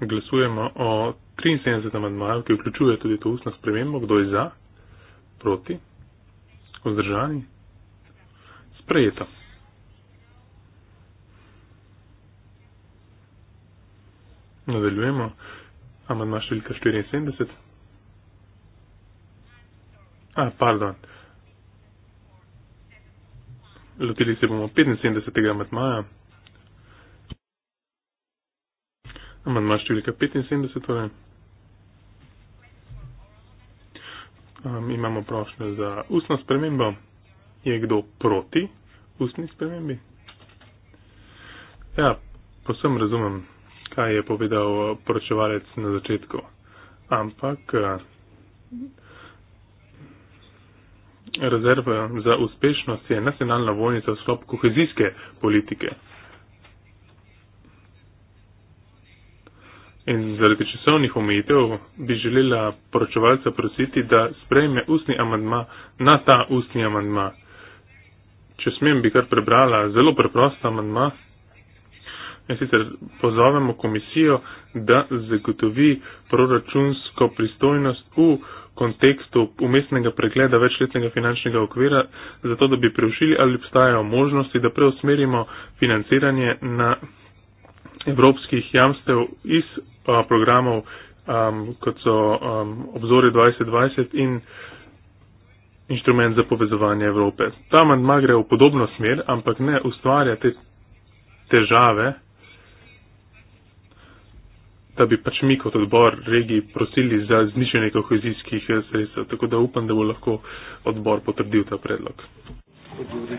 E: Glasujemo o 73 amandmajev, ki vključuje tudi to ustno spremembo, kdo je za, proti, vzdržani, sprejeto. Nadaljujemo. Amandma številka 74. A, pardon. Lotili se bomo 75. amandmaja. Amandma številka 75, torej. Um, imamo prošnjo za ustno spremembo. Je kdo proti ustni spremembi? Ja, posem razumem, kaj je povedal eh, poročevalec na začetku. Ampak eh, rezerva za uspešnost je nacionalna volnica v sklopu kohezijske politike. In zaradi časovnih omejitev bi želela poročevalca prositi, da sprejme ustni amandma na ta ustni amandma. Če smem, bi kar prebrala zelo preprosta amandma. In sicer pozovemo komisijo, da zagotovi proračunsko pristojnost v kontekstu umestnega pregleda večletnega finančnega okvira, zato da bi preušili ali obstajajo možnosti, da preusmerimo financiranje na evropskih jamstev iz a, programov, a, kot so a, obzore 2020 in inštrument za povezovanje Evrope. Ta mandma gre v podobno smer, ampak ne ustvarja te težave, da bi pač mi kot odbor regiji prosili za znišenje kohezijskih eh, sredstev. Tako da upam, da bo lahko odbor potrdil ta predlog. Odbor.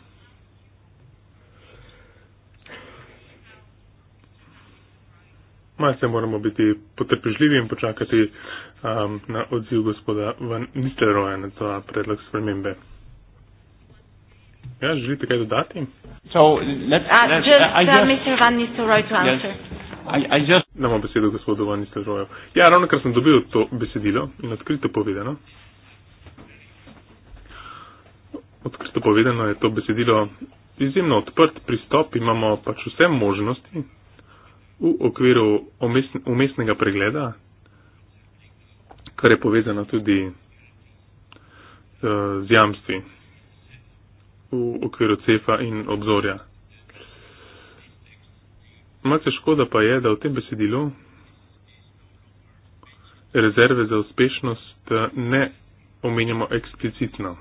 E: malce moramo biti potrpežljivi in počakati um, na odziv gospoda Van Nistelrooja na ta predlog spremembe. Ja, želite kaj dodati? So, let, ah, let, uh, just, uh, just, uh, Damo besedo gospodu Van Nistelrooju. Ja, ravno kar sem dobil to besedilo in odkrito povedano. Odkrito povedano je to besedilo izjemno odprt pristop, imamo pač vse možnosti, v okviru umestnega pregleda, kar je povezano tudi eh, z jamstvi v okviru cefa in obzorja. Malce škoda pa je, da v tem besedilu rezerve za uspešnost eh, ne omenjamo eksplicitno.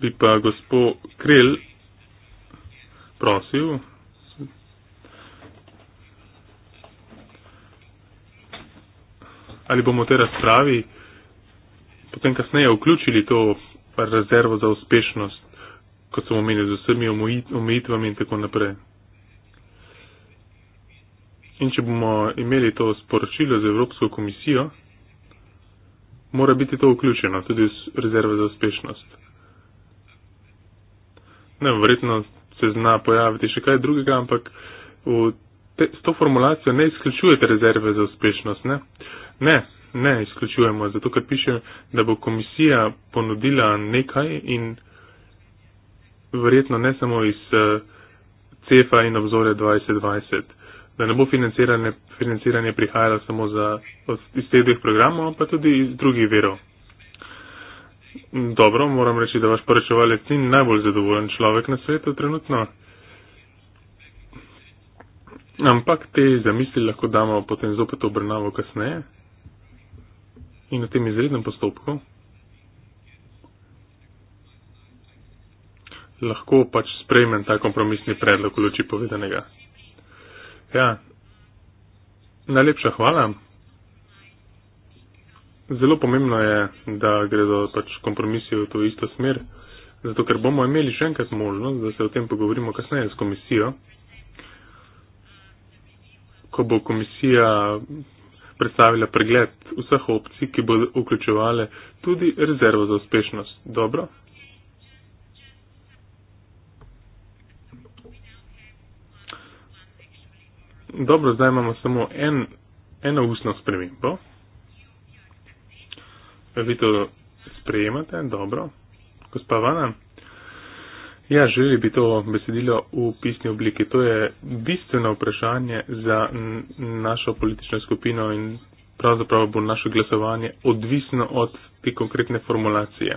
E: Bi pa gospod Krel prosil, ali bomo v tej razpravi potem kasneje vključili to rezervo za uspešnost, kot sem omenil, z vsemi omejitvami in tako naprej. In če bomo imeli to sporočilo z Evropsko komisijo, mora biti to vključeno tudi z rezervo za uspešnost. Ne, verjetno se zna pojaviti še kaj drugega, ampak te, s to formulacijo ne izključujete rezerve za uspešnost. Ne? Ne, ne izključujemo, zato ker piše, da bo komisija ponudila nekaj in verjetno ne samo iz uh, CEFA in obzore 2020, da ne bo financiranje, financiranje prihajalo samo za, od, iz teh dveh programov, pa tudi iz drugih verov. Dobro, moram reči, da vaš poročevalec ni najbolj zadovoljen človek na svetu trenutno. Ampak te zamisli lahko damo potem zopet obrnavo kasneje in v tem izrednem postopku lahko pač sprejmem ta kompromisni predlog v luči povedanega. Ja, najlepša hvala. Zelo pomembno je, da gredo pač kompromisi v to isto smer, zato ker bomo imeli še enkrat možnost, da se o tem pogovorimo kasneje s komisijo, ko bo komisija predstavila pregled vseh opcij, ki bodo vključevale tudi rezervo za uspešnost. Dobro? Dobro, zdaj imamo samo en, eno ustno spremembo. Vi to sprejemate? Dobro. Gospa Vana? Ja, želeli bi to besedilo v pisni obliki. To je bistveno vprašanje za našo politično skupino in pravzaprav bo naše glasovanje odvisno od te konkretne formulacije.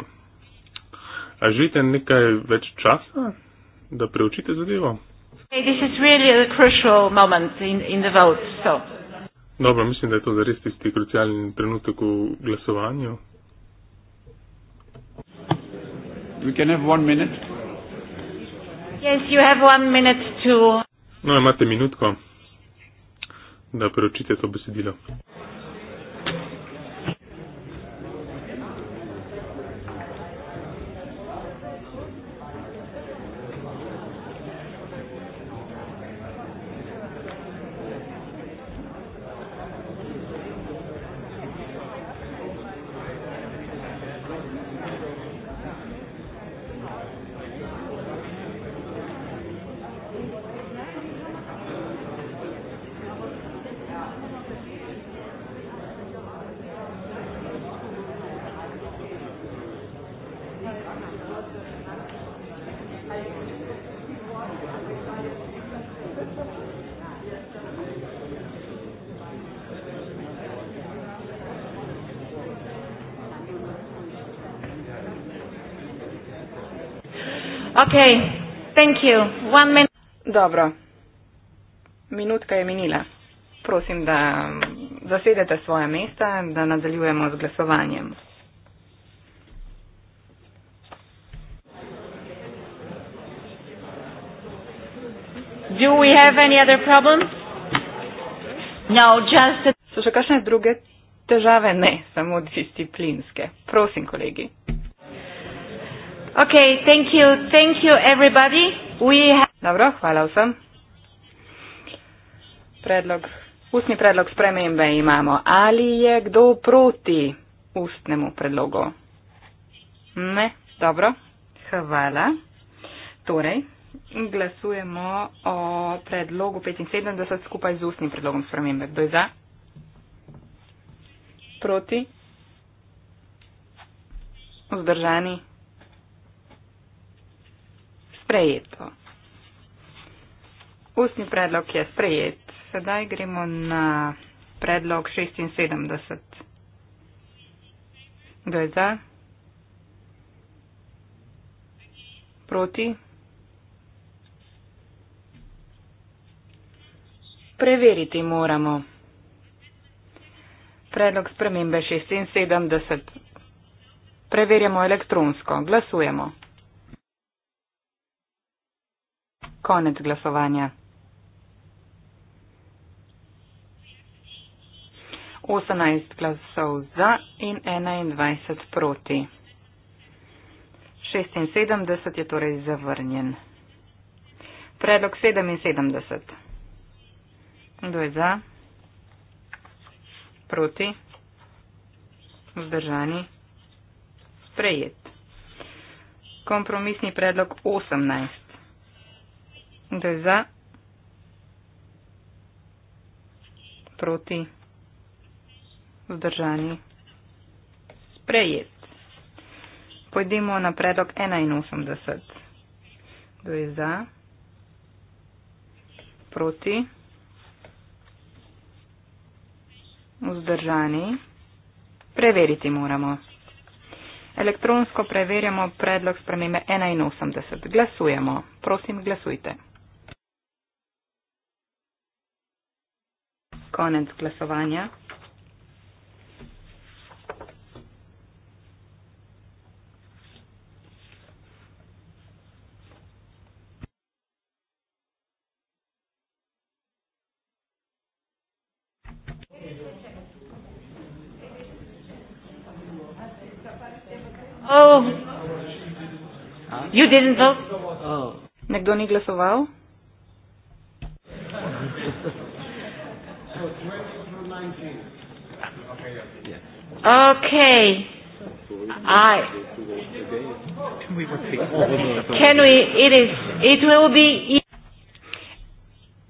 E: A želite nekaj več časa, da preučite zadevo?
A: Really in, in vote, so.
E: Dobro, mislim, da je to zares tisti krucijalni trenutek v glasovanju. We can have one minute.
A: Yes, you have one minute to...
E: No, imate minutko, da preučite to besedilo.
A: Okay. Thank you. One minute.
B: Dobro. Minutka je minila. Prosim, da zasedete svoje mesta, da nadaljujemo z glasovanjem.
A: Do we have any other problems? No, just so še
B: kakšne druge težave? Ne, samo
A: disciplinske.
B: Prosim, kolegi. Okay,
A: thank you. Thank you everybody. We Dobro, hvala
B: vsem. Predlog, ustni predlog spremembe imamo. Ali je kdo proti ustnemu predlogu? Ne, dobro. Hvala. Torej, glasujemo o predlogu 75 skupaj z ustnim predlogom spremembe. Kdo je za? Proti? Vzdržani? sprejeto. Ustni predlog je sprejet. Sedaj gremo na predlog 76. Kdo je za? Proti? Preveriti moramo. Predlog spremembe 76. Preverjamo elektronsko. Glasujemo. Konec glasovanja. 18 glasov za in 21 proti. 76 je torej zavrnjen. Predlog 77. Kdo je za? Proti? Vzdržani? Sprejet. Kompromisni predlog 18 da je za, proti, vzdržani, sprejet. Pojdimo na predlog 81. Kdo je za, proti, vzdržani, preveriti moramo. Elektronsko preverjamo predlog spremembe 81. Glasujemo. Prosim, glasujte. konec glasovanja.
D: Oh. Huh? You didn't vote? Oh.
B: Nekdo ni glasoval?
D: Okay. I can we repeat? Can we? It is.
A: It will be. E-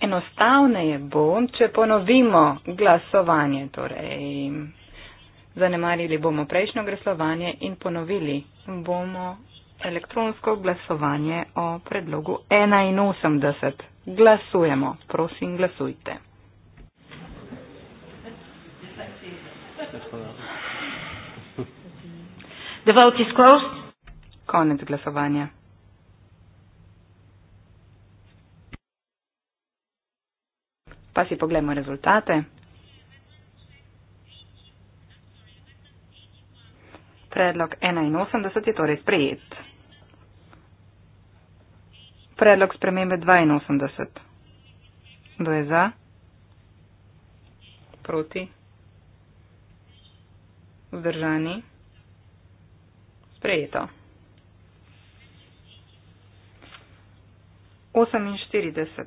B: Enostavneje bo, če ponovimo glasovanje. Torej, zanemarili bomo prejšnjo glasovanje in ponovili bomo elektronsko glasovanje o predlogu 81. Glasujemo. Prosim, glasujte. The vote is closed. Konec glasovanja. Pa si pogledamo rezultate. Predlog 81 je torej sprejet. Predlog spremembe 82. Kdo je za? Proti vzdržani, sprejeto. 48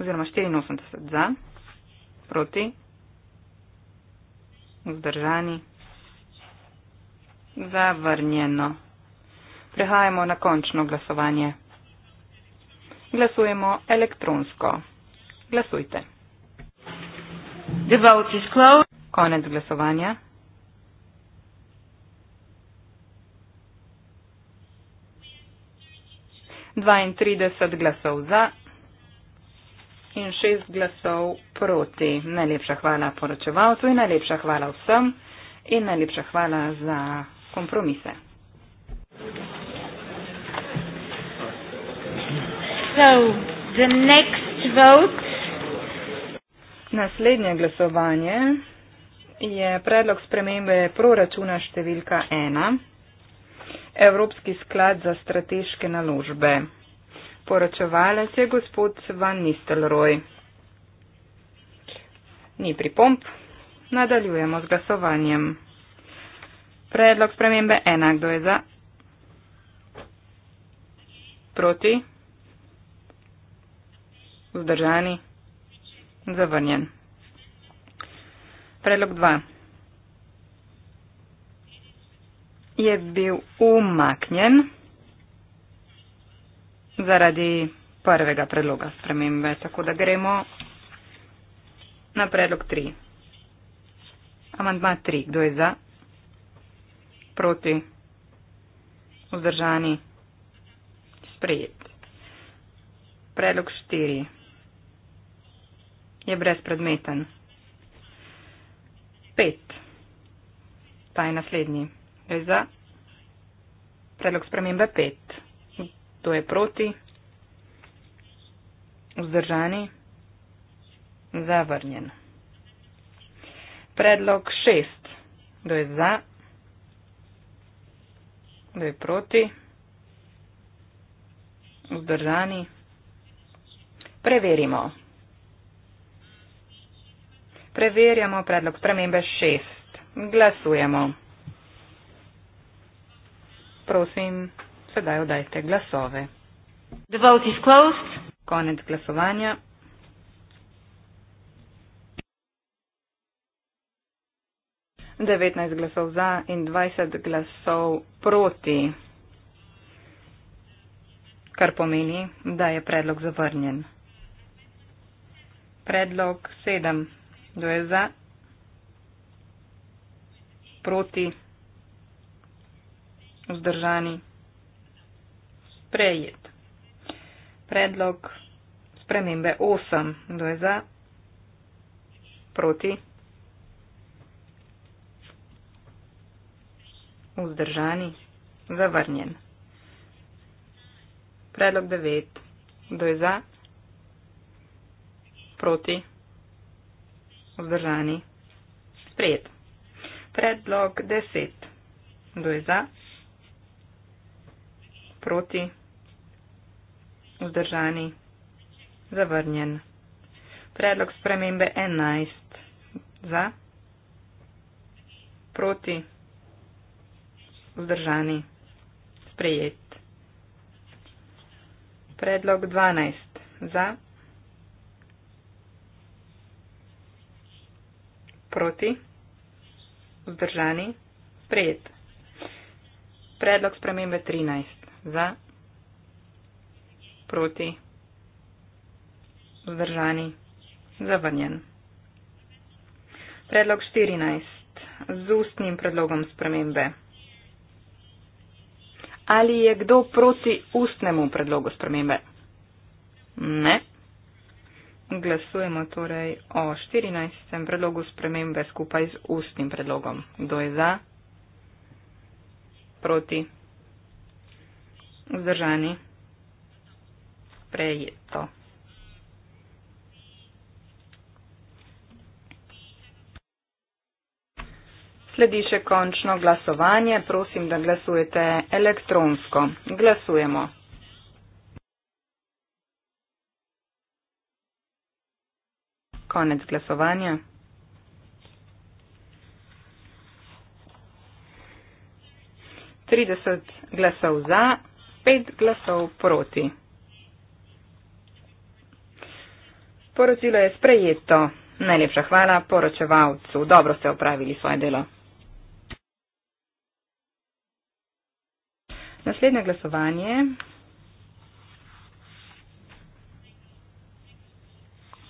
B: oziroma 84 za, proti, vzdržani, zavrnjeno. Prehajamo na končno glasovanje. Glasujemo elektronsko. Glasujte. Konec glasovanja. 32 glasov za in 6 glasov proti. Najlepša hvala poročevalcu in najlepša hvala vsem in najlepša hvala za kompromise. So, the next vote. Naslednje glasovanje je predlog spremembe proračuna številka 1. Evropski sklad za strateške naložbe. Poročevala se je gospod Van Nistelrooy. Ni pripomp. Nadaljujemo z glasovanjem. Predlog spremembe ena, kdo je za? Proti? Vzdržani? Zavrnjen. Predlog dva. je bil umaknjen zaradi prvega predloga spremembe. Tako da gremo na predlog 3. Amandma 3. Kdo je za? Proti? Vzdržani? Sprejet. Predlog 4. Je brezpredmeten. 5. Pa je naslednji je za. Predlog spremembe 5. Kdo je proti? Vzdržani? Zavrnjen. Predlog 6. Kdo je za? Kdo je proti? Vzdržani? Preverimo. Preverjamo predlog spremembe 6. Glasujemo prosim, sedaj oddajte glasove. The vote is closed. Konec glasovanja. Devetnajst glasov za in dvajset glasov proti, kar pomeni, da je predlog zavrnjen. Predlog sedem, kdo je za? Proti vzdržani. Sprejet. Predlog spremembe 8. Kdo je za? Proti? Vzdržani. Zavrnjen. Predlog 9. Kdo je za? Proti? Vzdržani. Sprejet. Predlog 10. Kdo je za? proti, vzdržani, zavrnjen. Predlog spremembe 11 za, proti, vzdržani, sprejet. Predlog 12 za, proti, vzdržani, sprejet. Predlog spremembe 13 za, proti, vzdržani, zavrnjen. Predlog 14. Z ustnim predlogom spremembe. Ali je kdo proti ustnemu predlogu spremembe? Ne. Glasujemo torej o 14. predlogu spremembe skupaj z ustnim predlogom. Kdo je za? Proti vzdržani, prejeto. Sledi še končno glasovanje. Prosim, da glasujete elektronsko. Glasujemo. Konec glasovanja. Trideset glasov za, pet glasov proti. Poročilo je sprejeto. Najlepša hvala poročevalcu. Dobro ste opravili svoje delo. Naslednje glasovanje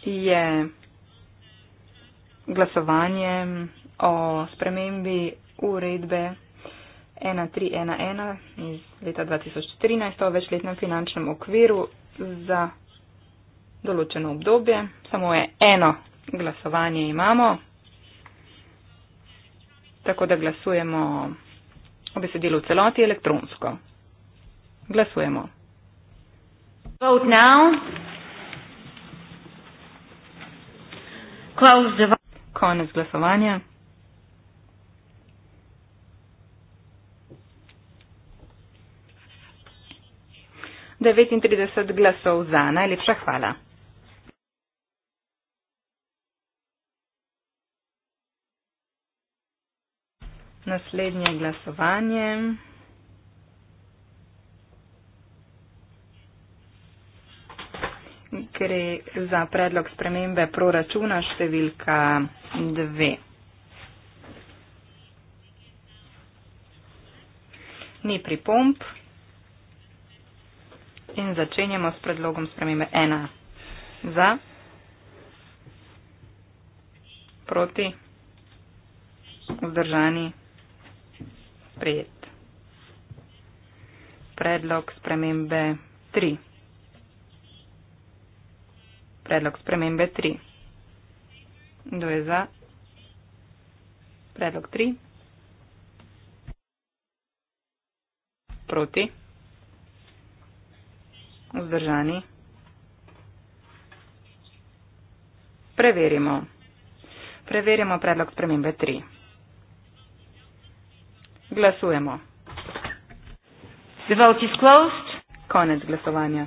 B: je glasovanje o spremembi uredbe. 1311 iz leta 2013 o večletnem finančnem okviru za določeno obdobje. Samo je eno glasovanje imamo, tako da glasujemo o besedilu v celoti elektronsko. Glasujemo.
A: Vote now.
B: Close the vote. Konec glasovanja. 39 glasov za. Najlepša hvala. Naslednje glasovanje. Gre za predlog spremembe proračuna številka 2. Ni pripomp in začenjamo s predlogom spremembe 1. Za? Proti? Vzdržani? Sprejet. Predlog spremembe 3. Predlog spremembe 3. Kdo je za? Predlog 3. Proti. Vzdržani. Preverimo. Preverimo predlog spremembe 3. Glasujemo.
A: The vote is closed.
B: Konec glasovanja.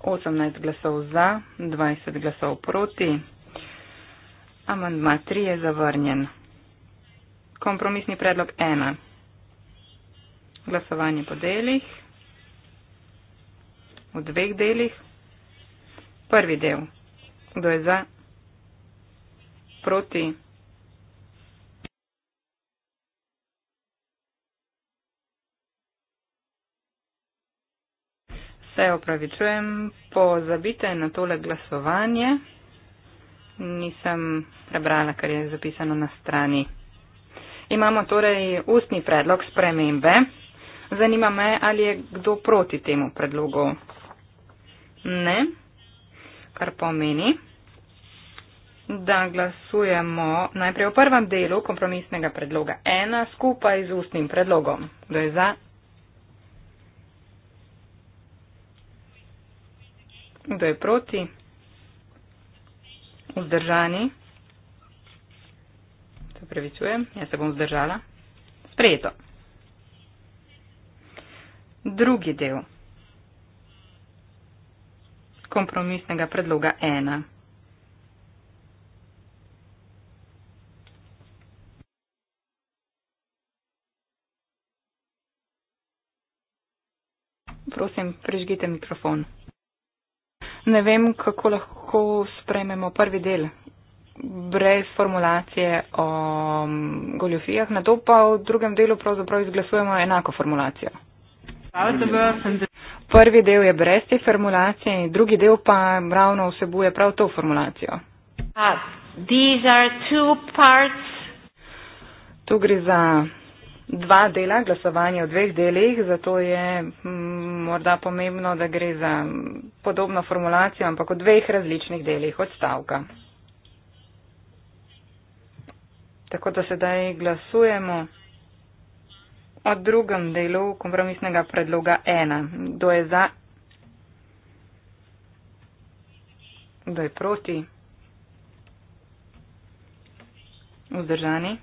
B: Osemnajst glasov za, dvajset glasov proti. Amandma tri je zavrnjen kompromisni predlog 1. Glasovanje po delih. V dveh delih. Prvi del. Kdo je za? Proti. Se opravičujem, pozabite na tole glasovanje. Nisem prebrala, kar je zapisano na strani Imamo torej ustni predlog spremembe. Zanima me, ali je kdo proti temu predlogu. Ne, kar pomeni, da glasujemo najprej v prvem delu kompromisnega predloga ena skupaj z ustnim predlogom. Kdo je za? Kdo je proti? Vzdržani? opravičujem, jaz se bom zdržala. Sprejeto. Drugi del kompromisnega predloga 1. Prosim, prižgite mikrofon. Ne vem, kako lahko sprejmemo prvi del brez formulacije o mm, goljofijah, na to pa v drugem delu pravzaprav izglasujemo enako formulacijo. Prvi del je brez te formulacije in drugi del pa ravno vsebuje prav to formulacijo. Ah, tu gre za dva dela, glasovanje v dveh delih, zato je mm, morda pomembno, da gre za podobno formulacijo, ampak v dveh različnih delih odstavka. Tako da sedaj glasujemo o drugem delu kompromisnega predloga 1. Kdo je za? Kdo je proti? Vzdržani?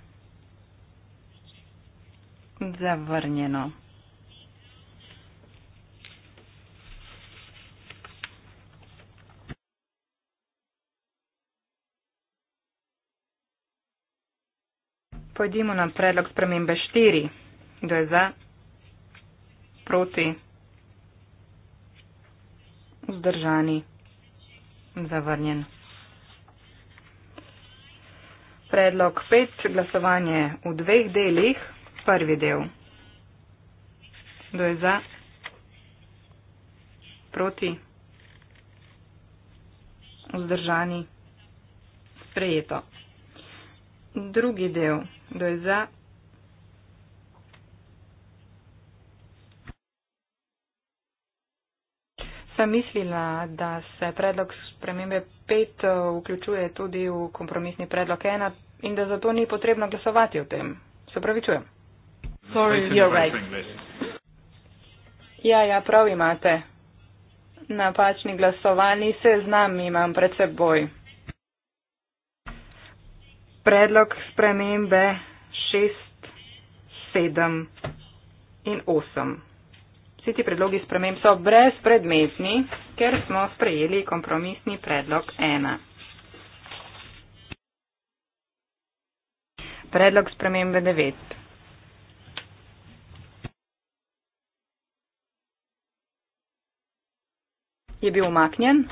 B: Zavrnjeno. Pojdimo na predlog spremembe 4. Kdo je za? Proti? Vzdržani? Zavrnjen? Predlog 5. Glasovanje v dveh delih. Prvi del. Kdo je za? Proti? Vzdržani? Sprejeto. Drugi del. Kdo je za? Sem mislila, da se predlog spremembe 5 eh, vključuje tudi v kompromisni predlog 1 in da zato ni potrebno glasovati o tem. Se pravi, čujem. Sorry, you're right. Ja, ja, prav imate. Napačni glasovalni seznam imam pred seboj predlog spremembe 6, 7 in 8. Vsi ti predlogi sprememb so brezpredmetni, ker smo sprejeli kompromisni predlog 1. Predlog spremembe 9. Je bil umaknjen?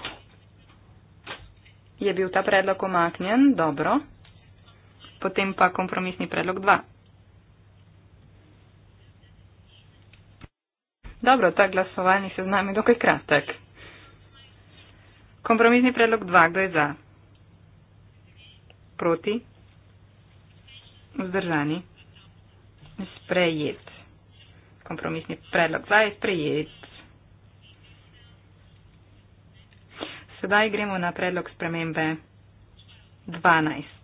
B: Je bil ta predlog umaknjen? Dobro potem pa kompromisni predlog 2. Dobro, ta glasovalni seznam je dokaj kratek. Kompromisni predlog 2, kdo je za? Proti? Vzdržani? Sprejet. Kompromisni predlog 2 je sprejet. Sedaj gremo na predlog spremembe 12.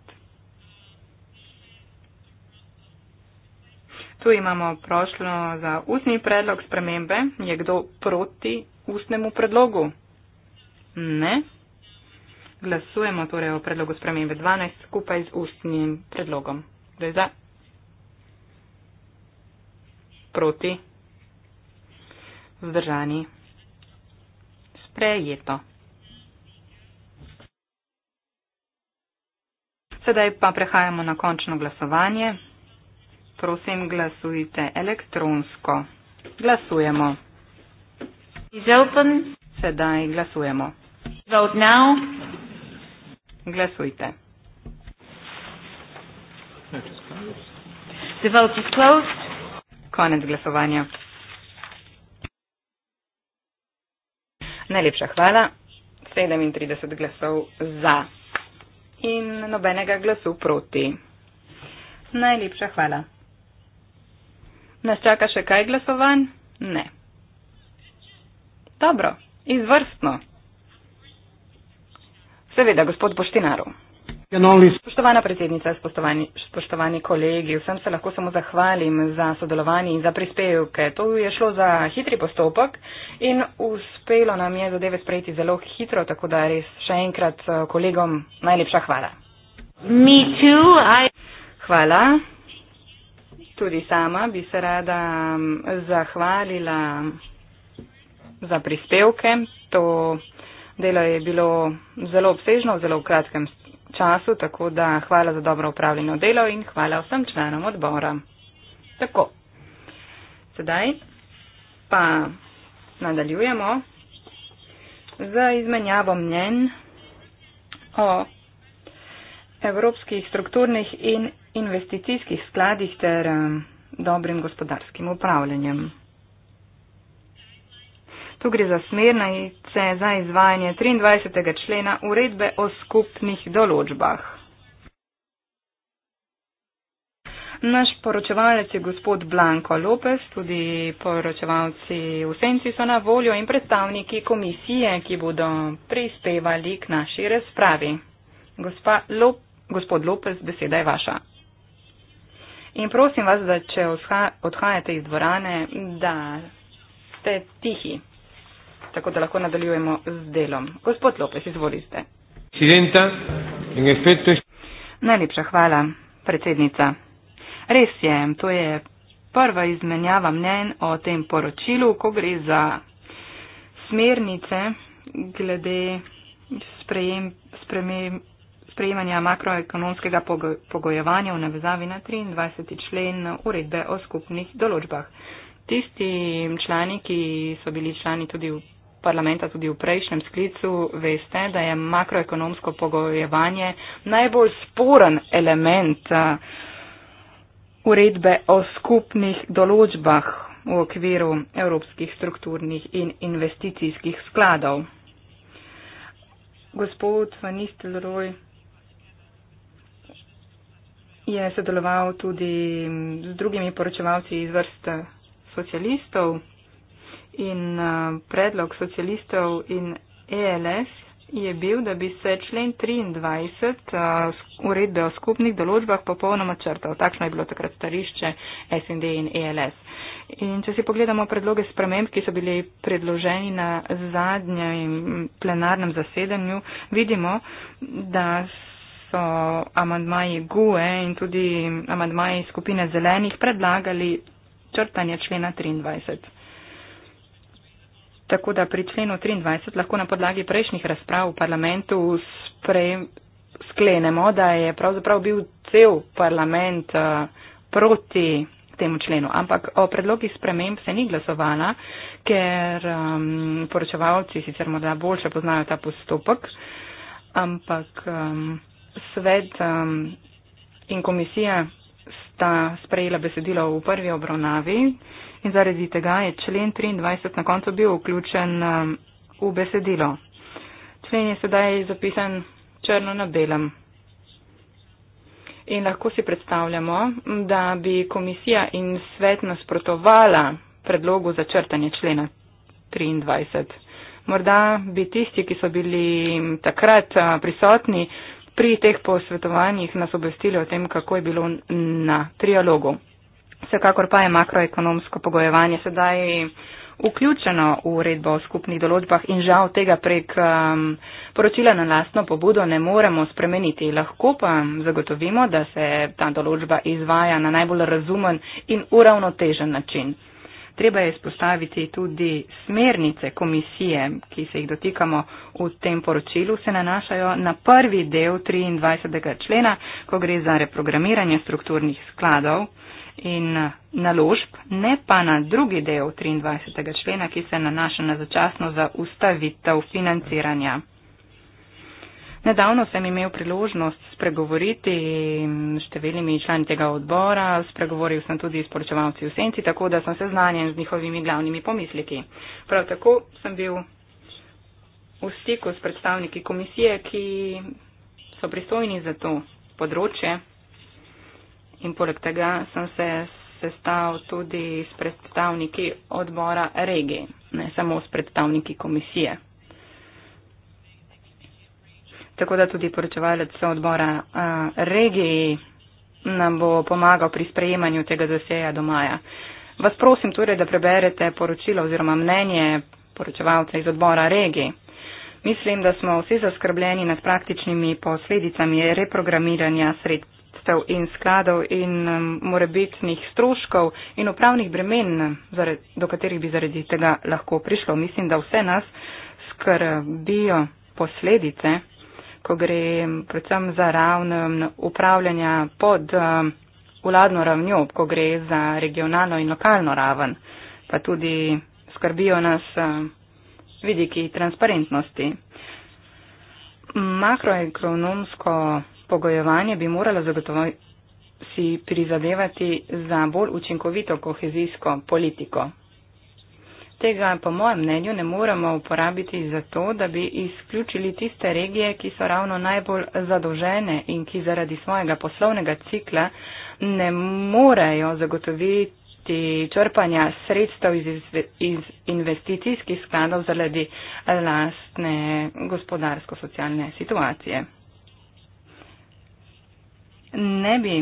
B: Tu imamo prošlo za ustni predlog spremembe. Je kdo proti ustnemu predlogu? Ne. Glasujemo torej o predlogu spremembe 12 skupaj z ustnim predlogom. Kdo je za? Proti. Vzdržani. Sprejeto. Sedaj pa prehajamo na končno glasovanje prosim glasujte elektronsko. Glasujemo. Is open. Sedaj glasujemo.
A: Vote now.
B: Glasujte. The vote is closed. Konec glasovanja. Najlepša hvala. 37 glasov za in nobenega glasu proti. Najlepša hvala. Nas čaka še kaj glasovanj? Ne. Dobro, izvrstno. Seveda, gospod Boštinaru.
C: Spoštovana
B: predsednica, spoštovani, spoštovani kolegi, vsem se lahko samo zahvalim za sodelovanje in za prispevke. To je šlo za hitri postopek in uspelo nam je zadeve sprejeti zelo hitro, tako da res še enkrat eh, kolegom najlepša hvala. Hvala. Tudi sama bi se rada zahvalila za prispevke. To delo je bilo zelo obsežno, zelo v kratkem času, tako da hvala za dobro upravljeno delo in hvala vsem članom odbora. Tako. Sedaj pa nadaljujemo z izmenjavo mnen o evropskih strukturnih in investicijskih skladih ter eh, dobrim gospodarskim upravljanjem. Tu gre za smernice za izvajanje 23. člena uredbe o skupnih določbah. Naš poročevalec je gospod Blanko Lopez, tudi poročevalci v senci so na voljo in predstavniki komisije, ki bodo prispevali k naši razpravi. Gospa Lop, gospod Lopez, beseda je vaša. In prosim vas, da če odhajate iz dvorane, da ste tihi, tako da lahko nadaljujemo z delom. Gospod Lopes, izvolite. Najlepša hvala, predsednica. Res je, to je prva izmenjava mnen o tem poročilu, ko gre za smernice glede sprejem, sprejem, sprejemanja makroekonomskega pogojevanja v navezavi na 23. člen uredbe o skupnih določbah. Tisti člani, ki so bili člani tudi v parlamenta tudi v prejšnjem sklicu, veste, da je makroekonomsko pogojevanje najbolj sporen element uredbe o skupnih določbah v okviru evropskih strukturnih in investicijskih skladov. Gospod Van Nistelrooy, je sodeloval tudi z drugimi poročevalci iz vrst socialistov in eh, predlog socialistov in ELS je bil, da bi se člen 23 eh, uredbe o skupnih določbah popolnoma črtal. Takšno je bilo takrat starišče SND in ELS. In če si pogledamo predloge sprememb, ki so bili predloženi na zadnjem plenarnem zasedanju, vidimo, da so amadmaji GUE in tudi amadmaji skupine zelenih predlagali črtanje člena 23. Tako da pri členu 23 lahko na podlagi prejšnjih razprav v parlamentu sklenemo, da je pravzaprav bil cel parlament eh, proti temu členu. Ampak o predlogih sprememb se ni glasovala, ker um, poročevalci sicer morda boljše poznajo ta postopek, ampak. Um, svet um, in komisija sta sprejela besedilo v prvi obravnavi in zaradi tega je člen 23 na koncu bil vključen um, v besedilo. Člen je sedaj zapisan črno na belem. In lahko si predstavljamo, da bi komisija in svet nasprotovala predlogu za črtanje člena 23. Morda bi tisti, ki so bili takrat uh, prisotni, pri teh posvetovanjih nas obvestili o tem, kako je bilo na trialogu. Vsekakor pa je makroekonomsko pogojevanje sedaj vključeno v uredbo o skupnih določbah in žal tega prek um, poročila na lastno pobudo ne moremo spremeniti. Lahko pa zagotovimo, da se ta določba izvaja na najbolj razumen in uravnotežen način. Treba je spostaviti tudi smernice komisije, ki se jih dotikamo v tem poročilu, se nanašajo na prvi del 23. člena, ko gre za reprogramiranje strukturnih skladov in naložb, ne pa na drugi del 23. člena, ki se nanaša na začasno zaustavitev financiranja. Nedavno sem imel priložnost spregovoriti s številnimi člani tega odbora, spregovoril sem tudi s poročevalci v senci, tako da sem seznanjen z njihovimi glavnimi pomisliki. Prav tako sem bil v stiku s predstavniki komisije, ki so pristojni za to področje in poleg tega sem se sestal tudi s predstavniki odbora regije, ne samo s predstavniki komisije tako da tudi poročevalec odbora a, regiji nam bo pomagal pri sprejemanju tega zaseja do maja. Vas prosim torej, da preberete poročilo oziroma mnenje poročevalca iz odbora regiji. Mislim, da smo vsi zaskrbljeni nad praktičnimi posledicami reprogramiranja sredstev in skladov in um, morebitnih stroškov in upravnih bremen, do katerih bi zaradi tega lahko prišlo. Mislim, da vse nas skrbijo posledice ko gre predvsem za ravn um, upravljanja pod um, vladno ravnjo, ko gre za regionalno in lokalno raven, pa tudi skrbijo nas um, vidiki transparentnosti. Makroekonomsko pogojevanje bi moralo zagotoviti si prizadevati za bolj učinkovito kohezijsko politiko. Tega po mojem mnenju ne moremo uporabiti za to, da bi izključili tiste regije, ki so ravno najbolj zadolžene in ki zaradi svojega poslovnega cikla ne morejo zagotoviti črpanja sredstev iz, iz investicijskih skladov zaradi lastne gospodarsko-socialne situacije. Ne bi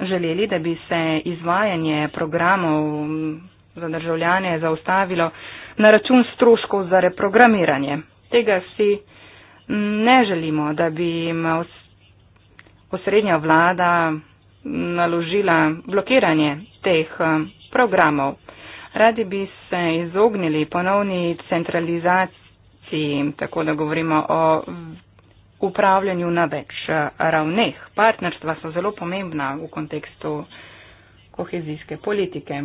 B: želeli, da bi se izvajanje programov za državljane zaustavilo na račun stroškov za reprogramiranje. Tega si ne želimo, da bi jim osrednja vlada naložila blokiranje teh programov. Radi bi se izognili ponovni centralizaciji, tako da govorimo o upravljanju na več ravneh. Partnerstva so zelo pomembna v kontekstu kohezijske politike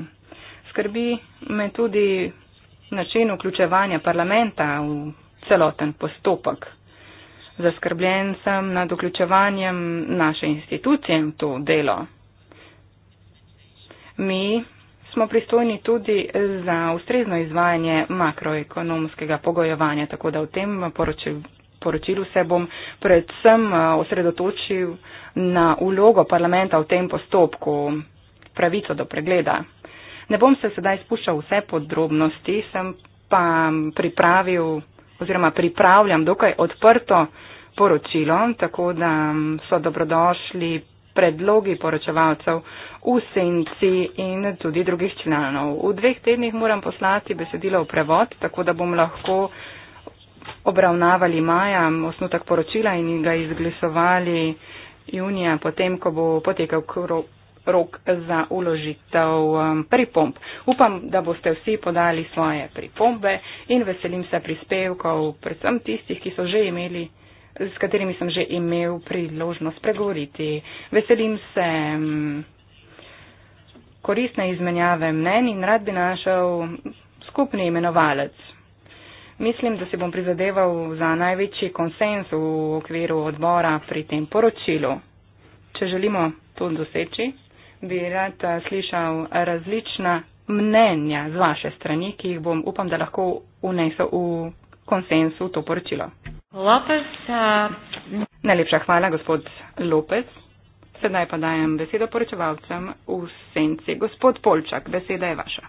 B: skrbi me tudi način vključevanja parlamenta v celoten postopek. Zaskrbljen sem nad vključevanjem naše institucije v to delo. Mi smo pristojni tudi za ustrezno izvajanje makroekonomskega pogojevanja, tako da v tem poročil, poročilu se bom predvsem eh, osredotočil na ulogo parlamenta v tem postopku, pravico do pregleda. Ne bom se sedaj spuščal vse podrobnosti, sem pa pripravil oziroma pripravljam dokaj odprto poročilo, tako da so dobrodošli predlogi poročevalcev v senci in tudi drugih članov. V dveh tednih moram poslati besedilo v prevod, tako da bom lahko obravnavali maja osnutek poročila in ga izglesovali junija, potem, ko bo potekal krok rok za uložitev um, pripomb. Upam, da boste vsi podali svoje pripombe in veselim se prispevkov, predvsem tistih, ki so že imeli s katerimi sem že imel priložnost pregovoriti. Veselim se um, koristne izmenjave mnenj in rad bi našel skupni imenovalec. Mislim, da se bom prizadeval za največji konsens v okviru odbora pri tem poročilu. Če želimo to doseči, bi rad eh, slišal različna mnenja z vaše strani, ki jih bom upam, da lahko unesel v konsensu to poročilo.
A: Lopez, uh...
B: Najlepša hvala, gospod Lopez. Sedaj pa dajem besedo poročevalcem v senci. Gospod Polčak, beseda je vaša.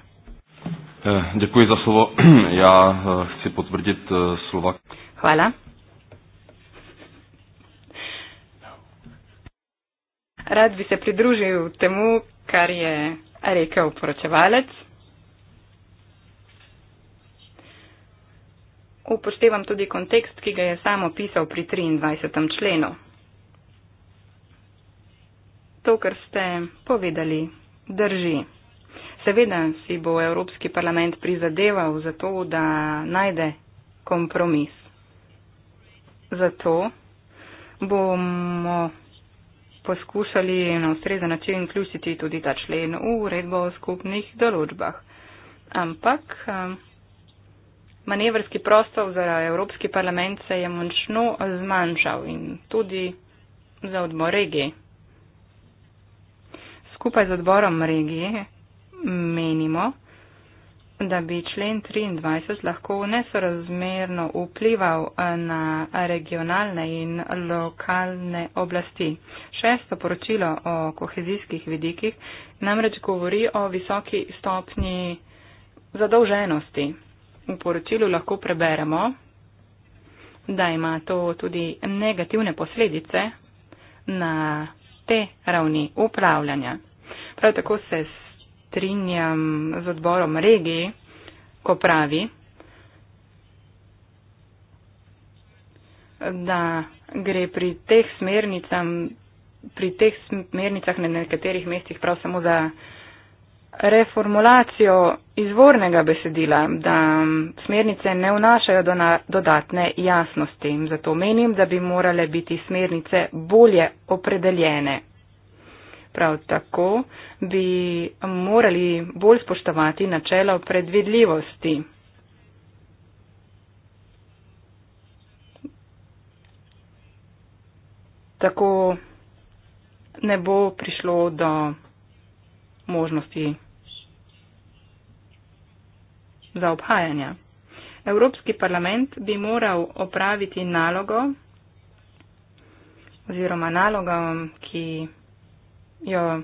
C: Eh, Dekuji za slovo. <clears throat> ja, eh, se potvrditi eh, slova.
B: Hvala. Rad bi se pridružil temu, kar je rekel poročevalec. Upoštevam tudi kontekst, ki ga je samo pisal pri 23. členu. To, kar ste povedali, drži. Seveda si bo Evropski parlament prizadeval za to, da najde kompromis. Zato bomo poskušali na ustrezen način vključiti tudi ta člen v uredbo o skupnih določbah. Ampak um, manevrski prostor za Evropski parlament se je močno zmanjšal in tudi za odbor regije. Skupaj z odborom regije menimo, da bi člen 23 lahko nesorazmerno vplival eh, na regionalne in lokalne oblasti. Šesto poročilo o kohezijskih vidikih namreč govori o visoki stopni zadolženosti. V poročilu lahko preberemo, da ima to tudi negativne posledice na te ravni upravljanja. Prav tako se strinjam z odborom regiji, ko pravi, da gre pri teh smernicah, pri teh smernicah na nekaterih mestih prav samo za reformulacijo izvornega besedila, da smernice ne vnašajo dodatne jasnosti. Zato menim, da bi morale biti smernice bolje opredeljene Prav tako bi morali bolj spoštovati načelo predvidljivosti. Tako ne bo prišlo do možnosti za obhajanja. Evropski parlament bi moral opraviti nalogo oziroma nalogo, ki jo,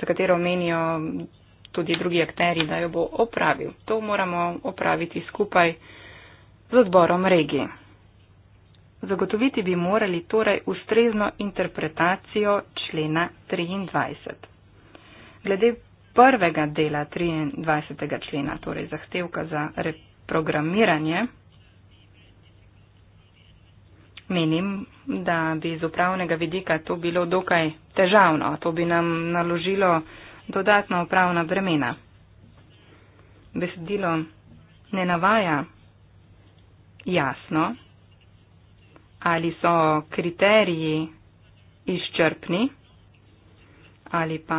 B: za katero menijo tudi drugi akteri, da jo bo opravil. To moramo opraviti skupaj z odborom regije. Zagotoviti bi morali torej ustrezno interpretacijo člena 23. Glede prvega dela 23. člena, torej zahtevka za reprogramiranje, Menim, da bi z upravnega vidika to bilo dokaj težavno, to bi nam naložilo dodatna upravna bremena. Besedilo ne navaja jasno, ali so kriteriji izčrpni, ali pa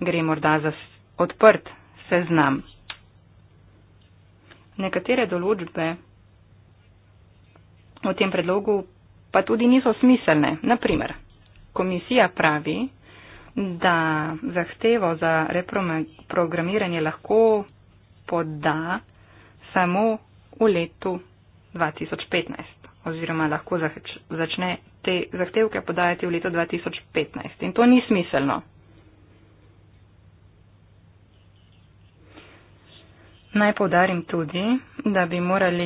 B: gre morda za odprt seznam. Nekatere določbe v tem predlogu pa tudi niso smiselne. Naprimer, komisija pravi, da zahtevo za reprogramiranje lahko poda samo v letu 2015 oziroma lahko začne te zahtevke podajati v letu 2015. In to ni smiselno. Naj povdarim tudi, da bi morali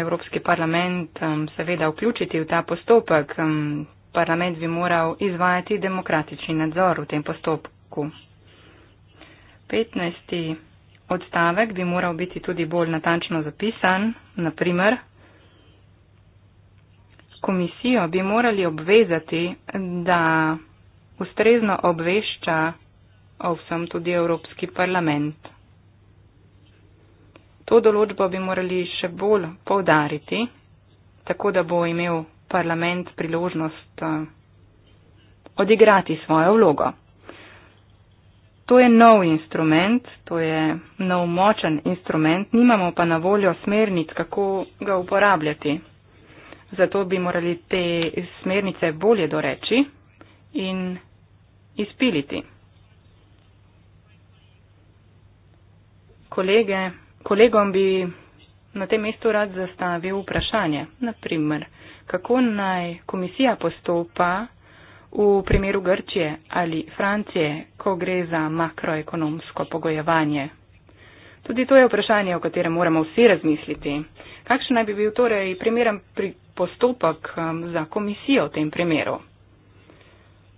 B: Evropski parlament um, seveda vključiti v ta postopek. Um, parlament bi moral izvajati demokratični nadzor v tem postopku. 15. odstavek bi moral biti tudi bolj natančno zapisan, naprimer, komisijo bi morali obvezati, da ustrezno obvešča o vsem tudi Evropski parlament. To določbo bi morali še bolj povdariti, tako da bo imel parlament priložnost eh, odigrati svojo vlogo. To je nov instrument, to je nov močen instrument, nimamo pa na voljo smernic, kako ga uporabljati. Zato bi morali te smernice bolje doreči in izpiliti. Kolege, kolegom bi na tem mestu rad zastavil vprašanje. Naprimer, kako naj komisija postopa v primeru Grčije ali Francije, ko gre za makroekonomsko pogojevanje? Tudi to je vprašanje, o katerem moramo vsi razmisliti. Kakšen naj bi bil torej primeren pri postopek um, za komisijo v tem primeru?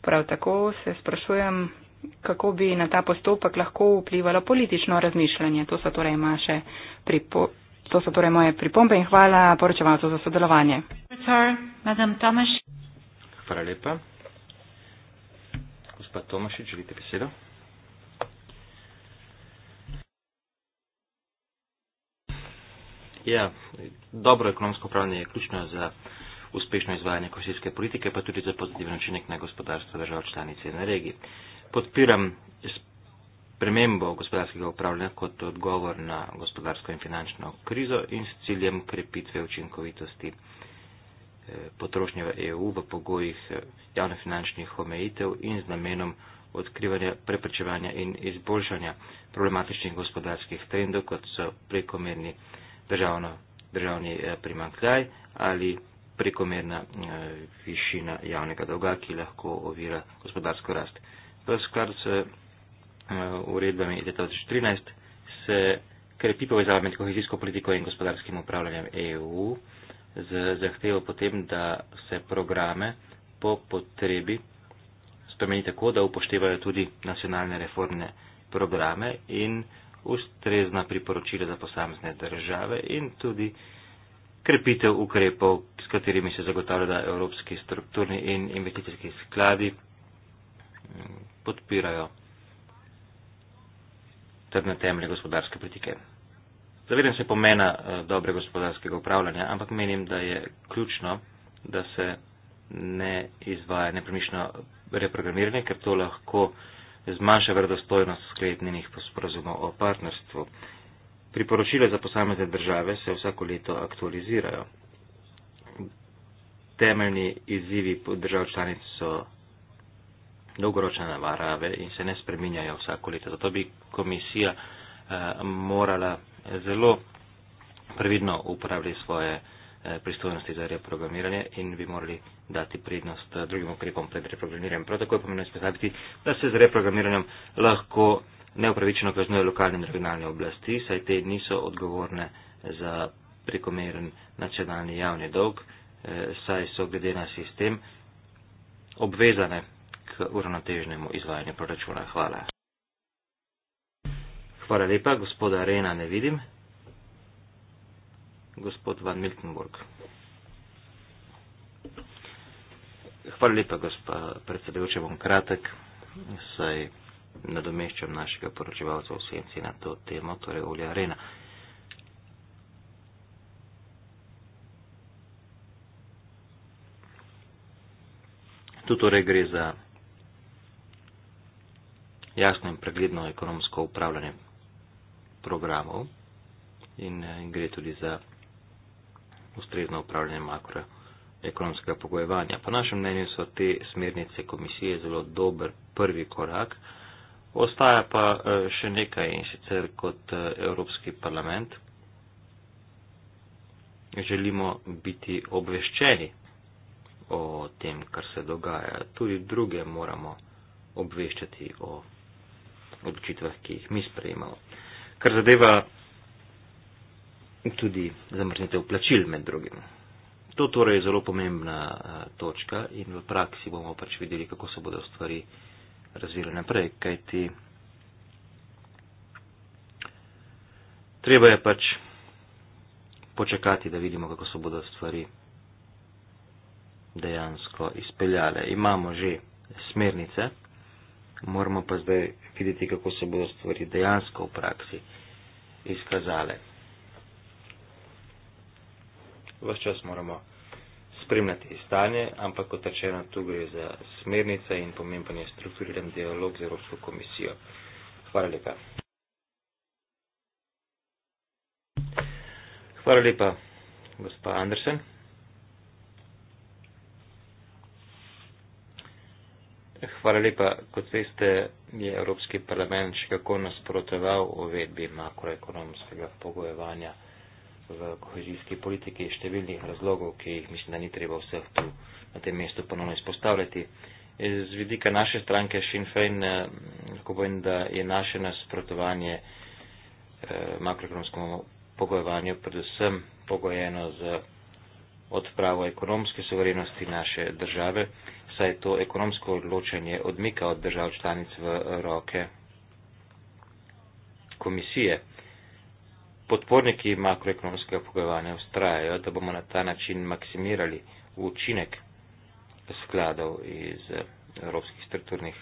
B: Prav tako se sprašujem, kako bi na ta postopek lahko vplivalo politično razmišljanje. To so torej, maše pripo, to so torej moje pripombe in hvala poročevalcu za sodelovanje.
C: Hvala lepa. Gospod Tomašič, želite besedo? Ja, dobro ekonomsko upravljanje je ključno za uspešno izvajanje kosijske politike, pa tudi za pozitivni učinek na gospodarstvo držav članice in regije podpiram premembo gospodarskega upravljanja kot odgovor na gospodarsko in finančno krizo in s ciljem krepitve učinkovitosti eh, potrošnje v EU v pogojih eh, javnofinančnih omejitev in z namenom odkrivanja, preprečevanja in izboljšanja problematičnih gospodarskih trendov, kot so prekomerni državno, državni eh, primankljaj ali prekomerna višina javnega dolga, ki lahko ovira gospodarsko rast v skladu s eh, uredbami iz 2013 se krepi povezava med kohezijsko politiko in gospodarskim upravljanjem EU z zahtevo potem, da se programe po potrebi spremeni tako, da upoštevajo tudi nacionalne reformne programe in ustrezna priporočila za posamezne države in tudi krepitev ukrepov, s katerimi se zagotavlja, da evropski strukturni in investicijski skladi podpirajo trdne temelje gospodarske politike. Zavedam se pomena eh, dobre gospodarskega upravljanja, ampak menim, da je ključno, da se ne izvaja nepremišljeno reprogramiranje, ker to lahko zmanjša verodostojnost sklepnjenih sporazumov o partnerstvu. Priporočile za posamezne države se vsako leto aktualizirajo. Temeljni izzivi držav članic so dolgoročne navarave in se ne spreminjajo vsako leto. Zato bi komisija eh, morala zelo previdno uporabljati svoje eh, pristojnosti za reprogramiranje in bi morali dati prednost eh, drugim ukrepom pred reprogramiranjem. Prav tako je pomembno izpostaviti, da se z reprogramiranjem lahko neupravičeno kaznuje lokalne in regionalne oblasti, saj te niso odgovorne za prekomeren nacionalni javni dolg, saj so glede na sistem obvezane k uravnoteženemu izvajanju proračuna. Hvala. Hvala lepa, gospoda Rena ne vidim. Gospod Van Miltenburg. Hvala lepa, gospa predsedujoča, bom kratek, saj nadomeščam našega poročevalca v senci na to temo, torej Olja Rena. Tu torej gre za jasno in pregledno ekonomsko upravljanje programov in, eh, in gre tudi za ustrezno upravljanje makroekonomskega pogojevanja. Po našem mnenju so te smernice komisije zelo dober prvi korak. Ostaja pa eh, še nekaj in sicer kot eh, Evropski parlament želimo biti obveščeni o tem, kar se dogaja. Tudi druge moramo obveščati o odločitvah, ki jih mi sprejemamo. Kar zadeva tudi zamrznitev plačil med drugim. To torej je zelo pomembna eh, točka in v praksi bomo pač videli, kako se bodo stvari razvile naprej, kajti treba je pač počakati, da vidimo, kako se bodo stvari dejansko izpeljale. Imamo že smernice moramo pa zdaj videti, kako se bodo stvari dejansko v praksi izkazale. Ves čas moramo spremljati stanje, ampak kot rečeno, tu gre za smernice in pomemben je strukturiran dialog z Evropsko komisijo. Hvala lepa. Hvala lepa, gospod Andersen. Hvala lepa. Kot veste, je Evropski parlament še kako nasprotoval uvedbi makroekonomskega pogojevanja v kohezijski politiki iz številnih razlogov, ki jih mislim, da ni treba vseh tu na tem mestu ponovno izpostavljati. Z vidika naše stranke Sinn Fein, eh, lahko povem, da je naše nasprotovanje eh, makroekonomskemu pogojevanju predvsem pogojeno z odpravo ekonomske soverenosti naše države saj je to ekonomsko odločanje odmika od držav članic v roke komisije. Podporniki makroekonomskega pogajanja ustrajajo, da bomo na ta način maksimirali učinek skladov iz evropskih strukturnih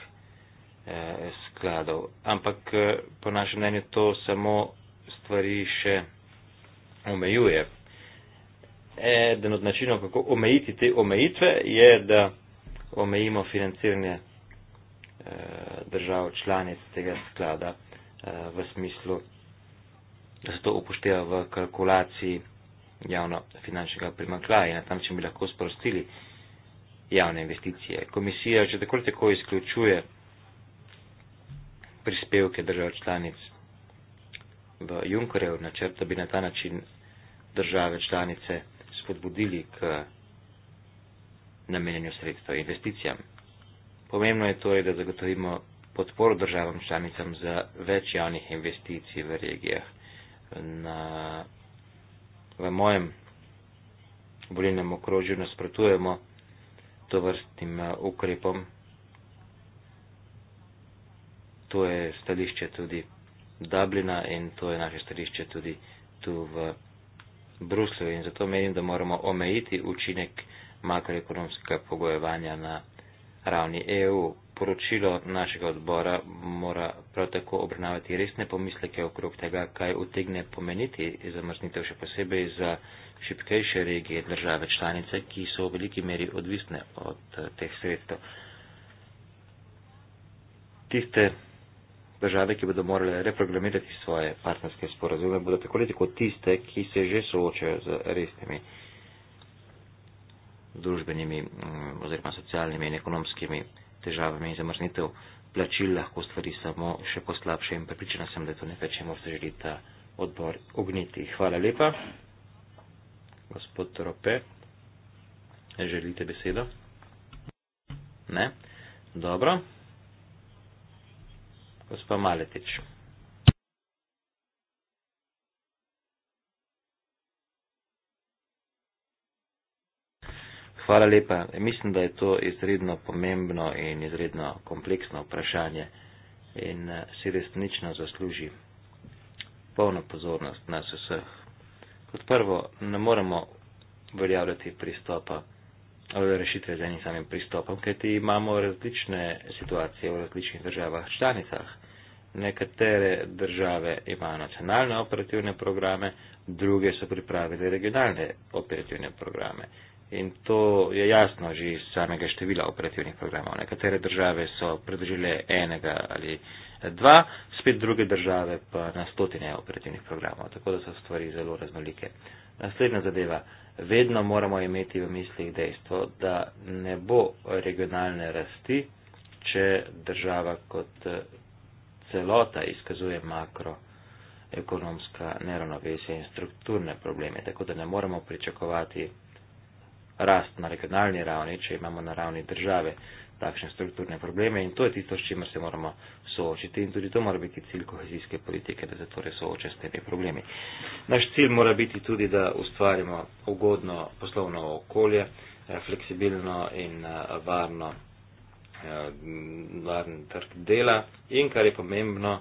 C: eh, skladov. Ampak eh, po našem mnenju to samo stvari še omejuje. Eden od načinov, kako omejiti te omejitve, je, da omejimo financiranje eh, držav članic tega sklada eh, v smislu, da se to upošteva v kalkulaciji javno-finančnega primankljaja in na tam, če bi lahko sprostili javne investicije. Komisija, če tako tako izključuje prispevke držav članic v Junkerev načrt, da bi na ta način države članice spodbudili k namenjanju sredstva investicijam. Pomembno je torej, da zagotovimo podporo državam članicam za več javnih investicij v regijah. Na, v mojem volilnem okrožju nasprotujemo to vrstnim eh, ukrepom. To je stališče tudi Dublina in to je naše stališče tudi tu v Bruslju. In zato menim, da moramo omejiti učinek makroekonomskega pogojevanja na ravni EU. Poročilo našega odbora mora prav tako obravnavati resne pomisleke okrog tega, kaj utegne pomeniti zamrznitev še posebej za šipkejše regije države članice, ki so v veliki meri odvisne od eh, teh sredstev. Tiste države, ki bodo morale reprogramirati svoje partnerske sporazume, bodo tako ali tako tiste, ki se že soočajo z resnimi družbenimi mm, oziroma socialnimi in ekonomskimi težavami in zamrznitev plačil lahko stvari samo še poslabše in prepričana sem, da to nekaj, če mora se želi ta odbor ogniti. Hvala lepa. Gospod Rope, želite besedo? Ne? Dobro. Gospod Maletič. Hvala lepa. Mislim, da je to izredno pomembno in izredno kompleksno vprašanje in eh, si resnično zasluži polno pozornost nas vseh. Kot prvo, ne moremo uveljavljati pristopa ali rešitve z enim samim pristopom, kajti imamo različne situacije v različnih državah članicah. Nekatere države imajo nacionalne operativne programe, druge so pripravili regionalne operativne programe. In to je jasno že iz samega števila operativnih programov. Nekatere države so predložile enega ali dva, spet druge države pa na stotine operativnih programov. Tako da so stvari zelo raznolike. Naslednja zadeva. Vedno moramo imeti v mislih dejstvo, da ne bo regionalne rasti, če država kot celota izkazuje makro ekonomska neravnovesja in strukturne probleme. Tako da ne moramo pričakovati rast na regionalni ravni, če imamo na ravni države takšne strukturne probleme in to je tisto, s čimer se moramo soočiti in tudi to mora biti cilj kohezijske politike, da se torej sooča s temi problemi. Naš cilj mora biti tudi, da ustvarimo ugodno poslovno okolje, eh, fleksibilno in eh, varno, eh, varno trg dela in kar je pomembno,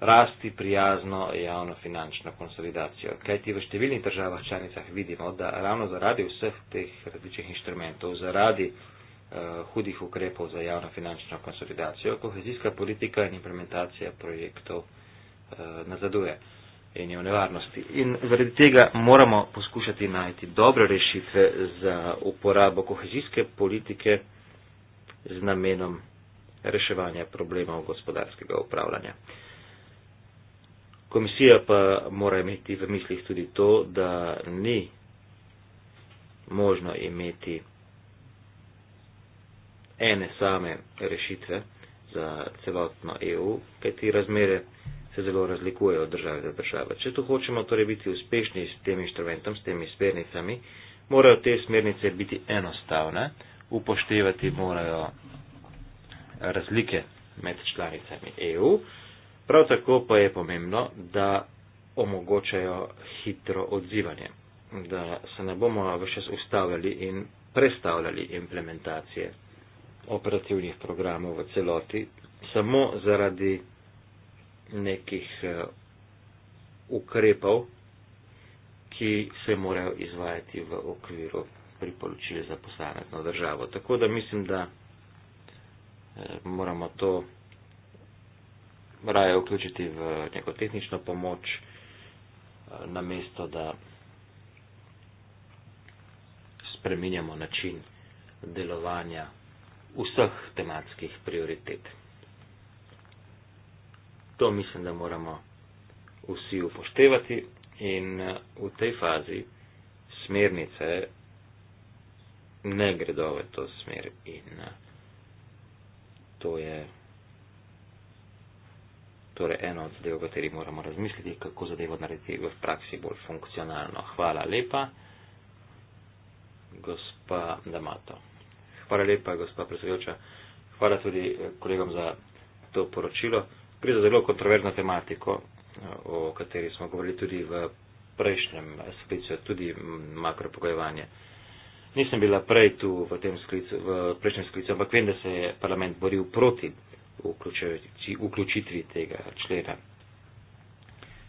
C: rasti prijazno javno finančno konsolidacijo. Kaj ti v številnih državah članicah vidimo, da ravno zaradi vseh teh različnih inštrumentov, zaradi uh, hudih ukrepov za javno finančno konsolidacijo, kohezijska politika in implementacija projektov uh, nazaduje in je v nevarnosti. In zaradi tega moramo poskušati najti dobre rešitve za uporabo kohezijske politike z namenom reševanja problemov gospodarskega upravljanja. Komisija pa mora imeti v mislih tudi to, da ni možno imeti ene same rešitve za celotno EU, kajti razmere se zelo razlikujejo od države do države. Če tu hočemo torej biti uspešni s tem inštrumentom, s temi smernicami, morajo te smernice biti enostavne, upoštevati morajo razlike med članicami EU. Prav tako pa je pomembno, da omogočajo hitro odzivanje, da se ne bomo več ustavljali in prestavljali implementacije operativnih programov v celoti, samo zaradi nekih eh, ukrepov, ki se morajo izvajati v okviru priporočil za posamezno državo. Tako da mislim, da eh, moramo to raje vključiti v neko tehnično pomoč, eh, na mesto, da spreminjamo način delovanja vseh tematskih prioritet. To mislim, da moramo vsi upoštevati in eh, v tej fazi smernice ne gredo v to smer in eh, to je torej eno od zadev, o kateri moramo razmisliti, kako zadevo narediti v praksi bolj funkcionalno. Hvala lepa, gospa Damato. Hvala lepa, gospa predsedujoča. Hvala tudi eh, kolegom za to poročilo. Gre za zelo kontroverzno tematiko, eh, o kateri smo govorili tudi v prejšnjem sklicu, tudi makropogojevanje. Nisem bila prej tu v, tem sklicu, v prejšnjem sklicu, ampak vem, da se je parlament boril proti vključitvi tega člena.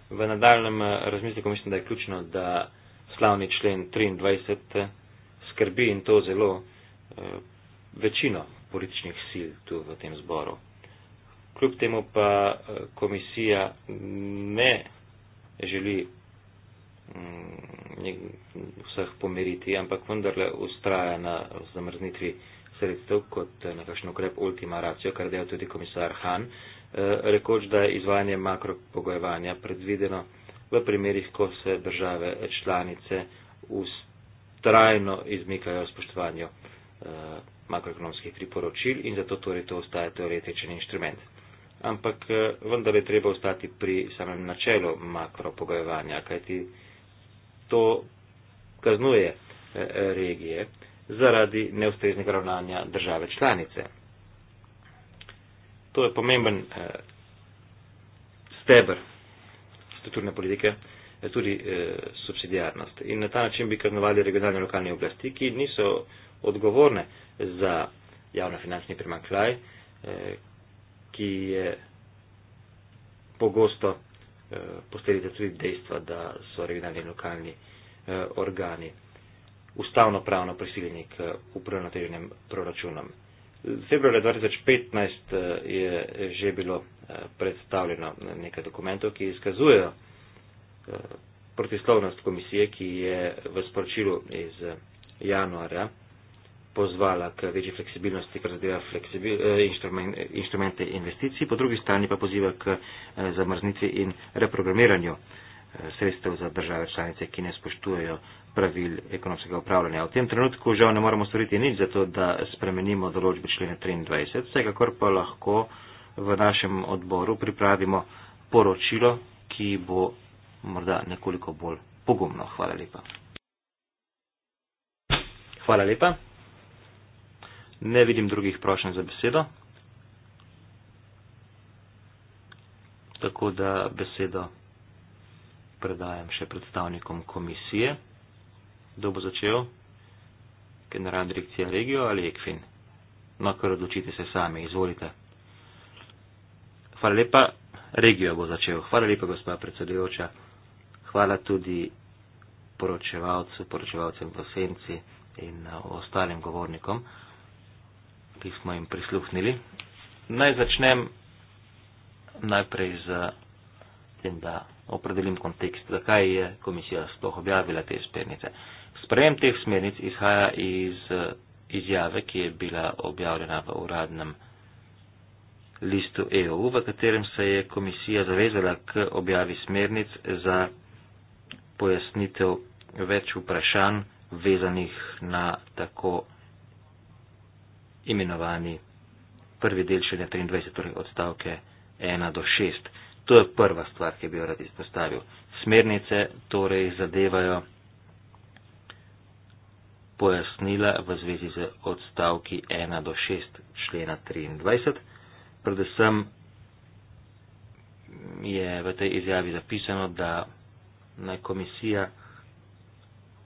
C: V nadaljem eh, razmisliku mislim, da je ključno, da slavni člen 23 eh, skrbi in to zelo eh, večino političnih sil tu v tem zboru. Kljub temu pa komisija ne želi mm, vseh pomeriti, ampak vendarle ustraja na zamrznitvi sredstev kot eh, nekakšno ukrep ultima racijo, kar dela tudi komisar Han, eh, rekoč, da je izvajanje makropogojevanja predvideno v primerih, ko se države članice
A: ustrajno
C: izmikajo spoštovanju eh, makroekonomskih priporočil in zato torej to ostaje teoretičen inštrument. Ampak vendar je treba ostati pri samem načelu makropogojevanja, kajti to kaznuje regije zaradi neustreznega ravnanja države članice. To je pomemben eh, stebr strukturne politike, eh, tudi eh, subsidijarnost. In na ta način bi kaznovali regionalne lokalne oblasti, ki niso odgovorne za javnofinančni primanklaj, eh, ki je pogosto eh, posledica tudi dejstva, da so regionalni in lokalni eh, organi ustavno pravno prisiljeni k upravnateženim proračunom. Februarja 2015 eh, je že bilo eh, predstavljeno nekaj dokumentov, ki izkazujejo eh, protislovnost komisije, ki je v sporočilu iz januarja pozvala k večji fleksibilnosti, kar zadeva fleksibil, inštrument, inštrumente investicij, po drugi strani pa poziva k zamrznitvi in reprogramiranju sredstev za države članice, ki ne spoštujejo pravil ekonomskega upravljanja. V tem trenutku žal ne moramo storiti nič za to, da spremenimo določbe člene 23. Vsekakor pa lahko v našem odboru pripravimo poročilo, ki bo morda nekoliko bolj pogumno. Hvala lepa. Hvala lepa. Ne vidim drugih prošenj za besedo. Tako da besedo predajam še predstavnikom komisije. Kdo bo začel? Generalna direkcija regijo ali ekfin? No, kar odločite se sami, izvolite. Hvala lepa, regijo bo začel. Hvala lepa, gospa predsedujoča. Hvala tudi poročevalcu, poročevalcem v senci in uh, ostalim govornikom, ki smo jim prisluhnili. Naj začnem najprej z tem, da opredelim kontekst, zakaj je komisija sploh objavila te spernice podprem teh smernic izhaja iz izjave, ki je bila objavljena v uradnem listu EU, v katerem se je komisija zavezala k objavi smernic za pojasnitev več vprašanj vezanih na tako imenovani prvi del še 23, torej odstavke 1 do 6. To je prva stvar, ki bi jo rad izpostavil. Smernice torej zadevajo pojasnila v zvezi z odstavki 1 do 6 člena 23. Predvsem je v tej izjavi zapisano, da naj komisija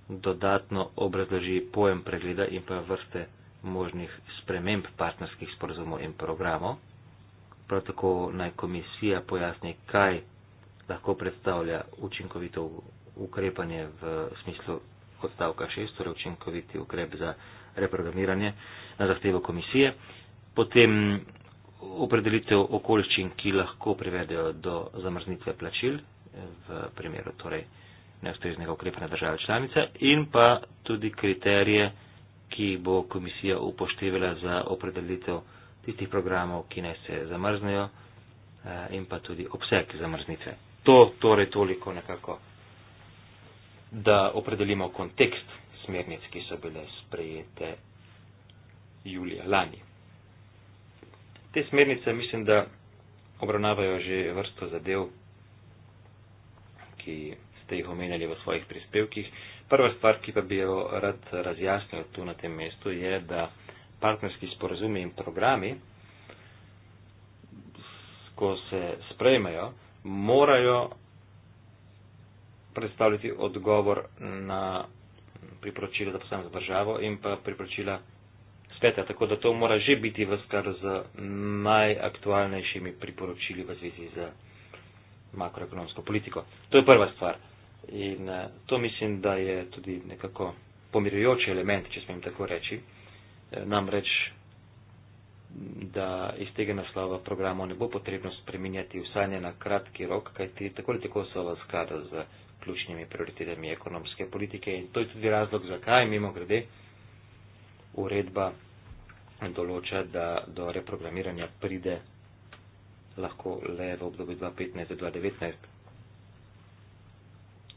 C: dodatno obrazloži pojem pregleda in pa vrste možnih sprememb partnerskih sporozumov in programov. Prav tako naj komisija pojasni, kaj lahko predstavlja učinkovito ukrepanje v smislu odstavka 6, torej učinkoviti ukrep za reprogramiranje na zahtevo komisije. Potem opredelitev okoliščin, ki lahko privedejo do zamrznitve plačil v primeru torej, neustreznega ukrepa na države članice in pa tudi kriterije, ki bo komisija upoštevala za opredelitev tistih programov, ki naj se zamrznejo eh, in pa tudi obseg zamrznitve. To torej toliko nekako da opredelimo kontekst smernic, ki so bile sprejete julija lani. Te smernice mislim, da obravnavajo že vrsto zadev, ki ste jih omenjali v svojih prispevkih. Prva stvar, ki pa bi jo rad razjasnil tu na tem mestu, je, da partnerski sporozumi in programi, ko se sprejmejo, morajo predstavljati odgovor na priporočila za posamezno državo in pa priporočila sveta. Tako da to mora že biti v skladu z najaktualnejšimi priporočili v zvezi z makroekonomsko politiko. To je prva stvar. In eh, to mislim, da je tudi nekako pomirjujoči element, če smem tako reči. Eh, namreč, da iz tega naslova programov ne bo potrebno spreminjati vsaj ne na kratki rok, kajti tako ali tako so v skladu z ključnimi prioritetami ekonomske politike in to je tudi razlog, zakaj mimo grede uredba določa, da do reprogramiranja pride lahko le v obdobju 2015-2019,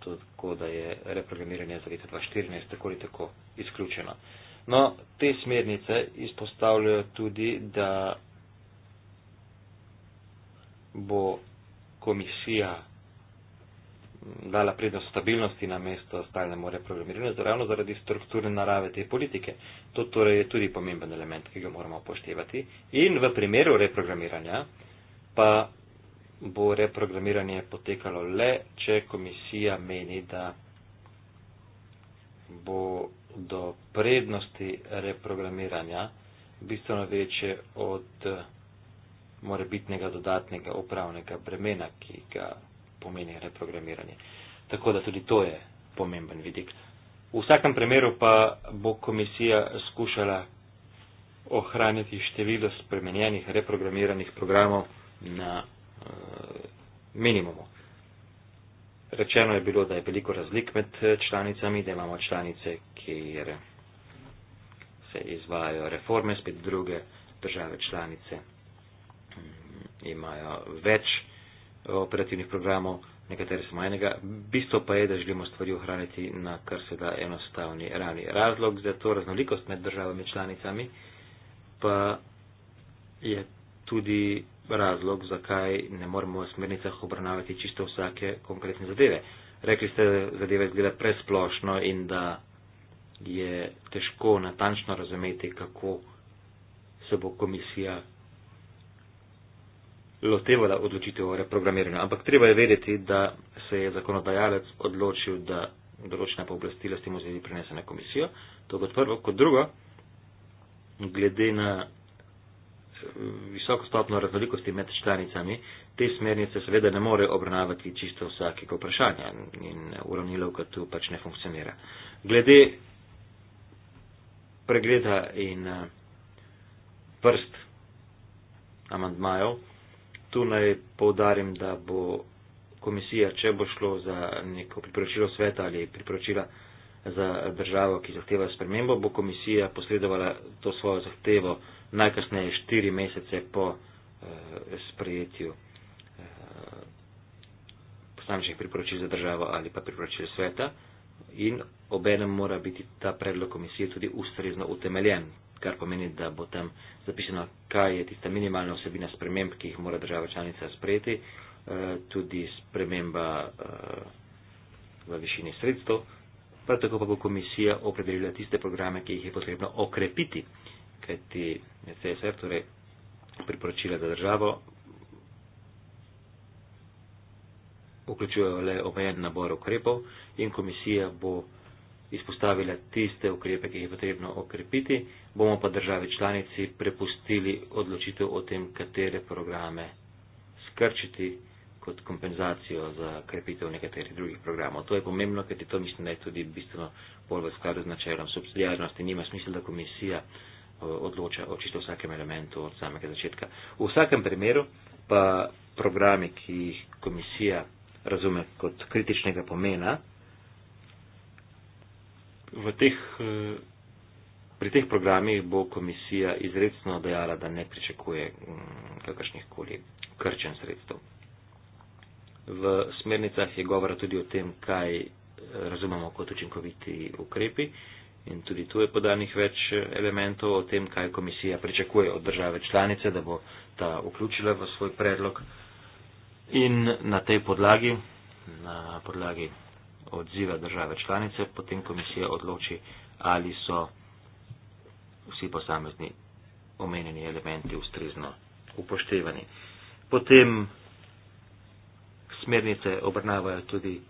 C: tako da je reprogramiranje za leto 2014 tako ali tako izključeno. No, te smernice izpostavljajo tudi, da bo komisija dala prednost stabilnosti na mesto stalnemu reprogramiranju, torej ravno zaradi strukturne narave te politike. To torej je tudi pomemben element, ki ga moramo upoštevati. In v primeru reprogramiranja pa bo reprogramiranje potekalo le, če komisija meni, da bo do prednosti reprogramiranja bistveno večje od morebitnega dodatnega upravnega bremena, ki ga pomeni reprogramiranje. Tako da tudi to je pomemben vidik. V vsakem primeru pa bo komisija skušala ohranjati število spremenjenih, reprogramiranih programov na uh, minimumu. Rečeno je bilo, da je veliko razlik med eh, članicami, da imamo članice, kjer se izvajajo reforme, spet druge države članice mm, imajo več operativnih programov, nekateri samo enega. Bistvo pa je, da želimo stvari ohraniti na kar se da enostavni ravni. Razlog za to raznolikost med državami članicami pa je tudi razlog, zakaj ne moremo v smernicah obravnavati čisto vsake konkretne zadeve. Rekli ste, zadeve izgleda presplošno in da je težko natančno razumeti, kako se bo komisija lotevala odločitev o reprogramiranju. Ampak treba je vedeti, da se je zakonodajalec odločil, da določena pooblastila s tem v zvezi prenese na komisijo. To kot prvo. Kot drugo, glede na eh, visoko stopno raznolikosti med članicami, te smernice seveda ne more obravnavati čisto vsakega vprašanja in uravnilovka tu pač ne funkcionira. Glede pregleda in eh, prst amandmajev, Tu naj povdarim, da bo komisija, če bo šlo za neko priporočilo sveta ali priporočila za državo, ki zahteva spremembo, bo komisija posredovala to svojo zahtevo najkasneje štiri mesece po eh, sprejetju eh, posamečnih priporočil za državo ali pa priporočil sveta in obenem mora biti ta predlog komisije tudi ustrezno utemeljen kar pomeni, da bo tam zapisano, kaj je tista minimalna vsebina sprememb, ki jih mora država članica sprejeti, eh, tudi sprememba eh, v višini sredstev. Prav tako pa bo komisija opredelila tiste programe, ki jih je potrebno okrepiti, kajti CSR, torej priporočila za državo, vključujejo le omejen nabor ukrepov in komisija bo izpostavile tiste ukrepe, ki jih je potrebno okrepiti, bomo pa državi članici prepustili odločitev o tem, katere programe skrčiti kot kompenzacijo za krepitev nekaterih drugih programov. To je pomembno, ker ti to mislim, da je tudi bistveno bolj v skladu z načelom subsidijarnosti. Nima smisla, da komisija eh, odloča o čisto vsakem elementu od samega začetka. V vsakem primeru pa programi, ki jih komisija razume kot kritičnega pomena, v teh, eh, pri teh programih bo komisija izredno dejala, da ne pričakuje mm, kakršnih koli krčen sredstev. V smernicah je govora tudi o tem, kaj eh, razumemo kot učinkoviti ukrepi in tudi tu je podanih več eh, elementov o tem, kaj komisija pričakuje od države članice, da bo ta vključila v svoj predlog. In na tej podlagi, na podlagi odziva države članice, potem komisija odloči, ali so vsi posamezni omenjeni elementi ustrezno upoštevani. Potem smernice obrnavajo tudi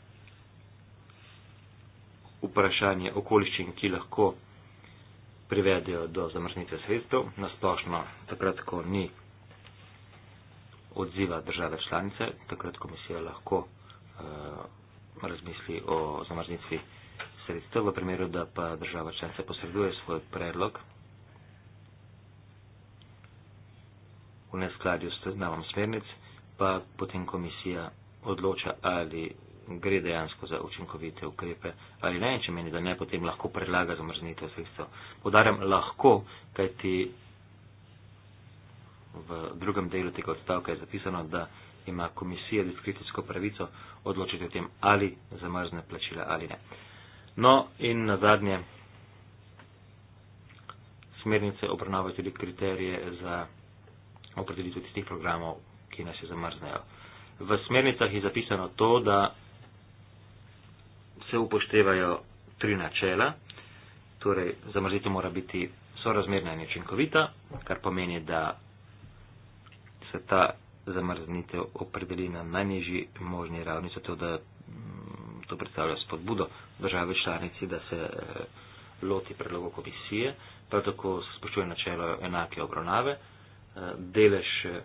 C: vprašanje okoliščin, ki lahko privedejo do zamrznitve sredstev, nasplošno takrat, ko ni odziva države članice, takrat komisija lahko uh, razmisli o zamrznitvi sredstev, v primeru, da pa država članica posreduje svoj predlog v neskladju s naznavom smernic, pa potem komisija odloča, ali gre dejansko za učinkovite ukrepe ali ne, če meni, da ne, potem lahko predlaga zamrznitev sredstev. Podarjam lahko, kajti v drugem delu tega odstavka je zapisano, da ima komisija diskritijsko pravico odločiti o tem, ali zamrzne plačila ali ne. No in na zadnje, smernice obravnavajo tudi kriterije za opredelitev tistih programov, ki nas je zamrznejo. V smernicah je zapisano to, da se upoštevajo tri načela, torej zamrzitev mora biti sorazmerna in učinkovita, kar pomeni, da se ta zamrznitev opredeli na najnižji možni ravni, zato da mm, to predstavlja spodbudo države članici, da se eh, loti predlogov komisije, prav tako se spoštuje načelo enake obravnave, eh, delež eh,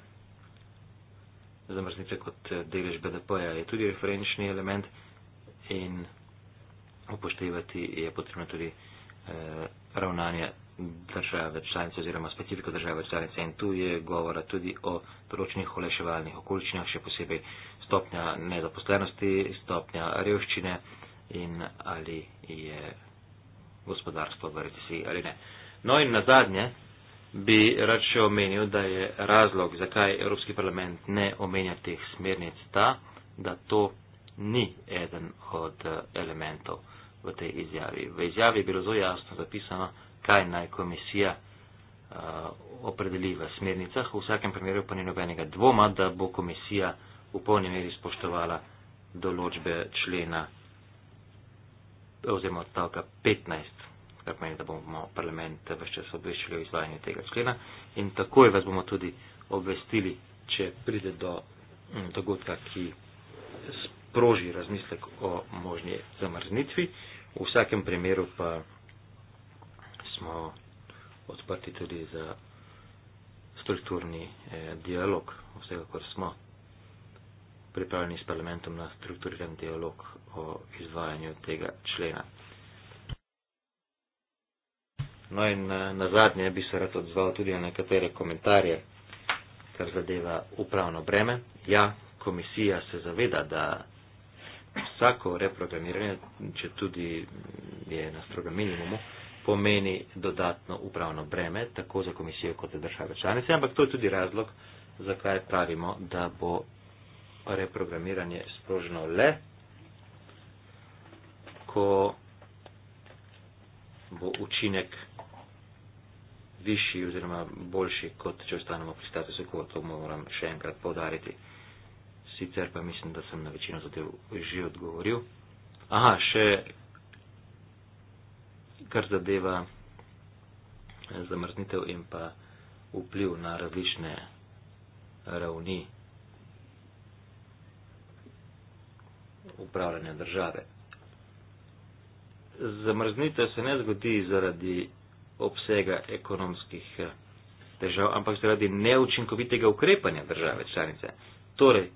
C: zamrznitve kot delež BDP-ja je tudi referenčni element in upoštevati je potrebno tudi ravnanje države članice oziroma specifiko države članice in tu je govora tudi o določenih olajševalnih okoličnjah, še posebej stopnja nezaposlenosti, stopnja revščine in ali je gospodarstvo v recesiji ali ne. No in na zadnje bi rad še omenil, da je razlog, zakaj Evropski parlament ne omenja teh smernic ta, da to ni eden od elementov v tej izjavi. V izjavi je bilo zelo jasno zapisano, kaj naj komisija uh, opredeli v smernicah. V vsakem primeru pa ni nobenega dvoma, da bo komisija v polni meri spoštovala določbe člena oziroma odstavka 15, kar pomeni, da bomo parlament vse čas obveščali o izvajanju tega člena in takoj vas bomo tudi obvestili, če pride do mm, dogodka, ki sproži razmislek o možni zamrznitvi. V vsakem primeru pa smo odprti tudi za strukturni eh, dialog, vsekakor smo pripravljeni s parlamentom na strukturiran dialog o izvajanju tega člena. No in eh, na zadnje bi se rad odzval tudi na nekatere komentarje, kar zadeva upravno breme. Ja, komisija se zaveda, da vsako reprogramiranje, če tudi je na strogem minimumu, pomeni dodatno upravno breme, tako za komisijo kot za države članice, ampak to je tudi razlog, zakaj pravimo, da bo reprogramiranje sproženo le, ko bo učinek višji oziroma boljši, kot če ostanemo pri statusu quo, to moram še enkrat povdariti. Sicer pa mislim, da sem na večino zadev že odgovoril. Aha, še kar zadeva eh, zamrznitev in pa vpliv na različne ravni upravljanja države. Zamrznitev se ne zgodi zaradi obsega ekonomskih eh, težav, ampak zaradi neučinkovitega ukrepanja države članice. Torej,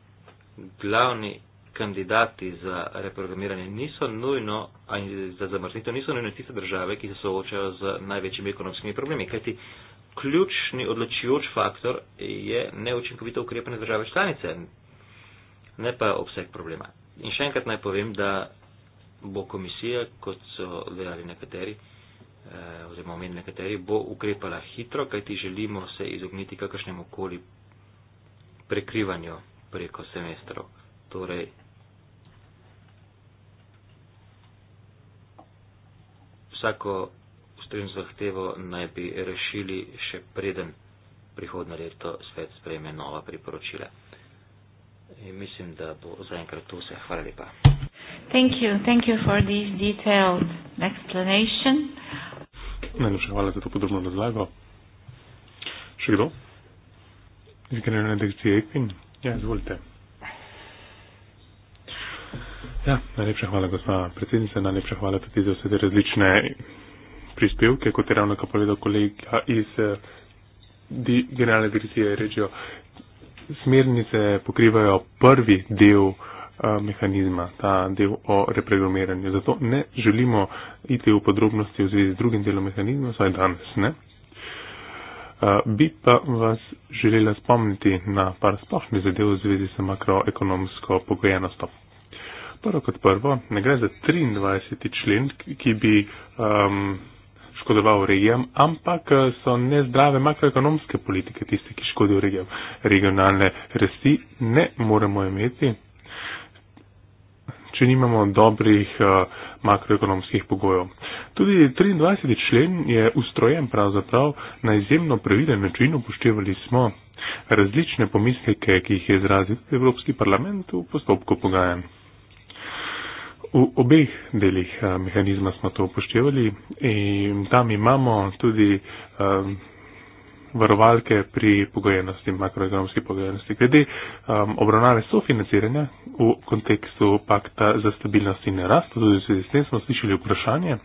C: glavni kandidati za reprogramiranje niso nujno, ali za zamrznitev niso nujno tiste države, ki se soočajo z največjimi ekonomskimi problemi. Kajti ključni odločujoč faktor je neučinkovito ukrepanje države članice, ne pa obseg problema. In še enkrat naj povem, da bo komisija, kot so dejali nekateri, eh, oziroma omenili nekateri, bo ukrepala hitro, kajti želimo se izogniti kakršnemu koli prekrivanju preko semestrov. Torej, vsako ustrezno zahtevo naj bi rešili še preden prihodno leto svet sprejme nova priporočila. In mislim, da bo zaenkrat to vse. Hvala lepa.
A: Thank you. Thank you for this detailed explanation.
E: Najlepša hvala za to podrobno razlago. Še kdo? Iz generalne direkcije EPIN? Ja, izvolite. Mm -hmm. Ja, najlepša hvala, gospa predsednica, najlepša hvala tudi za vse te različne prispevke, kot je ravno kar povedal kolega iz uh, generalne direkcije Regio. Smernice pokrivajo prvi del eh, mehanizma, ta del o reprogramiranju. Zato ne želimo iti v podrobnosti v zvezi z drugim delom mehanizma, saj danes ne. Eh, bi pa vas želela spomniti na par splošnih zadev v zvezi s makroekonomsko pogojenostjo prvo kot prvo, ne gre za 23. člen, ki bi um, škodoval regijam, ampak uh, so nezdrave makroekonomske politike tiste, ki škodijo regijam. Regionalne rasti ne moremo imeti, če nimamo dobrih uh, makroekonomskih pogojev. Tudi 23. člen je ustrojen pravzaprav na izjemno previden način, upoštevali smo različne pomisleke, ki jih je izrazil Evropski parlament v postopku pogajanj. V obeh delih eh, mehanizma smo to upoštevali in tam imamo tudi um, varovalke pri pogojenosti, makroekonomski pogojenosti. Glede um, obravnave sofinanciranja v kontekstu pakta za stabilnost in rast, tudi v s tem smo slišali vprašanje.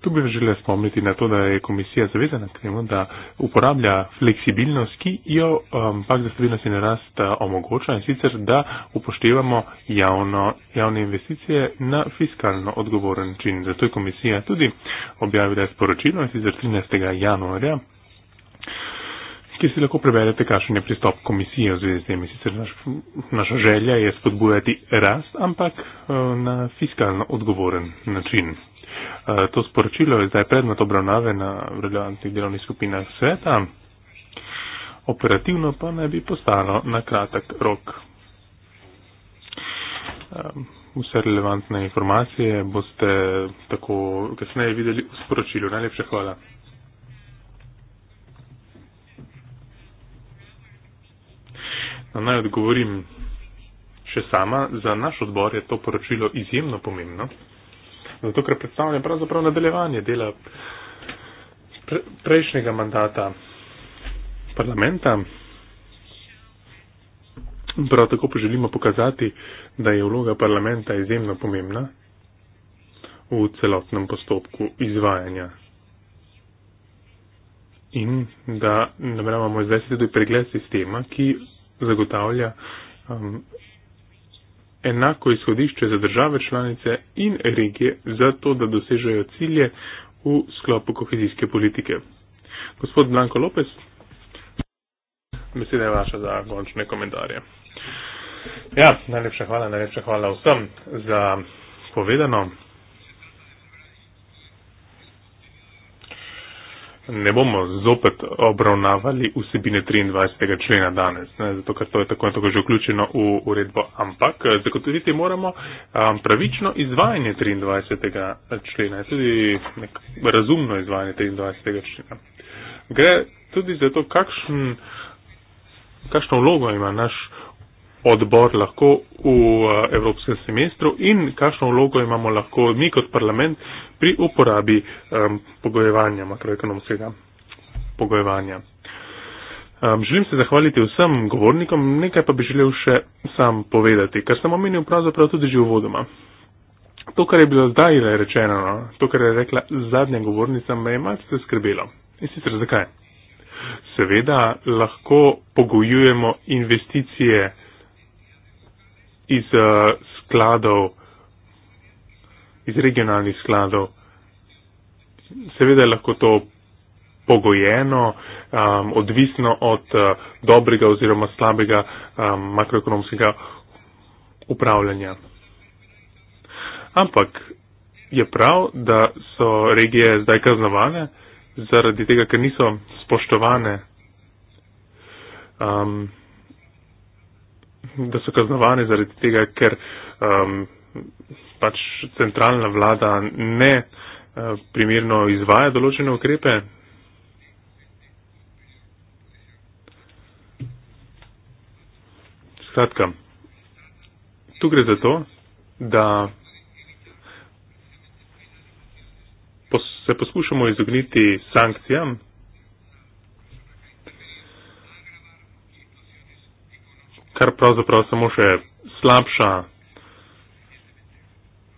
E: Tu bi želela spomniti na to, da je komisija zavezana k temu, da uporablja fleksibilnost, ki jo um, pakt za stabilnost in rast uh, omogoča in sicer, da upoštevamo javno, javne investicije na fiskalno odgovoren način. Zato je komisija tudi objavila sporočilo in sicer 13. januarja kjer si lahko preberete, kakšen je pristop komisije v zvezi z temi. Sicer naš, naša želja je spodbujati rast, ampak eh, na fiskalno odgovoren način. Eh, to sporočilo je zdaj predmet obravnave na relevantnih delovnih skupinah sveta, operativno pa naj bi postalo na kratek rok. Ehm, vse relevantne informacije boste tako kasneje videli v sporočilu. Najlepša hvala. naj odgovorim še sama. Za naš odbor je to poročilo izjemno pomembno, zato ker predstavlja pravzaprav nadaljevanje dela prejšnjega mandata parlamenta. Prav tako pa želimo pokazati, da je vloga parlamenta izjemno pomembna v celotnem postopku izvajanja. In da nameravamo izvesti tudi pregled sistema, ki zagotavlja um, enako izhodišče za države članice in regije za to, da dosežejo cilje v sklopu kohezijske politike. Gospod Blanko Lopes, beseda je vaša za končne komentarje. Ja, najlepša hvala, najlepša hvala vsem za povedano. ne bomo zopet obravnavali vsebine 23. člena danes, ne, zato ker to je tako in tako že vključeno v uredbo, ampak eh, zagotoviti moramo um, pravično izvajanje 23. Eh, člena, tudi razumno izvajanje 23. člena. Gre tudi za to, kakšno vlogo ima naš odbor lahko v eh, evropskem semestru in kakšno vlogo imamo lahko mi kot parlament pri uporabi um, pogojevanja, makroekonomskega pogojevanja. Um, želim se zahvaliti vsem govornikom, nekaj pa bi želel še sam povedati, kar sem omenil pravzaprav tudi že uvodoma. To, kar je bilo zdaj rečeno, no, to, kar je rekla zadnja govornica, me je malce skrbelo. In sicer zakaj? Seveda lahko pogojujemo investicije, iz uh, skladov, iz regionalnih skladov. Seveda je lahko to pogojeno, um, odvisno od uh, dobrega oziroma slabega um, makroekonomskega upravljanja. Ampak je prav, da so regije zdaj kaznovane zaradi tega, ker niso spoštovane. Um, da so kaznovane zaradi tega, ker um, pač centralna vlada ne uh, primerno izvaja določene ukrepe. Skratka, tu gre za to, da se poskušamo izogniti sankcijam kar pravzaprav samo še slabša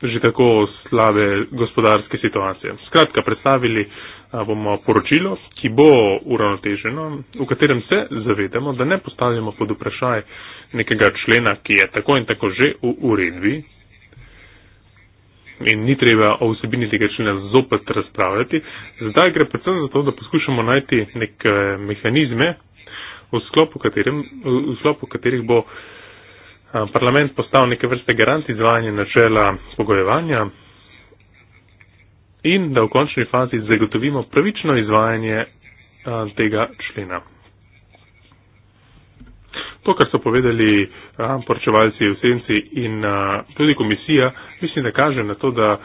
E: že tako slabe gospodarske situacije. Skratka, predstavili bomo poročilo, ki bo uravnoteženo, v katerem se zavedamo, da ne postavljamo pod vprašaj nekega člena, ki je tako in tako že v uredbi in ni treba o vsebini tega člena zopet razpravljati. Zdaj gre predvsem za to, da poskušamo najti neke mehanizme, v sklopu, katerim, v sklopu katerih bo parlament postal neke vrste garant izvajanja načela pogojevanja in da v končni fazi zagotovimo pravično izvajanje tega člena. To, kar so povedali a, poročevalci v senci in a, tudi komisija, mislim, da kaže na to, da a,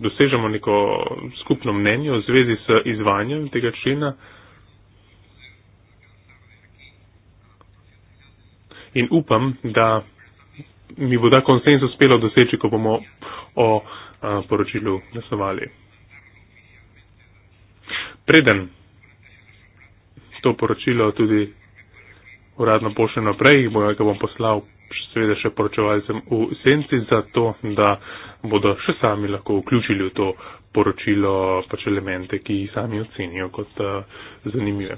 E: dosežemo neko skupno mnenje v zvezi s izvanjem tega člena. in upam, da mi bo ta konsens uspelo doseči, ko bomo o a, poročilu nasovali. Preden to poročilo tudi uradno pošljem naprej, ga bom poslal seveda še poročevalcem v senci, zato da bodo še sami lahko vključili v to poročilo pač elemente, ki jih sami ocenijo kot a, zanimive.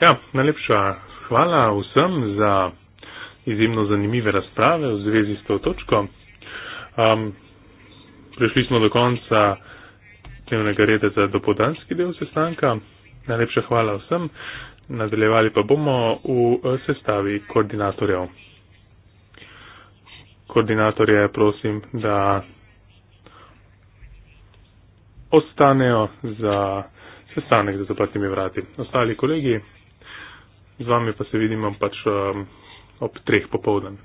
E: Ja, najlepša hvala vsem za izjemno zanimive razprave v zvezi s to točko. Um, prišli smo do konca dnevnega reda za dopodanski del sestanka. Najlepša hvala vsem. Nadaljevali pa bomo v eh, sestavi koordinatorjev. Koordinatorje prosim, da ostanejo za sestanek za zaprtimi vrati. Ostali kolegi, z vami pa se vidimo pač. Um, ob treh popovdan.